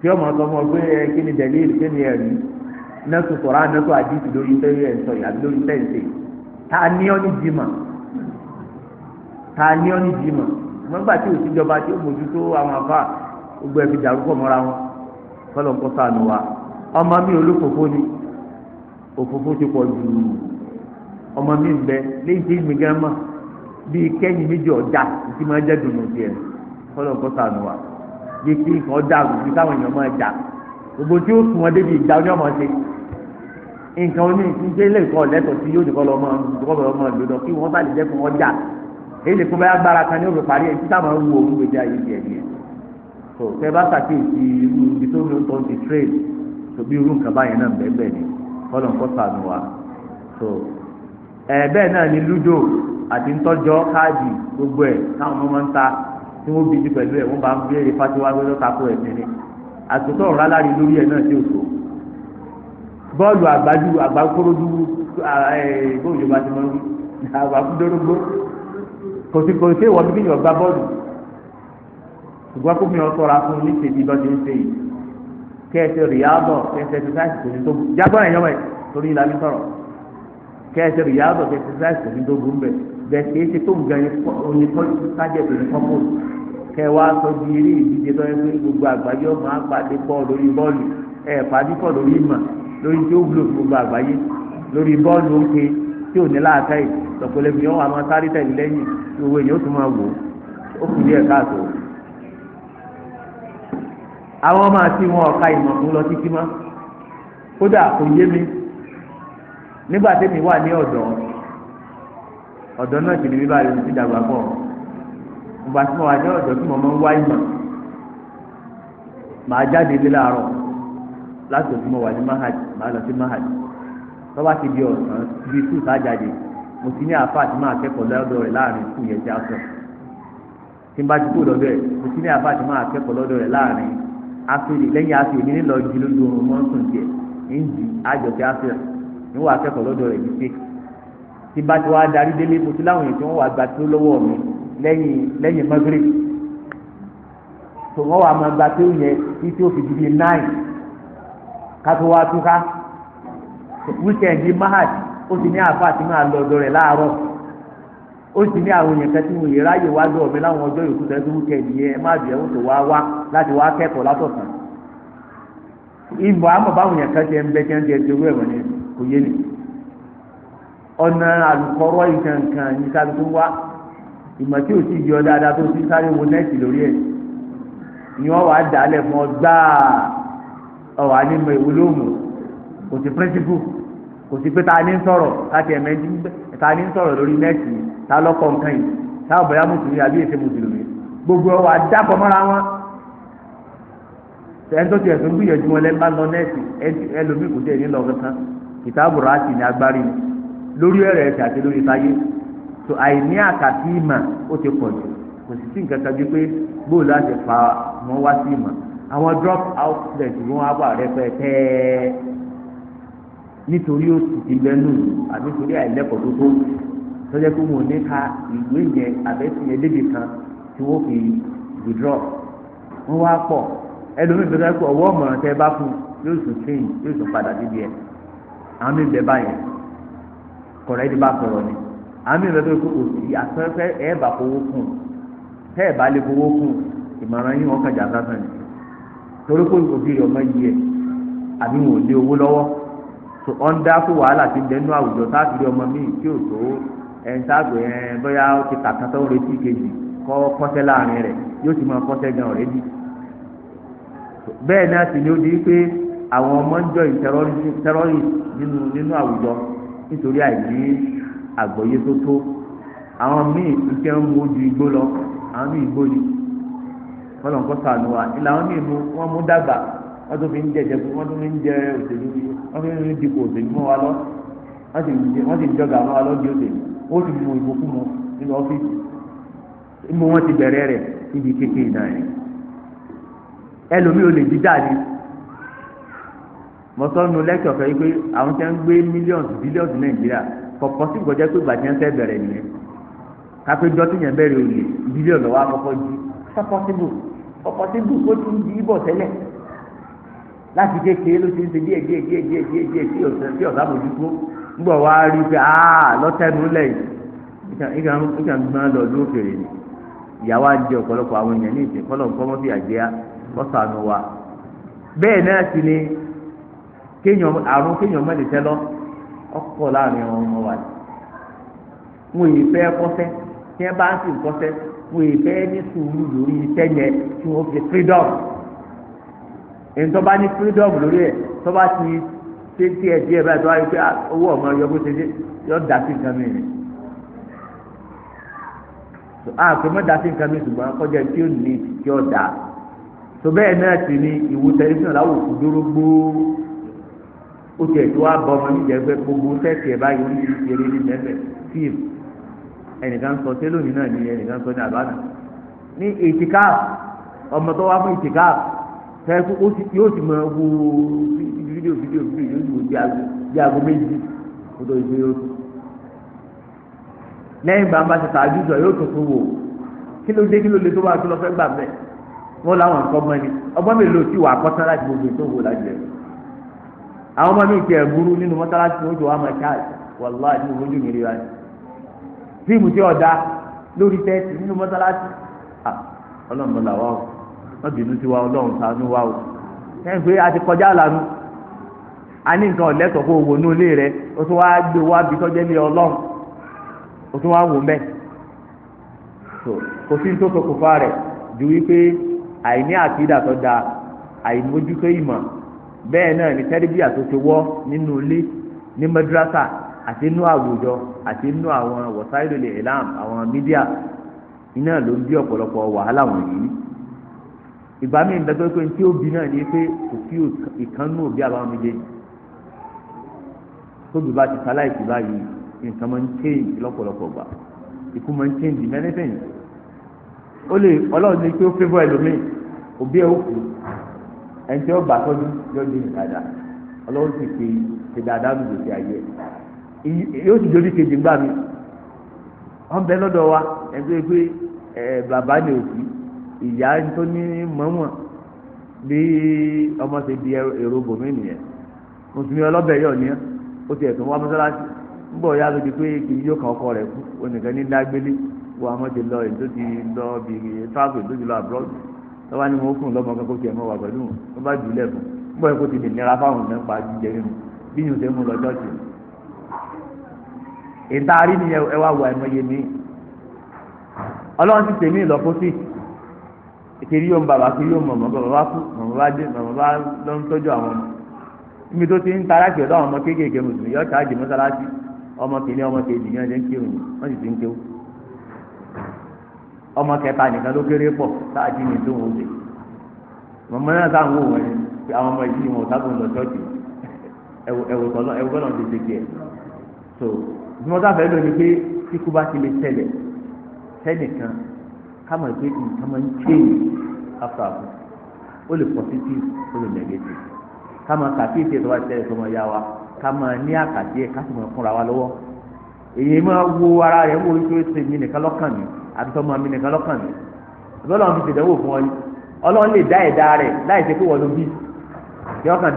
tí ọmọ sọ fún ọ pé ẹ kí ni dẹ̀lí kí ni ẹ̀rí nẹ́tù sọ̀rọ̀ nẹ́tù àdìsí lórí tẹ́lẹ̀ ẹ̀sọ̀ lórí ta ni ọ́ ní jimá ta ni ọ́ ní jimá nígbà tí òsínjọba tí ó àwọn afá gbogbo wọn ń sànù wa ọmọ mi olókòfó ni òfófó ti ọmọ mi ń bẹ léyìí tí mi gán mọ̀ bíi kẹ́yìn méjì ọ̀dà tí máa jẹ́ dùnú tiẹ̀ kọ́lọ̀ kọ́ sànù wa bíi kí nǹkan ọ̀dà àgùntì táwọn èèyàn máa jà gbogbo tí ó sùn wọn débi ìjà oní ọmọ ṣe nǹkan oní ìṣe ilé ìkọ́ lẹ́tọ̀ tí yóò dìkọ́ lọ́mọ ìdókòwò lọ́mọ ìdódò kí wọ́n bá lè jẹ́ fún ọjà èyí lè fún bá gbára kan ní òfin parí ẹ̀ títà máa ń wo trade tó bí irú nǹkan báyẹn ni kọ́lọ̀ ń kọ́ sànù ẹ bẹ́ẹ̀ náà ni ludo àti ntọ́jọ́ káàdì gbogbo ẹ̀ táwọn ọmọ máa ń ta tí wọ́n bíi pẹ̀lú ẹ̀ wọ́n bá ń béèrè fatiwa lọ́dọ̀ kakó ẹ̀ tẹ̀lé àtúntò ọ̀rọ̀ aláàrí lórí ẹ̀ náà ti òtò bọ́ọ̀lù àgbájú àgbákórójú bóun yorùbá ti mọ́ àgbákúndórógbó kò sí kò sí ìwọ mi kí yóò gbá bọ́ọ̀lù ṣùgbọ́n kó mi ọ sọ̀rọ̀ fún mi ṣe ibi lọ́dún ṣe yìí kẹ́ẹ̀ṣẹ̀ rìádọ̀ kẹ́ẹ̀ṣẹ̀ ṣe sáìsì tòun tó jágbọ́n ẹ̀yọ́ ẹ̀ torí ìlànà sọ̀rọ̀ kẹsẹ rẹ yàtọ̀ kẹ ẹsẹsáìsì ní tó burú bẹ bẹ́ẹ̀ kì í ṣe tó nǹkan oyin kọ sájẹ tó ní kọpọ kẹ wá sọ di eré ìdíje tó yẹ pé gbogbo àgbáyé ọmọ apàdé pọ lórí bọ́ọ̀lù ẹ pàdé pọ lórí ìmọ̀ lórí tí ó wúlò fún gbogbo àgbáyé lórí bọ́ọ̀lù òkè tí ò ní láàká yìí lọ́pọ̀lọpọ̀ yẹn wà máa sáré tẹ̀lé lẹ́yìn gbogbo èèyàn ó tún máa wò ó kù díẹ̀ káàtó. àwọn máa ti wọn ọ̀ka ìmọ̀ nígbà mi wà ní ọ̀dọ́ ọ̀dọ́ náà sì ni bíbá rẹ̀ ti dàgbà pọ̀ ìgbà tí mo wà ní ọ̀dọ́ tí mo máa ń wá ìmọ̀ màá jáde dé láàárọ̀ láti òtún mo wà ní mahad màá lọ sí mahad tọ́ba ti di ọ̀sán bíi tù tá jáde mo ti ní máa kẹ́kọ̀ọ́ lọ́dọ̀ rẹ̀ láàrin yẹn sọ tí n bá ti lọ́dọ̀ rẹ̀ mo ti ní máa kẹ́kọ̀ọ́ níwọ̀n akẹ́kọ̀ọ́ lọ́dọ̀ rẹ̀ yìí pé tí bá ti wá darí délé mo ti láwọn èèyàn tí wọ́n wà gba tó lọ́wọ́ mi lẹ́yìn lẹ́yìn magrib tó wọ́n wà máa gbà tí ó fi náì mahad ó ti ní àfa àti máa lọ ọ̀dọ̀ rẹ̀ láàárọ̀ ó ní àwọn èèyàn kan tí ráyè wá dọ̀ láwọn ọjọ́ yòókù yẹn ẹ má tó wá wá kò yé ni ọ̀nà àlùkọ́rọ́ ìkankan ní kálukú wá ìmọ̀ tí ò sì yọ dáadáa tó ti sáré wo nẹ́ẹ̀tì lórí ẹ̀ ni wọ́n wàá dà á lẹ̀ fún ọ gbáà ọ̀wà nímọ̀ ìwé lóòmù kò sí píríncípù kò sí pé ta ni ń sọ̀rọ̀ láti ẹ̀mẹ́jì ta ni ń sọ̀rọ̀ lórí nẹ́ẹ̀tì ta lọ́kọ̀ nǹkan yìí ta ọ̀bọ̀yá mùsùlùmí àbí èsè mùsùlùmí gbogbo ọwọ́ àdàpọ̀ mọ́ra wọn ẹni tó ti ẹ̀sùn gbìyànjú wọn lẹ́ bá lọ nẹ́ẹ̀tì ẹlòmíì ní lọ kankan kìtàbù rásì ní agbárí lórí ẹ̀rẹ̀ ẹ̀sẹ̀ àti lórí táyé tó àìní àkàtì ìmọ̀ ó ti pọ̀ jù kò sì sí nǹkan kan bí pé bóòlù láti fa wọn wá sí ìmọ̀ àwọn drop out student ni wọ́n á wà rẹpẹtẹ nítorí ó sì ti bẹ́ẹ̀ nù àbí torí àìlẹ́kọ̀ọ́ tó tó tọ́jà pé wọn ò ní ka ìwé yẹn àbẹ́sí yẹn débi kan tí wọ́n fi withdraw wọ́n wá pọ̀ ẹlòmíì tó dáa pé ọwọ́ ọ̀mọ̀ràn tẹ́ bá fún yóò sùn change yóò sùn padà débi ẹ̀ àwọn mi bẹ báyìí kọ̀rọ̀ ẹni bá sọ̀rọ̀ ni àwọn mi bẹ tó kó òsì àtúnfẹ́ ẹ̀ bá fowó kùn tẹ́ lè fowó kùn ìmọ̀ràn yín wọn kàjà sásán ni torí kó òbí rẹ̀ ọmọ yìí ẹ̀ àbí wọn ò lé owó lọ́wọ́ tó ọ́n dá fún wàhálà ti dẹnu àwùjọ táàkiri ọmọ mi tí ò tó ẹ̀ táàgbé ẹ̀ bóyá ó ti kàkán tó ń retí kejì kọ́ kọ́sẹ́ láàrin rẹ̀ yóò ti máa kọ́sẹ́ gan ọ̀rẹ́dì bẹ́ẹ̀ náà sì ni ó di pé àwọn ọmọ ń jọ ìtẹ́rọ́rì nínú nínú àwùjọ nítorí àìní àgbọ́yé tó tó àwọn míì iṣẹ́ ń wo igbó lọ àwọn míì igbó ni wọ́n lọ ń kọ́ sànù wa wọn míì mú wọ́n mú dàgbà tó fi ń jẹ jẹ̀bú wọ́n tó fi ń jẹ fi ń dipò mọ́ wa lọ sì ń jọgà mọ́ wa lọ mọ́tọ́nù lẹ́kọ̀ọ́ kan yìí pé àwọn tí wọ́n ń gbé mílíọ̀nù bílíọ̀nù nàìjíríà kọ̀kọ́ sí ìkọjá pé bàjẹ́ ń fẹ́ bẹ̀rẹ̀ nìyẹn kápẹ́ dọ́tí yẹn bẹ̀rẹ̀ olè bílíọ̀nù wa kọ́kọ́ jí kọ́pọ́síbù kọ́pọ́síbù ó ti ń di ibọ̀ tẹ́lẹ̀ láti kékeré ló ti ń ṣe díẹ̀ díẹ̀ díẹ̀ díẹ̀ díẹ̀ díẹ̀ tí ọ̀sán tí ọ̀sán bójútó ńgbọ̀ wá rí pé aa lọ́tẹ́nu lẹ́yìn ìkàn gbọ́n lọ lókèrè ni ìyàwó àjẹ ọ̀pọ̀lọpọ̀ àwọn èèyàn ní ìsìn kọ́lọ̀ nǹkan mọ́ bí àjẹyà kọ́sànù wa bẹ́ẹ̀ náà sì ni kéèyàn àrùn kéèyàn mẹ́lẹ̀ tẹ́ lọ ọkọ̀ láàrin ọmọ wa wọn èyí fẹ́ kọ́sẹ́ tí wọ́n bá ń sìn kọ́sẹ́ wọn èyí fẹ́ ní sùúrù lórí iṣẹ́ yẹn tí wọ́n fi freedom èyí tó bá ní freedom lórí ẹ̀ tó bá ti ṣe díẹ̀ díẹ̀ báyìí tó wáyé pé owó ọmọ yọ bó ṣe dé yọ dà sí nǹkan mi rìn àpè mọ́ dà sí nǹkan mi ṣùgbọ́n kọjá tí ó ní tí ó dà tó bẹ́ẹ̀ náà sì ni ìwòsàn ìṣúná láwùjọ dúró gbóó ó tiẹ̀ tó wá bọ́ ọmọ níjà ẹgbẹ́ gbogbo sẹ́ẹ̀tì ẹ̀ báyìí oríṣiríṣi eré ní mẹ́fẹ̀ fíìmù ẹnìkan sọ tẹ́lómi náà ní ẹnìkan sọ ní àbádà ní ìtìkáàf ọmọ tó wá fún ìtìkáàf fẹ́ẹ́kú ó ti yóò ti máa wo fídíò fídíò fídíò yóò ti wo bí aago méjì kó tó ìgbé yóò tó lẹ́yìn ìgbà bá ti tààjú sọ yóò tuntun wò kí ló dé kí ló lè tó wá kí ló fẹ́ gbà bẹ́ẹ̀ wọ́n láwọn nǹkan mọ́ni ọgbọ́n mi lò sí wà á kọ́sán àwọn ọmọ mi ti ẹ̀ burú nínú mọ́sálásí ní wa máa ṣáàṣì ní ojú mi rí wa ni fíìmù tí ọ̀dà lórí tẹ́ẹ̀tì nínú mọ́sálásí ọlọ́mọlá wa o wọ́n bínú sí wa ọlọ́run wa o pé a ti kọjá a ní nǹkan kó o wò ní rẹ o tún wá gbé wa bí tọ́jú ọlọ́run o tún wá wò mẹ́ kò sí tó rẹ̀ ju wípé àìní àkídà tó bẹ́ẹ̀ náà ni tẹ́rìbíà tó ti wọ́ nínú ilé ní madrasa àti inú àwùjọ àti inú àwọn wasailul ilam àwọn mídíà iná ló ń bí ọ̀pọ̀lọpọ̀ wàhálà wọ̀nyí ìgbà míì ń bẹ pé tí ó bí náà ni pé kò sí ìkànnú òbí àbáwọn méjèèjì tóbi bá ti sáláìsì báyìí nǹkan máa ń change lọ́pọ̀lọpọ̀ gbà ikú máa ń change many things ó lè ọlọ́run ní pé ó favour ẹlòmíì òbí ẹ̀ ó kú ẹni tí ó gbà tọ́jú yóò di ìdájà ọlọ́run sì fi ti dáadáa nù gbèsè ayé yóò kejì wa pé ẹ bàbá ni ìyá tó ní bí ọmọ di èrò bòmí nìyẹn ọlọ́bẹ̀ yọ̀ ní ó ti ẹ̀sùn mọ́sálásí ya lóde pé kìí yóò kàn ọkọ rẹ kú onìkan ní dágbélé wo àwọn ti lọ èyí tó ti lọ bí lọ́wọ́ ni wọ́n fún lọ́mọ kankan tiẹ̀ mọ́ wà pẹ̀lú wọn bá jù ú lẹ́kùn nígbà yẹn kó ti lè nira fáwọn ọ̀nà pa jíjẹ nínú bí yóò ṣe mú lọ jọ́ọ̀tì. ìtaari ni ẹ wá wọ àìmọye mi ọlọ́run ti tèmi ìlọ́kọ́sí kiri yóò bàbá kiri yóò mọ̀mọ́ bàbá bá kú mọ̀mọ́ bá dé mọ̀mọ́ bá lọ ń tọ́jú àwọn ọmọ níbi tó ti ń tara kì ọ̀dọ́ àwọn ọmọ kéékèèké mùsùlùmí yọ̀ọ́ ọmọ kẹta nìkan ló kéré pọ̀ láti ní tó wọn ṣe mọ̀mọ́ náà sáà ń wò wọ́n pé àwọn ọmọ yìí wọn sábà ń lọ ṣọ́ọ̀ṣì ẹ̀wò tọ́lọ́ ẹ̀wò tọ́lọ́ ti ṣe kí so bí wọ́n sáfẹ́ lónìí pé kíkú bá ti lè tẹ̀lẹ̀ sẹ́nìkan ká pé nǹkan máa ń change after abu ó lè positive ó lè negative ká máa kàkíyèsí ẹ̀ tó bá tẹ̀lẹ̀ tó máa yá wa ká máa ní àkàtì ẹ̀ ká fúnra wa lọ́wọ́ èyí máa wo ara rẹ̀ wò ó tó ṣe mí nìkan lọ́kàn mi àti tọ́mọ mi nìkan lọ́kàn mi ọlọ́run fi ṣèdánwò fún ọ ni ọlọ́run lè dá ẹ̀dá rẹ̀ láì ṣe pé wọ́n ló bí kí ọmọ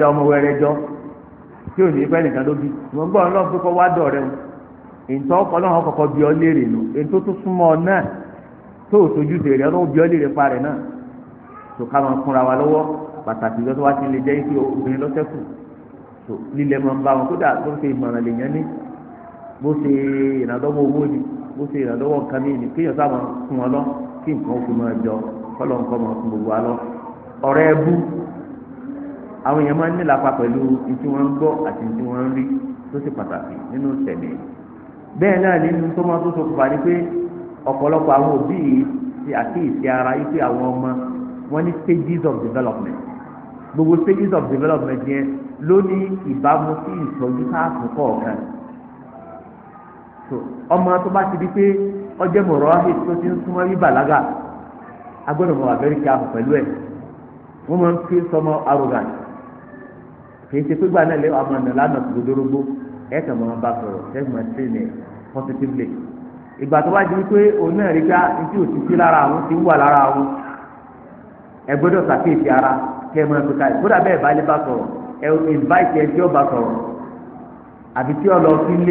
jọ nìkan ló bí gbọ́ ọlọ́run pé kọ́ wá dọ̀ o ìtọ́ ọlọ́run kọ̀kọ́ bí ọ léèrè nù tó ọ náà tó o tójú ọlọ́run bí ọ bó ṣe ìrànlọ́wọ́ owó ni bó ṣe ìrànlọ́wọ́ nǹkan mi ni kéèyàn sábà fún wọn lọ kí nǹkan oṣù máa jọ kọ́lọ̀ nǹkan máa fún gbogbo wa lọ. ọ̀rẹ́ ẹbú àwọn èèyàn máa ń ní lápá pẹ̀lú ìtí wọ́n ń gbọ́ àti ìtí wọ́n ń rí tó ṣe pàtàkì nínú tẹ̀lé. bẹ́ẹ̀ náà nínú tó máa tó ṣokùnfà ni pé ọ̀pọ̀lọpọ̀ àwọn òbí ti àkíyèsí ara yìí pé àwọn ọmọ wọn ní stages of development gbogbo stages of development yẹn ló ní ìbámu sí ìtọ́jú káàkiri kọ̀ọ̀kan ọmọ tó bá ti di pé ọjọ́ mọ̀rọ́ ahìt tó ti ń súnmọ́ yí bàlágà agbọ́dọ̀ mọ̀ abẹ́rẹ́kẹ́ ahùn pẹ̀lú ẹ̀ wọ́n máa ń fi sọmọ arugan kì í ṣe pé nọ lẹ́wọ̀ àmọ́ ọ̀nà lánà gbogbogbò ẹ̀ kàn máa bá sọ̀rọ̀ ẹ̀ máa positively ìgbà tó bá di pé òun náà rí ká ibi ò ti ara kẹ́ ẹ máa ká ìkódà bẹ́ẹ̀ bá bá sọ̀rọ̀ ẹ invite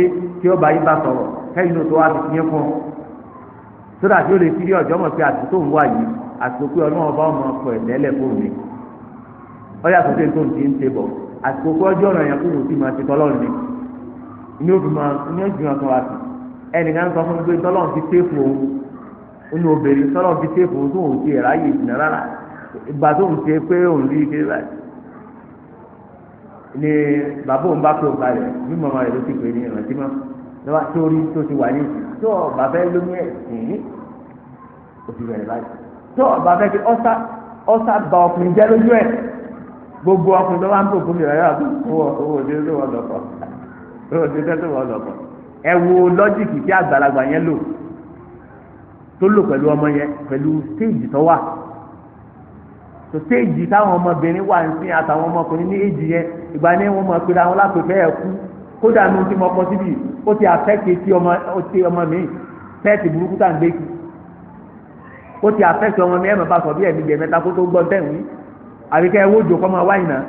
ẹ tí ó bá yí bá sọ̀rọ̀ kẹ́yìn ló tó wá fi yẹn fún un sódà tí ó lè fi rí ọ̀jọ́ mọ̀ pé àti tó ń wá yìí àti pé ọlọ́run ọba ọmọ ọkọ̀ ẹ̀dẹ́lẹ̀ fóun mi ọyà tó ṣe tó ń ti ń ṣe bọ̀ àti pé ọjọ́ ọ̀rọ̀ yẹn kúrò sí máa ti tọ́lọ́run mi ní òbí máa ní òbí máa kan wá sí ẹnìkan sọ fún mi pé tọ́lọ́run ti téèfù òun inú obìnrin tọ́lọ́run ti téèfù òun òun ti ṣe pé òun rí bá pé balẹ̀ bí màmá rẹ̀ ló ti pè ní ìrántí máa lọ́wọ́ tí orí tó ti wà ní tó ọba fẹ́ lómi ẹ̀sìn ó ti bẹ̀rẹ̀ báyìí tó ọba fẹ́ kí ọ́sà ọ́sà ba ọkùnrin jẹ́ lójú ẹ̀ gbogbo ọkùnrin tó bá ń bò fún mi rẹ̀ yàrá owó owó òde tó wọ́n lọ́kọ̀ owó òde tó wọ́n lọ́kọ̀ ẹ wo lọ́jìkì tí àgbàlagbà yẹn lò tó lò pẹ̀lú ọmọ yẹn pẹ̀lú stéèjì tó wà tó stéèjì táwọn ọmọbìnrin wà ń sìn àtàwọn ọmọkùnrin ní èjì yẹn ìgbà ní wọn mọ̀ pé àwọn lápẹ̀fẹ́ ẹ̀ kú kódà nu ti mọ ọkọ síbi ó ti àfẹ́kì tí ọmọ ó ti ọmọ mi pẹ́ẹ̀tì burúkú tá à ń gbé kí ó ti àfẹ́kì ọmọ mi ẹ̀mọ̀ bá sọ bí ẹ̀mí jẹ̀ mẹ́ta kó tó gbọ́n tẹ̀wé àbíkẹ́ ẹ̀wọ́ òjò kọ́ máa wáyìn náà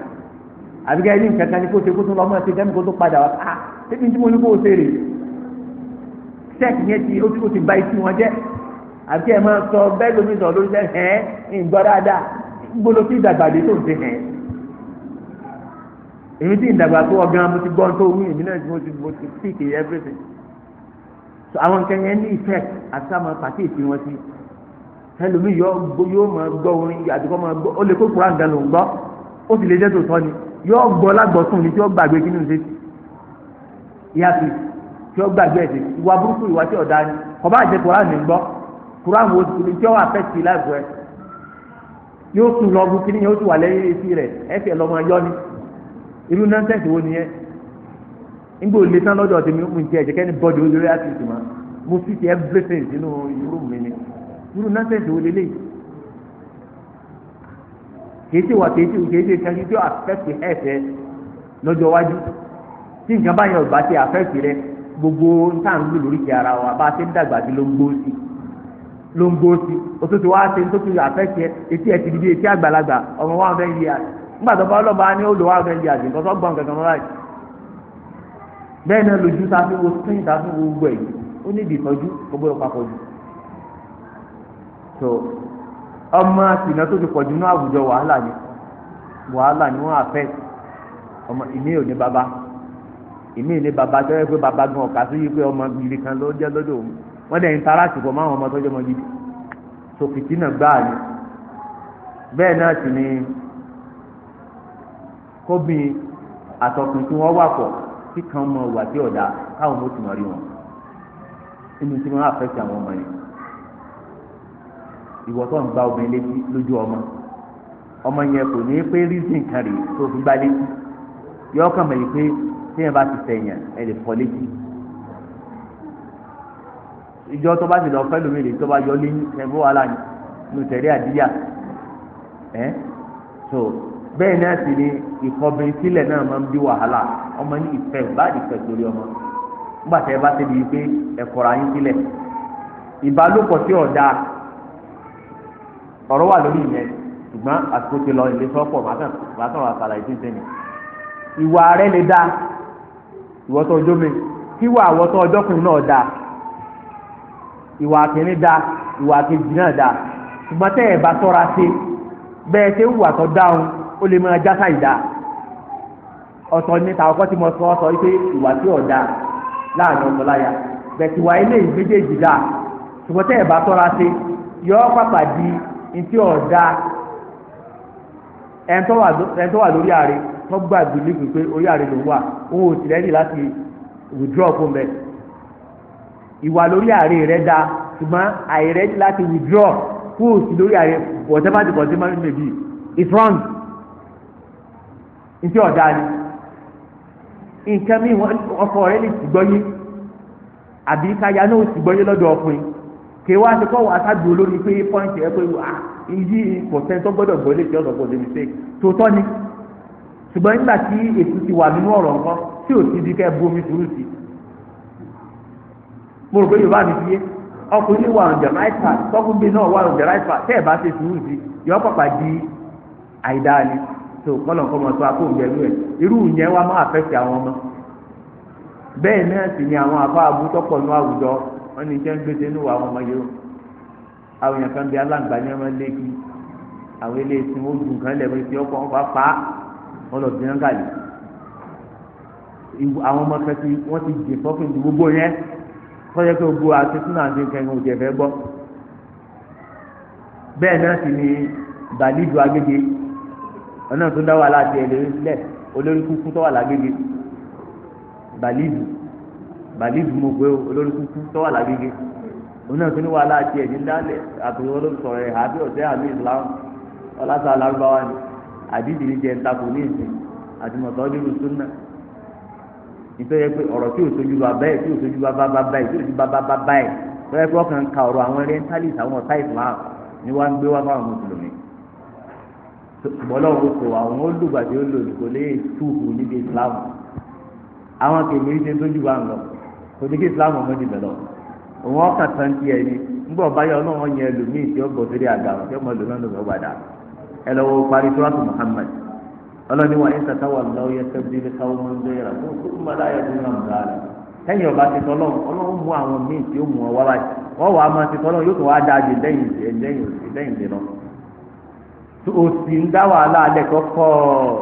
àbíkẹ́ ẹ̀rí nǹkan kan ní kó ṣe kó tó lọ́mọ ẹ̀ṣẹ̀ kẹ́mi kó tó padà wá ah ṣébi tí mo ní kó o ṣe sẹ́ẹ̀kì yẹn ti ó ti ba etí wọn jẹ́ àbíkẹ́ ẹ̀ máa èmi tí ìdàgbà tó ọgán mo ti gbọ́ tó wí èmi náà mo ti mo ti speak everything so àwọn nǹkan yẹn ní effect àtàwọn pàkíyèsí wọn sí ẹlòmí yóò máa gbọ́ orin àdìgbò máa gbọ́ ó lè kó kura nǹkan ló ń gbọ́ ó sì lè jẹ́ tòótọ́ ni yóò gbọ́ lágbọ́sùn ni tí ó gbàgbé kí ni ń ṣe ìyá sí tí ó gbàgbé ẹ̀sìn ìwà burúkú ìwà tí ọ̀dà ni kọ̀bá àjẹ koran ní gbọ́ koran wo tí ó wà fẹ́ láìpẹ́ yóò tún lọ kí ni yóò tún wà lẹ́yìn etí rẹ̀ ẹ̀sẹ̀ lọ́mọ yọ ni irú nọ́ńsẹ̀sì wo nìyẹn nígbà òde tán lọ́dọ̀ tèmi mú ti ẹ̀jẹ̀ kẹ́ni bọ́ọ̀dì olórí àtìsí ma mo fi ti everything sínú irú mi ni irú nọ́ńsẹ̀sì wo lélẹ̀ kìí ṣe wà kìí ṣe kìí ṣe kìí ṣe affect health ẹ lọ́jọ́ iwájú tí nǹkan báyọ̀ ọ̀gbà ti affect rẹ gbogbo nta ń lò lórí ti ara wa bá a ṣe ń dàgbà sí ló ń gbó sí ló ń gbó sí o tó ti wá ṣe ń nígbà tó bá ọlọ́ba ní olùwà ọ̀gá ìyá àjẹ́ nǹkan tó gbọ́n kankan lọ́la yìí bẹ́ẹ̀ náà lójú sáfi wo screen sáfi wo gbogbo ẹ̀ ó ní ìdí ìtọ́jú ó gbọ́dọ̀ papọ̀ jù so ọmọ àtìná tó ti pọ̀ jù ní àwùjọ wàhálà ni wàhálà ni wọ́n àfẹ́ ọmọ ìmí ò ní bàbá ìmí ní bàbá tó yẹ pé bàbá gan ọ̀ka sí yí pé ọmọ gidi kan ló jẹ́ lọ́dọ̀ òun wọ́n dẹ̀ ń tara àsìkò máwọn ọmọ tó jẹ́ ọmọ gidi so fìtínà gbáà ni bẹ́ẹ̀ náà sì ni kóbìn àtọkùn tí wọ́n wà pọ̀ tí kan mọ ìwà tí ọ̀dà káwọn mọ̀ tìmọ̀ rí wọn inú tí wọ́n á fẹ́ ti àwọn ọmọ yẹn ìwọ tó ń gba obìnrin létí lójú ọmọ ọmọ yẹn kò ní pé rízìn kan rèé tó fi gbá létí yọ ọkàn mọ̀ pé tí yẹn bá ti sẹ̀yìn ẹ̀ lè fọ́ létí ìjọ tó bá ti lọ fẹ́ lómi lè tó bá yọ lé ẹgbẹ́ wàhálà nù tẹ̀lé àdíyà ẹ̀ so. bẹ́ẹ̀ ni ìkọbìnrin sílẹ̀ náà máa ń bí wàhálà ọmọ ní ìfẹ́ bá ìfẹ́ torí ọmọ bá ṣe bíi pé ẹ̀kọ́ra yín sílẹ̀ ìbálòpọ̀ tí ọ̀dà ọ̀rọ̀ wà lórí ìyẹn ṣùgbọ́n àsìkò ti lọ ilé sọ́pọ̀ kàlà ni ìwà rẹ lè ìwọ́tọ̀ ọjọ́ mi àwọ̀tọ̀ ọjọ́kùnrin náà ìwà ìwà náà ṣùgbọ́n tẹ́ ẹ bá tọ́ra ṣe bẹ́ẹ̀ ṣe ó lè máa jásá ìdá ọ̀tọ̀ níta ọkọ tí mo sọ ọ sọ wípé ìwà tí ò dáa láàrin ọkọ láya bẹ̀tì wà ilé ìgbéjèèjì dáa ṣùgbọ́n tẹ́ ẹ̀ bá tọ́ra sí yọ ọ́ pàpà di ntí ò dáa ẹni tó wà lórí ààrẹ tó gbà bìlífù pé orí ààrẹ ló wà òun ò sì rẹ́ẹ̀dì láti withdraw fún bẹ́ẹ̀ ìwà lórí ààrẹ rẹ dáa ṣùgbọ́n àìrẹ́ẹ̀dì láti withdraw kó o lórí ààrẹ whatever the consumer may be it's wrong ntí ọ̀dà ni nǹkan mi ọkọ rẹ lè sì gbọ́yé àbí káyà náà sì gbọ́yé lọ́dọ̀ ọkùnrin kí wá ti kọ́ wá sábì olórí pé pọ́ǹtì ẹ pé wà yí kò sẹ́ni tó gbọ́dọ̀ gbọ́ lè ṣe ọ̀dọ̀ kò lè mi ṣe tòótọ́ ni ṣùgbọ́n nígbà tí èsì ti wà nínú ọ̀rọ̀ nǹkan tí ò sí di ká bu omi sùúrù sí mo rò pé yorùbá mi fi yé ọkùnrin wà on the right path tọkùnrin náà wà on the tẹ́ ẹ̀ bá ṣe sùúrù sí yọ pàpà di àìdáa ni tó kọ́lọ̀ kọ́ máa tó akó ìjẹ́ irú ẹ̀ irú yẹn wá máa fẹ́ẹ̀tì àwọn ọmọ bẹ́ẹ̀ náà sì ni àwọn àbá abútọ́pọ̀ ní àwùjọ wọn ní jẹ́ ń gbèsè ní wàá ọmọ yìí o àwọn èèyàn kan bí aláǹgbá ní ọmọ lẹ́kì àwọn ilé tí wọ́n dùn kan lẹ̀ wọ́n ti wọn bá pa á wọn lọ bí wọn gà lé àwọn ọmọ kan ti wọ́n ti dè fọ́fìn ju gbogbo yẹn kọ́jà pé gbogbo àti sínú àti kẹ́kẹ́ òjẹ̀fẹ́ gbọ́ bẹ́ẹ̀ náà sì ni bàlídùú agbègbè ọ̀nà tó dá wà láti ẹ̀ lórí sílẹ̀ olórí kúkú tó wà lágbègbè bàlídù bàlídù mo gbé olórí kúkú tó wà lágbègbè ọ̀nà tó ní wà láti ẹ̀ nílẹ̀ àtúntò olóòtọ̀ rẹ̀ àbí ọ̀sẹ̀ àmì ìsìlámù ọlásà alárúbáwá ni àdídì ní jẹ́ ń takò ní ìsìn àti mọ̀tọ́jú ní súnà nítorí pé ọ̀rọ̀ tí òṣojú bá bẹ́ẹ̀ tí òṣojú bá bá bá báyìí tí òṣojú bá bá bá báyìí tọ́lá pé ọkàn ka ọ̀rọ̀ àwọn orientalist àwọn ọ̀tá ìsìlámù ni wọ́n ń gbé wá fáwọn mùsùlùmí bọ́lọ́wọ́ kò àwọn olùgbàdì olùkọ́ lè túhù níbi islam àwọn kèmìrì ṣe tójú wa ń kò ní kí islam ọmọ ti bẹ̀rẹ̀ òun ọkàn tán kí ẹ ní nígbà báyọ̀ náà yẹn ẹlòmíì tí ó sórí àga tí ẹ parí ọlọ́ni yẹ sẹ́bi ọ wá báyìí wọ́n wàá máa ti tọ́lọ́ yóò tó wá dáa lẹ́yìn lẹ́yìn lẹ́yìn òsì ń dá wàhálà alẹ́ kọ́kọ́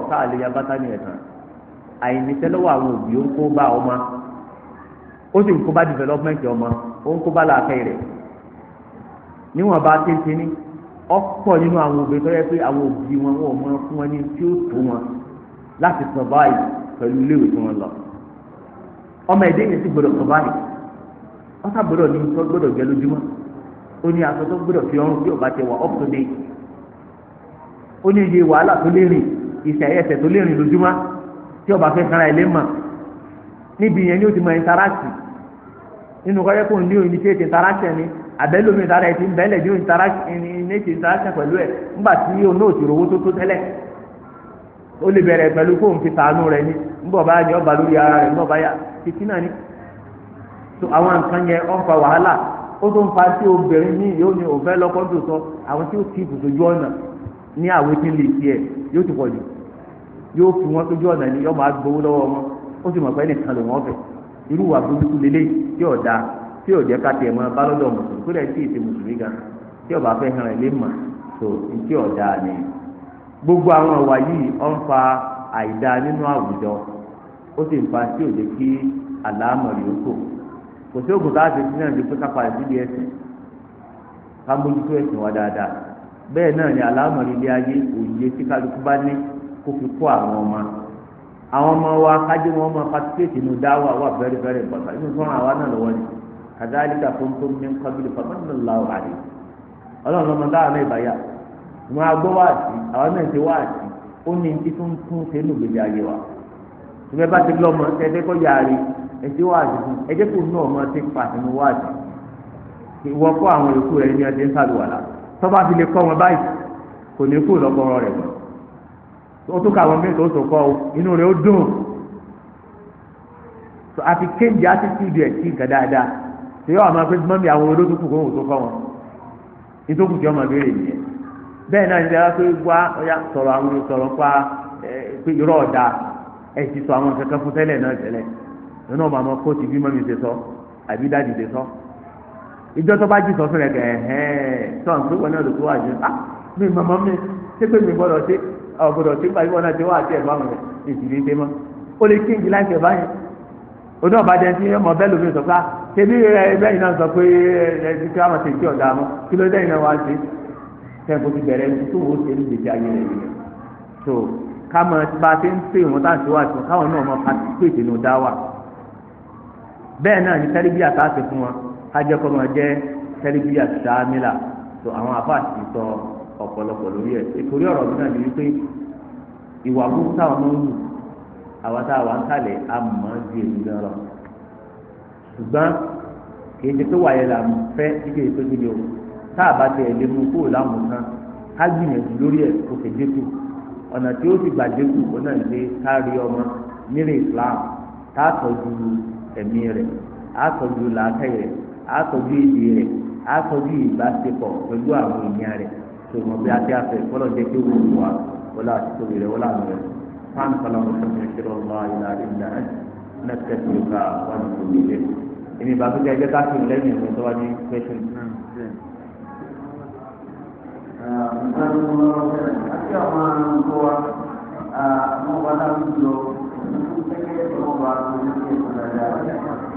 tá a lè ya bàtà ní ẹ̀tàn àìníṣẹ́ lọ́wọ́ àwọn òbí ó ń kó bá ọmọ ó sì ń kó bá development ọmọ ó ń kó bá làákẹ́ rẹ̀ níwọ̀n bá tẹ́ntẹ́ ní ọ̀pọ̀ nínú àwọn òbí tó yẹ pé àwọn òbí wọn wọn mọ fún wọn ní tí ó tó wọn láti survive fi ọrùn ti wà ó ní iye wàhálà tó lè rìn ìṣẹ̀ ẹsẹ̀ tó lè rìn lójúmọ́ tí ọba fẹ́ fara ẹ̀ lé mọ̀ níbi yẹn ni ó ti mọ ìntaráàtì nínú kọ́jọ́ kò ní òyìn ṣe ìntaráàtì ẹni àbẹ́lómi ìtara ẹ̀ ti ń bẹ́lẹ̀ ní ìnẹ́tì ìntaráàtì pẹ̀lú ẹ̀ nígbà tí náà ti tó tó tẹ́lẹ̀ ó lè bẹ̀rẹ̀ pẹ̀lú kóun tàánú ni ńgbọ̀ bá ní ọba lórí ara títí náà ni tó àwọn nǹkan yẹn ó ń fa wàhálà ó tó ń fa tí obìnrin ní yóò ní òun lọ́kọ́ sọ àwọn tí ó ti ju ní àwòtín lè tiẹ̀ yóò ti pọ̀ jù yóò fi wọn sójú ọ̀nà ni yóò máa gbowó lọ́wọ́ wọn ó sì mọ̀ pé nìkan ló wọ́n fẹ̀ irú wà burúkú lélẹ̀ tí ò da tí ò jẹ́ ká tiẹ̀ mọ́ bá lọ́dọ̀ mùsùlùmí kó tí mùsùlùmí gan tí ọba gbogbo àwọn ọ̀wà yìí ọ̀ ń fa àìda nínú àwùjọ ó sì ń fa tí ò jẹ́ kí àlámọ̀rì ó kò bẹ́ẹ̀ náà ni aláàmọ̀lẹ́ ilé ayé òye tí kálukú bá ní kó fi kó àwọn ọmọ àwọn ọmọ wa kájí wọn máa patisípéètì inú dáwà wà very very important inú sọ́run àwa náà lọ́wọ́ ni kàdáàlíkà fúnfún ní kábílì fàmílì làwọn àlè ọlọ́run lọ́mọ dáhùn ìbáyà wọn agbọ́ wáàtí àwọn náà ti ó ní ti tún tún wa ìgbẹ́ bá ti lọ́mọ fún ọmọ ti tọ́ba fi lè kọ́ wọn báyìí kò ní kú lọ́pọ̀rọ̀ rẹ̀ wọ́n ó tún ká àwọn míì tó sòkọ́ o inú rẹ̀ ó dùn àti kéńjì átítúdì ẹ̀ sí nǹkan dáadáa tí yóò máa pé mọ́mí àwọn olóòtú kù kóhùn tó kọ́ wọn nítòkù tí wọ́n máa béèrè nìyẹn bẹ́ẹ̀ náà nígbà pé wá ọ̀yà sọ̀rọ̀ àwọn sọ̀rọ̀ pa pé irọ́ ọ̀dà ẹ̀ ti sọ àwọn kankan fún tẹ́lẹ̀ náà tẹ́lẹ̀ nínú ọmọ ìjọ tó bá jí sọ fún rẹ gẹ ẹhẹn tó ń pè wọn náà ló wà jù ah mi màmá mi ṣé pé mi gbọ́dọ̀ ṣe ọgbọ́dọ̀ ṣe gbàgbé wọn náà ti wá àti ẹgbà wọn rẹ ìdílé dé mọ ó lè kí ìdílé àti ẹgbà yẹn oní ọba jẹ ti ọmọ bẹ́ẹ̀ lómi sọ pé ah ṣebí ẹ bẹyìn náà sọ pé ẹ ti ká ṣe tí ọdà mọ kí ló dẹyìn náà wá so kámọ bá a ti ń pè wọn táà ń ṣe wá ṣùgbọ́n káwọn náà mọ pàtíkèèdè kájẹ́kọ́mọ jẹ́ tẹ́lifíà sàmìlà tó àwọn àfáàsì sọ ọ̀pọ̀lọpọ̀ lórí ẹ̀ ìkórí ọ̀rọ̀ mi náà ni wípé ìwà burú táwọn máa ń wù àwọn táwọn ń kálẹ̀ á mọ̀ ọ́n di èmi gan lọ ṣùgbọ́n kìí ṣe pé wàyẹ̀ là ń fẹ́ kíkẹ́ ètò ìdílé o tá a bá tẹ ẹ̀ lé mú kó o láàmú tán ká gbìyànjú lórí ẹ̀ kó fi dínkù ọ̀nà tí ó sì gbà Islam tá a tọ́jú ẹ̀mí rẹ̀ á àtọ́jú ìdí rẹ̀ àtọ́jú ìbáṣepọ̀ pẹ̀lú àwọn ènìyàn rẹ̀ tó mọ̀ bí a ti àfẹ́ fọlọ́ jẹ́ kí wọ́n wà wọ́n láti tóbi rẹ̀ wọ́n láàmú rẹ̀ fáwọn kan lọ́wọ́ fún mi kí lọ́wọ́ ìlà ìlà náà tẹ̀sí ká wà ní tóbi rẹ̀ èmi bàbá jẹ́ ẹgbẹ́ káfí lẹ́yìn ìwé tó wá ní pẹ́ṣẹ́ Àti àwọn àrùnkọ́ wa, àwọn ọba náà ń lọ, ìlú pẹ́kẹ́ ìjọba àwọn oníṣẹ́ ìfọ̀dàdà.